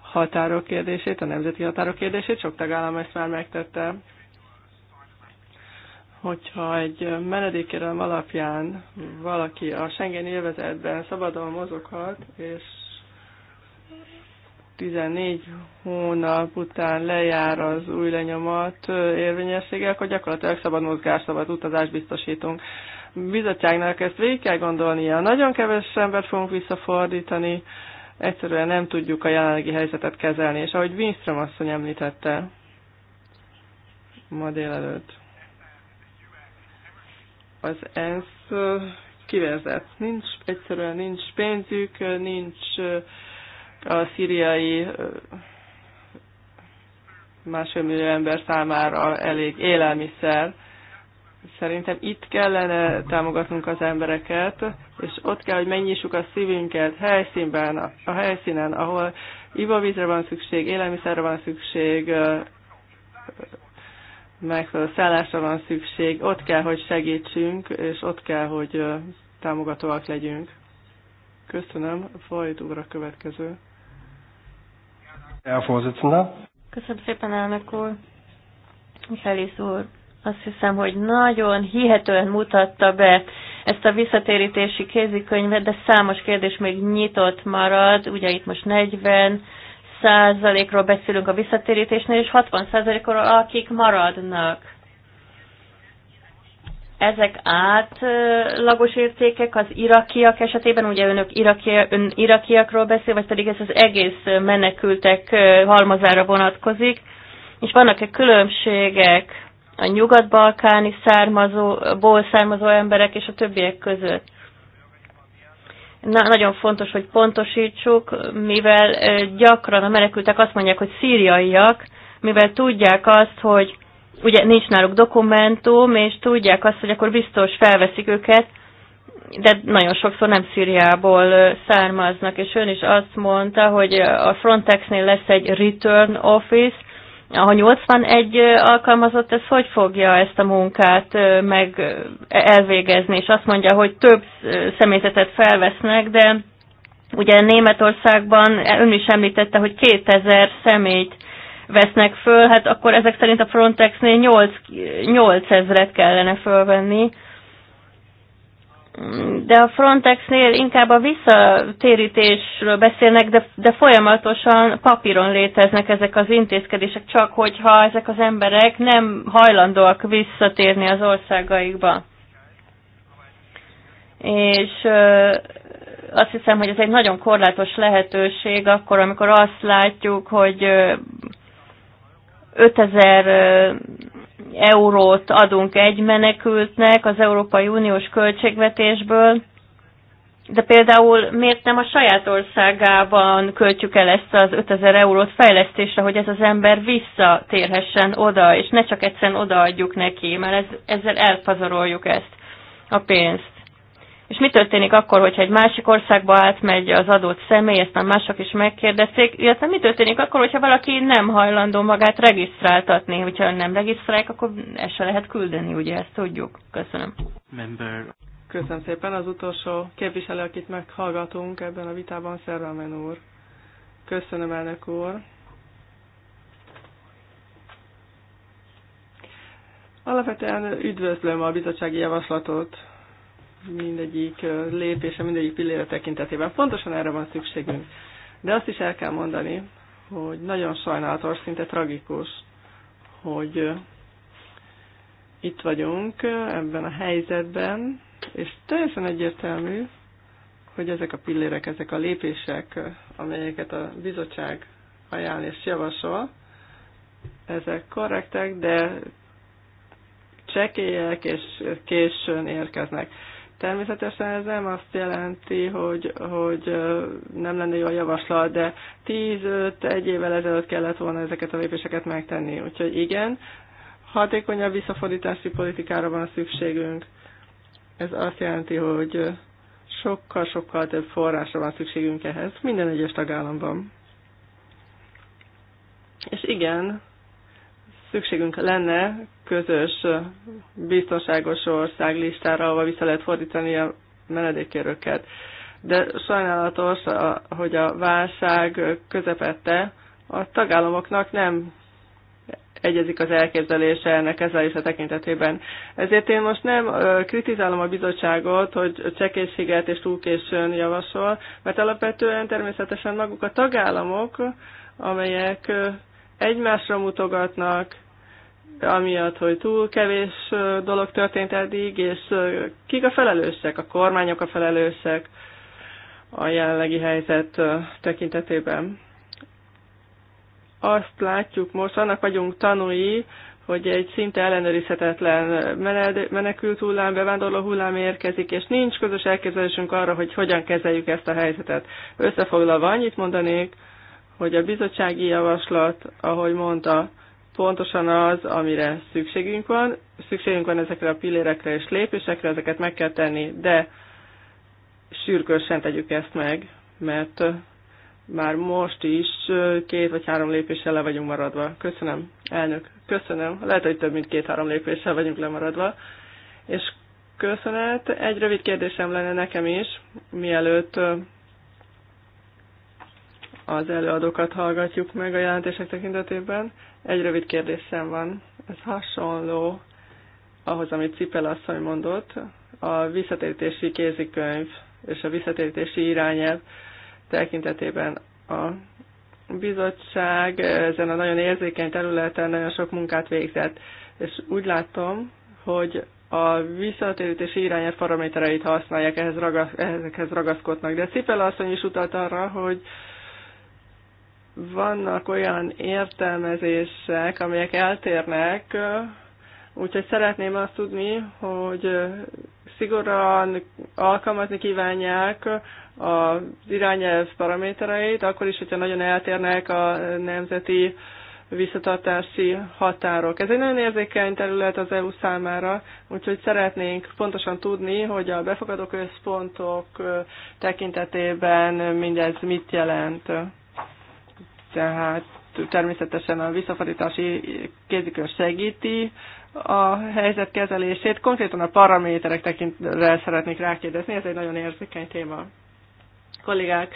határok kérdését, a nemzeti határok kérdését, sok tagállam ezt már megtette, hogyha egy menedékkérelem alapján valaki a Schengen élvezetben szabadon mozoghat, és 14 hónap után lejár az új lenyomat érvényessége, akkor gyakorlatilag szabad mozgás, szabad utazást biztosítunk. Bizottságnak ezt végig kell gondolnia. Nagyon kevés embert fogunk visszafordítani, egyszerűen nem tudjuk a jelenlegi helyzetet kezelni, és ahogy Winström asszony említette ma délelőtt az ENSZ kivezet. Nincs, egyszerűen nincs pénzük, nincs a szíriai másfél millió ember számára elég élelmiszer. Szerintem itt kellene támogatnunk az embereket, és ott kell, hogy megnyissuk a szívünket helyszínben, a helyszínen, ahol ivóvízre van szükség, élelmiszerre van szükség, megfelelő szállásra van szükség, ott kell, hogy segítsünk, és ott kell, hogy támogatóak legyünk. Köszönöm. Fajt úr a következő. Köszönöm szépen, elnök úr. Mihály úr, azt hiszem, hogy nagyon hihetően mutatta be ezt a visszatérítési kézikönyvet, de számos kérdés még nyitott marad, ugye itt most 40 százalékról beszélünk a visszatérítésnél, és 60 százalékról akik maradnak. Ezek átlagos értékek az irakiak esetében, ugye önök irakia, ön irakiakról beszél, vagy pedig ez az egész menekültek halmazára vonatkozik, és vannak-e különbségek a nyugat-balkáni származóból származó emberek és a többiek között? Na, nagyon fontos, hogy pontosítsuk, mivel gyakran a menekültek azt mondják, hogy szíriaiak, mivel tudják azt, hogy ugye nincs náluk dokumentum, és tudják azt, hogy akkor biztos felveszik őket, de nagyon sokszor nem Szíriából származnak, és ön is azt mondta, hogy a Frontexnél lesz egy return office, ha 81 alkalmazott, ez hogy fogja ezt a munkát meg elvégezni, és azt mondja, hogy több személyzetet felvesznek, de ugye Németországban ön is említette, hogy 2000 személyt vesznek föl, hát akkor ezek szerint a Frontexnél 8, 8 kellene fölvenni de a Frontexnél inkább a visszatérítésről beszélnek, de, de folyamatosan papíron léteznek ezek az intézkedések, csak hogyha ezek az emberek nem hajlandóak visszatérni az országaikba. És ö, azt hiszem, hogy ez egy nagyon korlátos lehetőség akkor, amikor azt látjuk, hogy ö, 5000 eurót adunk egy menekültnek az Európai Uniós költségvetésből, de például miért nem a saját országában költjük el ezt az 5000 eurót fejlesztésre, hogy ez az ember visszatérhessen oda, és ne csak egyszerűen odaadjuk neki, mert ez, ezzel elpazaroljuk ezt a pénzt. És mi történik akkor, hogyha egy másik országba átmegy az adott személy, ezt már mások is megkérdezték, illetve mi történik akkor, hogyha valaki nem hajlandó magát regisztráltatni, hogyha nem regisztrálják, akkor ezt se lehet küldeni, ugye ezt tudjuk. Köszönöm. Member. Köszönöm szépen az utolsó képviselő, akit meghallgatunk ebben a vitában, Szerramen úr. Köszönöm, elnök úr. Alapvetően üdvözlöm a bizottsági javaslatot mindegyik lépése, mindegyik pillére tekintetében. Pontosan erre van szükségünk. De azt is el kell mondani, hogy nagyon sajnálatos, szinte tragikus, hogy itt vagyunk ebben a helyzetben, és teljesen egyértelmű, hogy ezek a pillérek, ezek a lépések, amelyeket a bizottság ajánl és javasol, ezek korrektek, de csekélyek és későn érkeznek. Természetesen ez nem azt jelenti, hogy, hogy nem lenne jó a javaslat, de 10-5 egy évvel ezelőtt kellett volna ezeket a lépéseket megtenni. Úgyhogy igen, hatékonyabb visszafordítási politikára van szükségünk. Ez azt jelenti, hogy sokkal-sokkal több forrásra van szükségünk ehhez minden egyes tagállamban. És igen, szükségünk lenne közös biztonságos ország listára, ahol vissza lehet fordítani a menedékérőket. De sajnálatos, hogy a válság közepette a tagállamoknak nem egyezik az elképzelése ennek a tekintetében. Ezért én most nem kritizálom a bizottságot, hogy csekészséget és túl későn javasol, mert alapvetően természetesen maguk a tagállamok, amelyek egymásra mutogatnak, amiatt, hogy túl kevés dolog történt eddig, és kik a felelősek, a kormányok a felelősek a jelenlegi helyzet tekintetében. Azt látjuk most, annak vagyunk tanúi, hogy egy szinte ellenőrizhetetlen menekült hullám, bevándorló hullám érkezik, és nincs közös elképzelésünk arra, hogy hogyan kezeljük ezt a helyzetet. Összefoglalva annyit mondanék, hogy a bizottsági javaslat, ahogy mondta, pontosan az, amire szükségünk van. Szükségünk van ezekre a pillérekre és lépésekre, ezeket meg kell tenni, de sürgősen tegyük ezt meg, mert már most is két vagy három lépéssel le vagyunk maradva. Köszönöm, elnök. Köszönöm. Lehet, hogy több mint két-három lépéssel vagyunk lemaradva. És köszönet. Egy rövid kérdésem lenne nekem is, mielőtt az előadókat hallgatjuk meg a jelentések tekintetében. Egy rövid kérdésem van. Ez hasonló ahhoz, amit Cipel asszony mondott, a visszatérítési kézikönyv és a visszatérítési irányelv tekintetében a bizottság ezen a nagyon érzékeny területen nagyon sok munkát végzett, és úgy látom, hogy a visszatérítési irányelv paramétereit használják, ehhez raga, ehhez ragaszkodnak. De Cipel asszony is utalt arra, hogy vannak olyan értelmezések, amelyek eltérnek, úgyhogy szeretném azt tudni, hogy szigorúan alkalmazni kívánják az irányelv paramétereit, akkor is, hogyha nagyon eltérnek a nemzeti visszatartási határok. Ez egy nagyon érzékeny terület az EU számára, úgyhogy szeretnénk pontosan tudni, hogy a befogadó központok tekintetében mindez mit jelent tehát természetesen a visszafordítási kézikör segíti a helyzet kezelését. Konkrétan a paraméterek tekintre szeretnék rákérdezni, ez egy nagyon érzékeny téma. Kollégák,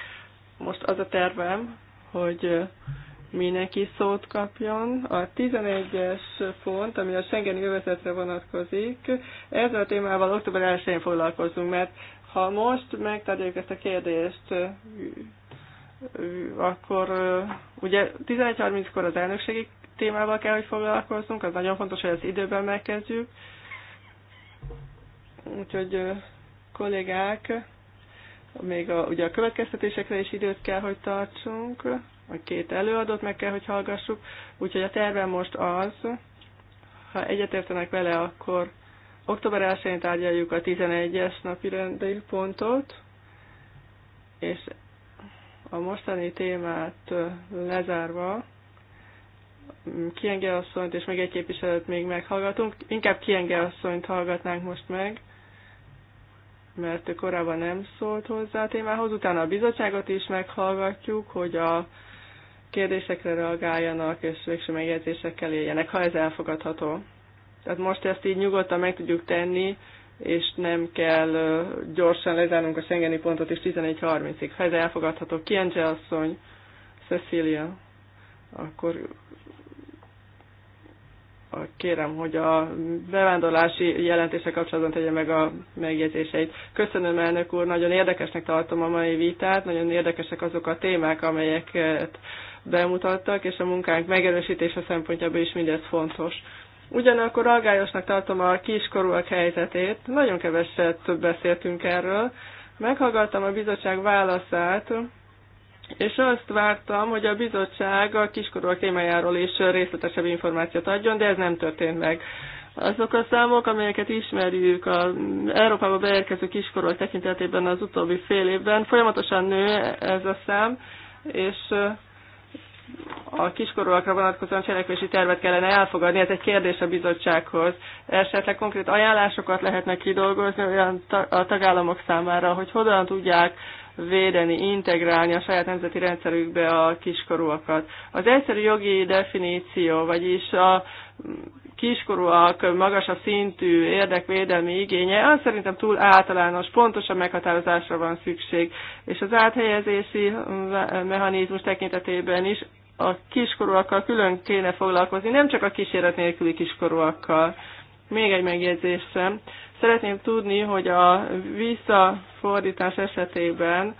most az a tervem, hogy mindenki szót kapjon. A 11-es font, ami a Schengeni övezetre vonatkozik, ezzel a témával október 1-én foglalkozunk, mert ha most megtárgyaljuk ezt a kérdést akkor ugye 11.30-kor az elnökségi témával kell, hogy foglalkozzunk, az nagyon fontos, hogy az időben megkezdjük. Úgyhogy kollégák, még a, ugye a következtetésekre is időt kell, hogy tartsunk, a két előadót meg kell, hogy hallgassuk, úgyhogy a tervem most az, ha egyetértenek vele, akkor október 1-én tárgyaljuk a 11-es napi rendi pontot, és a mostani témát lezárva, Kienge asszonyt és még egy képviselőt még meghallgatunk. Inkább Kienge asszonyt hallgatnánk most meg, mert ő korábban nem szólt hozzá a témához. Utána a bizottságot is meghallgatjuk, hogy a kérdésekre reagáljanak, és végső megjegyzésekkel éljenek, ha ez elfogadható. Tehát most ezt így nyugodtan meg tudjuk tenni, és nem kell gyorsan lezárnunk a Schengeni pontot, és 1130 ig Ha ez elfogadható, Kience asszony, Cecilia, akkor kérem, hogy a bevándorlási jelentése kapcsolatban tegye meg a megjegyzéseit. Köszönöm, elnök úr, nagyon érdekesnek tartom a mai vitát, nagyon érdekesek azok a témák, amelyeket bemutattak, és a munkánk megerősítése szempontjából is mindez fontos. Ugyanakkor aggályosnak tartom a kiskorúak helyzetét, nagyon keveset beszéltünk erről. Meghallgattam a bizottság válaszát, és azt vártam, hogy a bizottság a kiskorúak témájáról is részletesebb információt adjon, de ez nem történt meg. Azok a számok, amelyeket ismerjük az Európába beérkező kiskorúak tekintetében az utóbbi fél évben, folyamatosan nő ez a szám, és a kiskorúakra vonatkozóan cselekvési tervet kellene elfogadni, ez egy kérdés a bizottsághoz. Esetleg konkrét ajánlásokat lehetne kidolgozni olyan a tagállamok számára, hogy hogyan tudják védeni, integrálni a saját nemzeti rendszerükbe a kiskorúakat. Az egyszerű jogi definíció, vagyis a kiskorúak a szintű érdekvédelmi igénye, az szerintem túl általános, pontosabb meghatározásra van szükség. És az áthelyezési mechanizmus tekintetében is a kiskorúakkal külön kéne foglalkozni, nem csak a kíséret nélküli kiskorúakkal. Még egy megjegyzésem. Szeretném tudni, hogy a visszafordítás esetében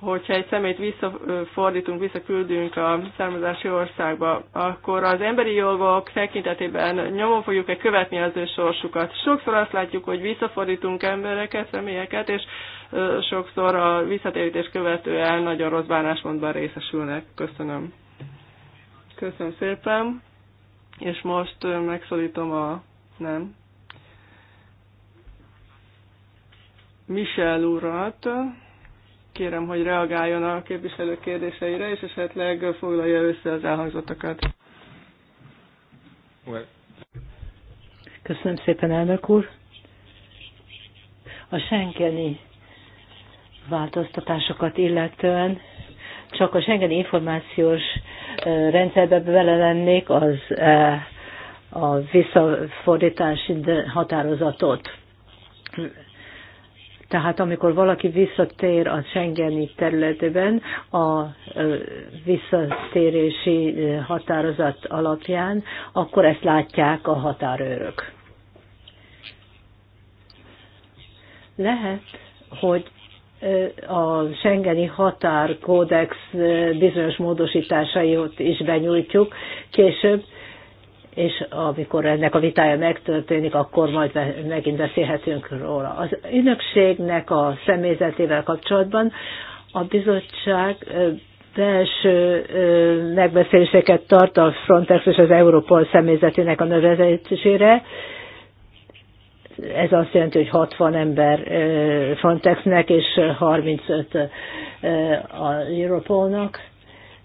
hogyha egy szemét visszafordítunk, visszaküldünk a származási országba, akkor az emberi jogok tekintetében nyomon fogjuk-e követni az ő sorsukat. Sokszor azt látjuk, hogy visszafordítunk embereket, személyeket, és sokszor a visszatérítés követően nagyon rossz bánásmódban részesülnek. Köszönöm. Köszönöm szépen. És most megszólítom a... nem. Michel urat kérem, hogy reagáljon a képviselők kérdéseire, és esetleg foglalja össze az elhangzottakat. Köszönöm szépen, elnök úr. A Schengeni változtatásokat illetően csak a Schengeni információs rendszerbe vele lennék az a visszafordítási határozatot tehát amikor valaki visszatér a Schengeni területben a visszatérési határozat alapján, akkor ezt látják a határőrök. Lehet, hogy a Schengeni határkódex bizonyos módosításait is benyújtjuk később, és amikor ennek a vitája megtörténik, akkor majd megint beszélhetünk róla. Az ünökségnek a személyzetével kapcsolatban a bizottság belső megbeszéléseket tart a Frontex és az európol személyzetének a növezetésére. Ez azt jelenti, hogy 60 ember Frontexnek és 35 a Europolnak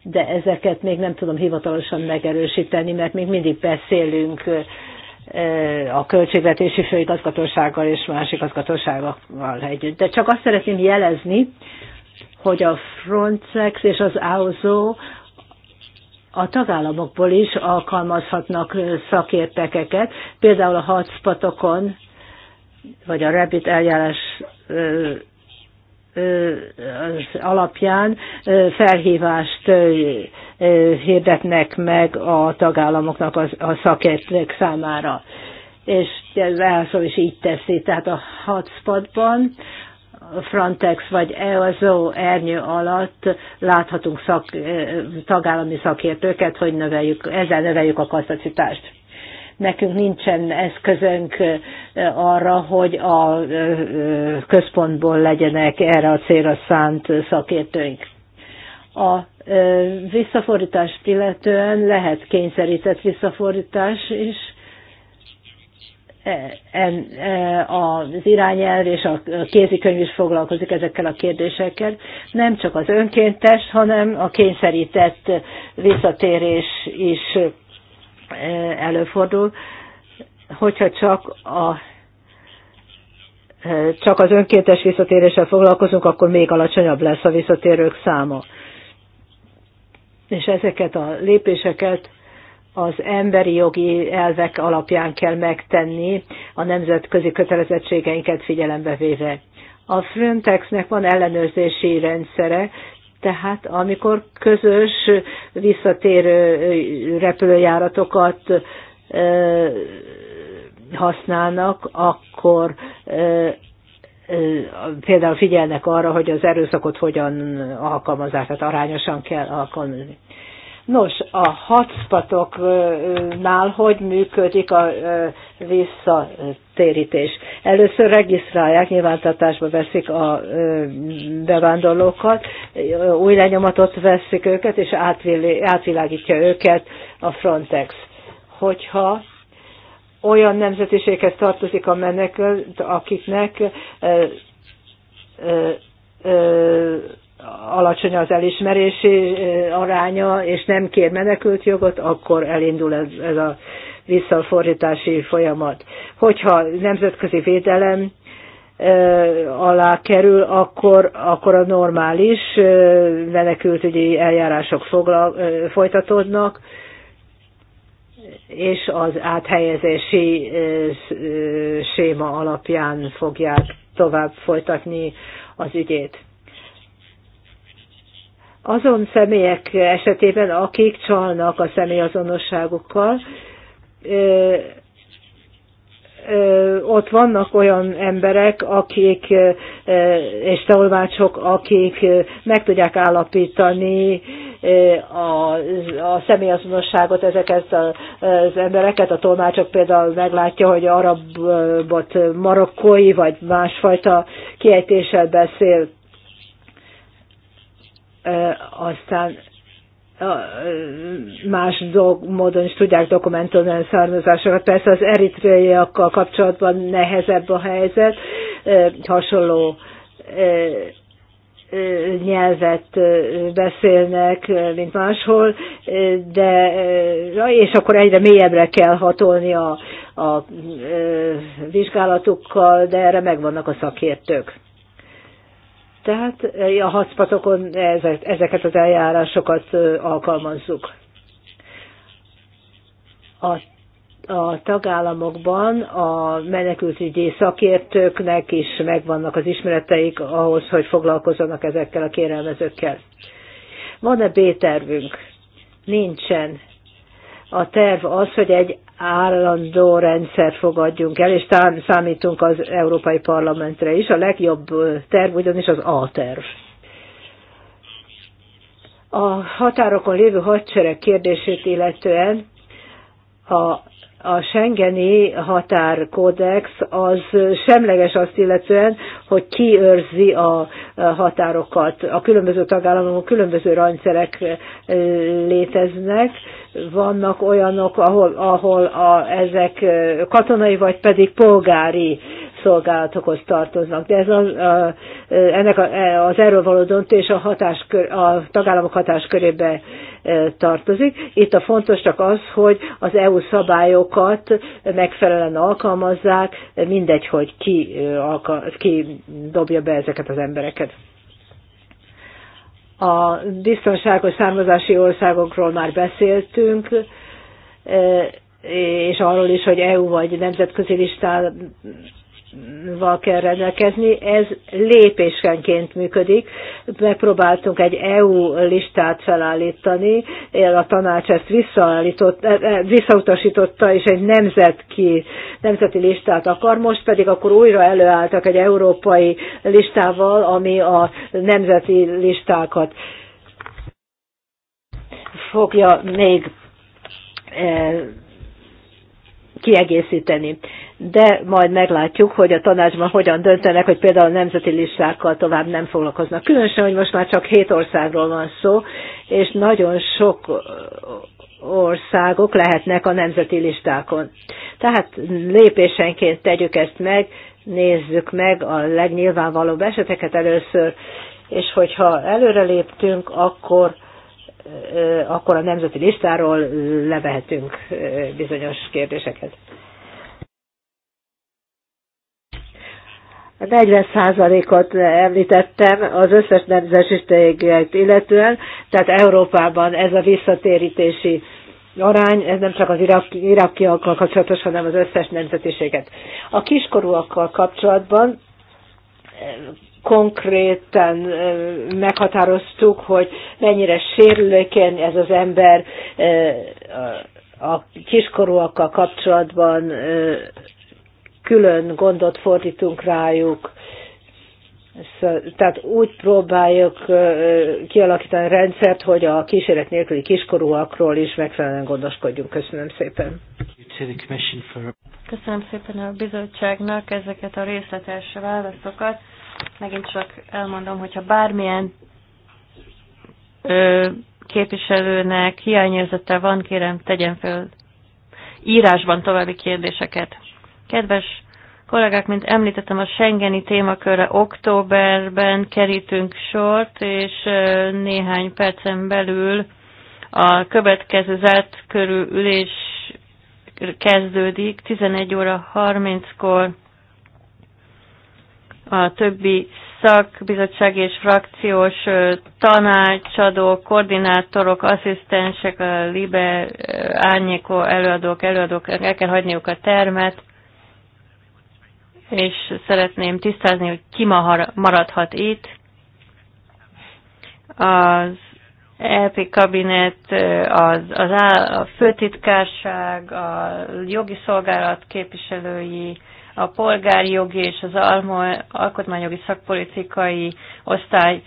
de ezeket még nem tudom hivatalosan megerősíteni, mert még mindig beszélünk a költségvetési főigazgatósággal és más igazgatóságokkal együtt. De csak azt szeretném jelezni, hogy a Frontex és az AUZO a tagállamokból is alkalmazhatnak szakértekeket, például a hatspatokon, vagy a Rabbit eljárás alapján felhívást hirdetnek meg a tagállamoknak a szakértők számára. És az is így teszi, tehát a hotspotban Frontex vagy EOZO ernyő alatt láthatunk szak, tagállami szakértőket, hogy növeljük, ezzel növeljük a kapacitást. Nekünk nincsen eszközönk arra, hogy a központból legyenek erre a célra szánt szakértőink. A visszafordítást illetően lehet kényszerített visszafordítás is, e, e, az irányelv és a kézikönyv is foglalkozik ezekkel a kérdésekkel. Nem csak az önkéntes, hanem a kényszerített visszatérés is előfordul, hogyha csak a e, csak az önkéntes visszatéréssel foglalkozunk, akkor még alacsonyabb lesz a visszatérők száma. És ezeket a lépéseket az emberi jogi elvek alapján kell megtenni, a nemzetközi kötelezettségeinket figyelembe véve. A Frontexnek van ellenőrzési rendszere, tehát amikor közös visszatérő repülőjáratokat használnak, akkor például figyelnek arra, hogy az erőszakot hogyan alkalmazzák, tehát arányosan kell alkalmazni. Nos, a hatspatoknál hogy működik a visszatérítés? Először regisztrálják, nyilvántartásba veszik a bevándorlókat, új lenyomatot veszik őket, és átvilágítja őket a Frontex. Hogyha olyan nemzetiséghez tartozik a menekült, akiknek alacsony az elismerési aránya, és nem kér menekült jogot, akkor elindul ez, ez a visszafordítási folyamat. Hogyha nemzetközi védelem alá kerül, akkor, akkor a normális menekültügyi eljárások fogla, folytatódnak, és az áthelyezési séma alapján fogják tovább folytatni az ügyét azon személyek esetében, akik csalnak a személyazonosságukkal, ott vannak olyan emberek, akik, és tolmácsok, akik meg tudják állapítani a, a személyazonosságot, ezeket az embereket. A tolmácsok például meglátja, hogy arabot marokkói vagy másfajta kiejtéssel beszél aztán más dolg, módon is tudják dokumentálni a származásokat. Persze az eritreiakkal kapcsolatban nehezebb a helyzet, hasonló nyelvet beszélnek, mint máshol, de és akkor egyre mélyebbre kell hatolni a, a vizsgálatukkal, de erre megvannak a szakértők. Tehát eh, a hatpatokon ezeket az eljárásokat eh, alkalmazzuk. A a tagállamokban a menekültügyi szakértőknek is megvannak az ismereteik ahhoz, hogy foglalkozzanak ezekkel a kérelmezőkkel. Van-e B-tervünk? Nincsen. A terv az, hogy egy állandó rendszer fogadjunk el, és tám, számítunk az Európai Parlamentre is. A legjobb terv ugyanis az A terv. A határokon lévő hadsereg kérdését illetően a a Schengeni határkódex az semleges azt illetően, hogy ki őrzi a határokat. A különböző tagállamok különböző rendszerek léteznek. Vannak olyanok, ahol, ahol a, ezek katonai vagy pedig polgári közszolgálatokhoz tartoznak. De ez a, a, e, ennek a, e, az erről való döntés a, hatáskör, a tagállamok hatáskörébe e, tartozik. Itt a fontos csak az, hogy az EU szabályokat megfelelően alkalmazzák, mindegy, hogy ki, ki dobja be ezeket az embereket. A biztonságos származási országokról már beszéltünk, és arról is, hogy EU vagy nemzetközi listán val kell rendelkezni, ez lépésenként működik. Megpróbáltunk egy EU listát felállítani, a tanács ezt e, e, visszautasította, és egy nemzetki, nemzeti listát akar, most pedig akkor újra előálltak egy európai listával, ami a nemzeti listákat fogja még e, kiegészíteni de majd meglátjuk, hogy a tanácsban hogyan döntenek, hogy például a nemzeti listákkal tovább nem foglalkoznak. Különösen, hogy most már csak hét országról van szó, és nagyon sok országok lehetnek a nemzeti listákon. Tehát lépésenként tegyük ezt meg, nézzük meg a legnyilvánvalóbb eseteket először, és hogyha előreléptünk, akkor akkor a nemzeti listáról levehetünk bizonyos kérdéseket. 40%-ot említettem az összes nemzetiséget illetően, tehát Európában ez a visszatérítési arány, ez nem csak az irakiakkal kapcsolatos, hanem az összes nemzetiséget. A kiskorúakkal kapcsolatban eh, konkrétan eh, meghatároztuk, hogy mennyire sérülékeny ez az ember eh, a kiskorúakkal kapcsolatban külön gondot fordítunk rájuk. Szóval, tehát úgy próbáljuk kialakítani a rendszert, hogy a kíséret nélküli kiskorúakról is megfelelően gondoskodjunk. Köszönöm szépen. Köszönöm szépen a bizottságnak ezeket a részletes válaszokat. Megint csak elmondom, hogyha bármilyen képviselőnek hiányérzete van, kérem, tegyen fel írásban további kérdéseket. Kedves kollégák, mint említettem, a Schengeni témakörre októberben kerítünk sort, és néhány percen belül a következő zárt körül ülés kezdődik, 11 óra 30-kor a többi szakbizottság és frakciós tanácsadó, koordinátorok, asszisztensek, a LIBE árnyékó előadók, előadók el kell hagyniuk a termet és szeretném tisztázni, hogy ki maradhat itt. Az EP kabinet, az, az áll, a főtitkárság, a jogi szolgálat képviselői, a polgári jogi és az alkotmányjogi szakpolitikai osztály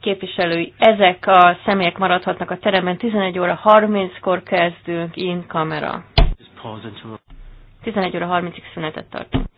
képviselői, ezek a személyek maradhatnak a teremben. 11 óra 30-kor kezdünk in kamera. 11 óra 30-ig szünetet tartunk.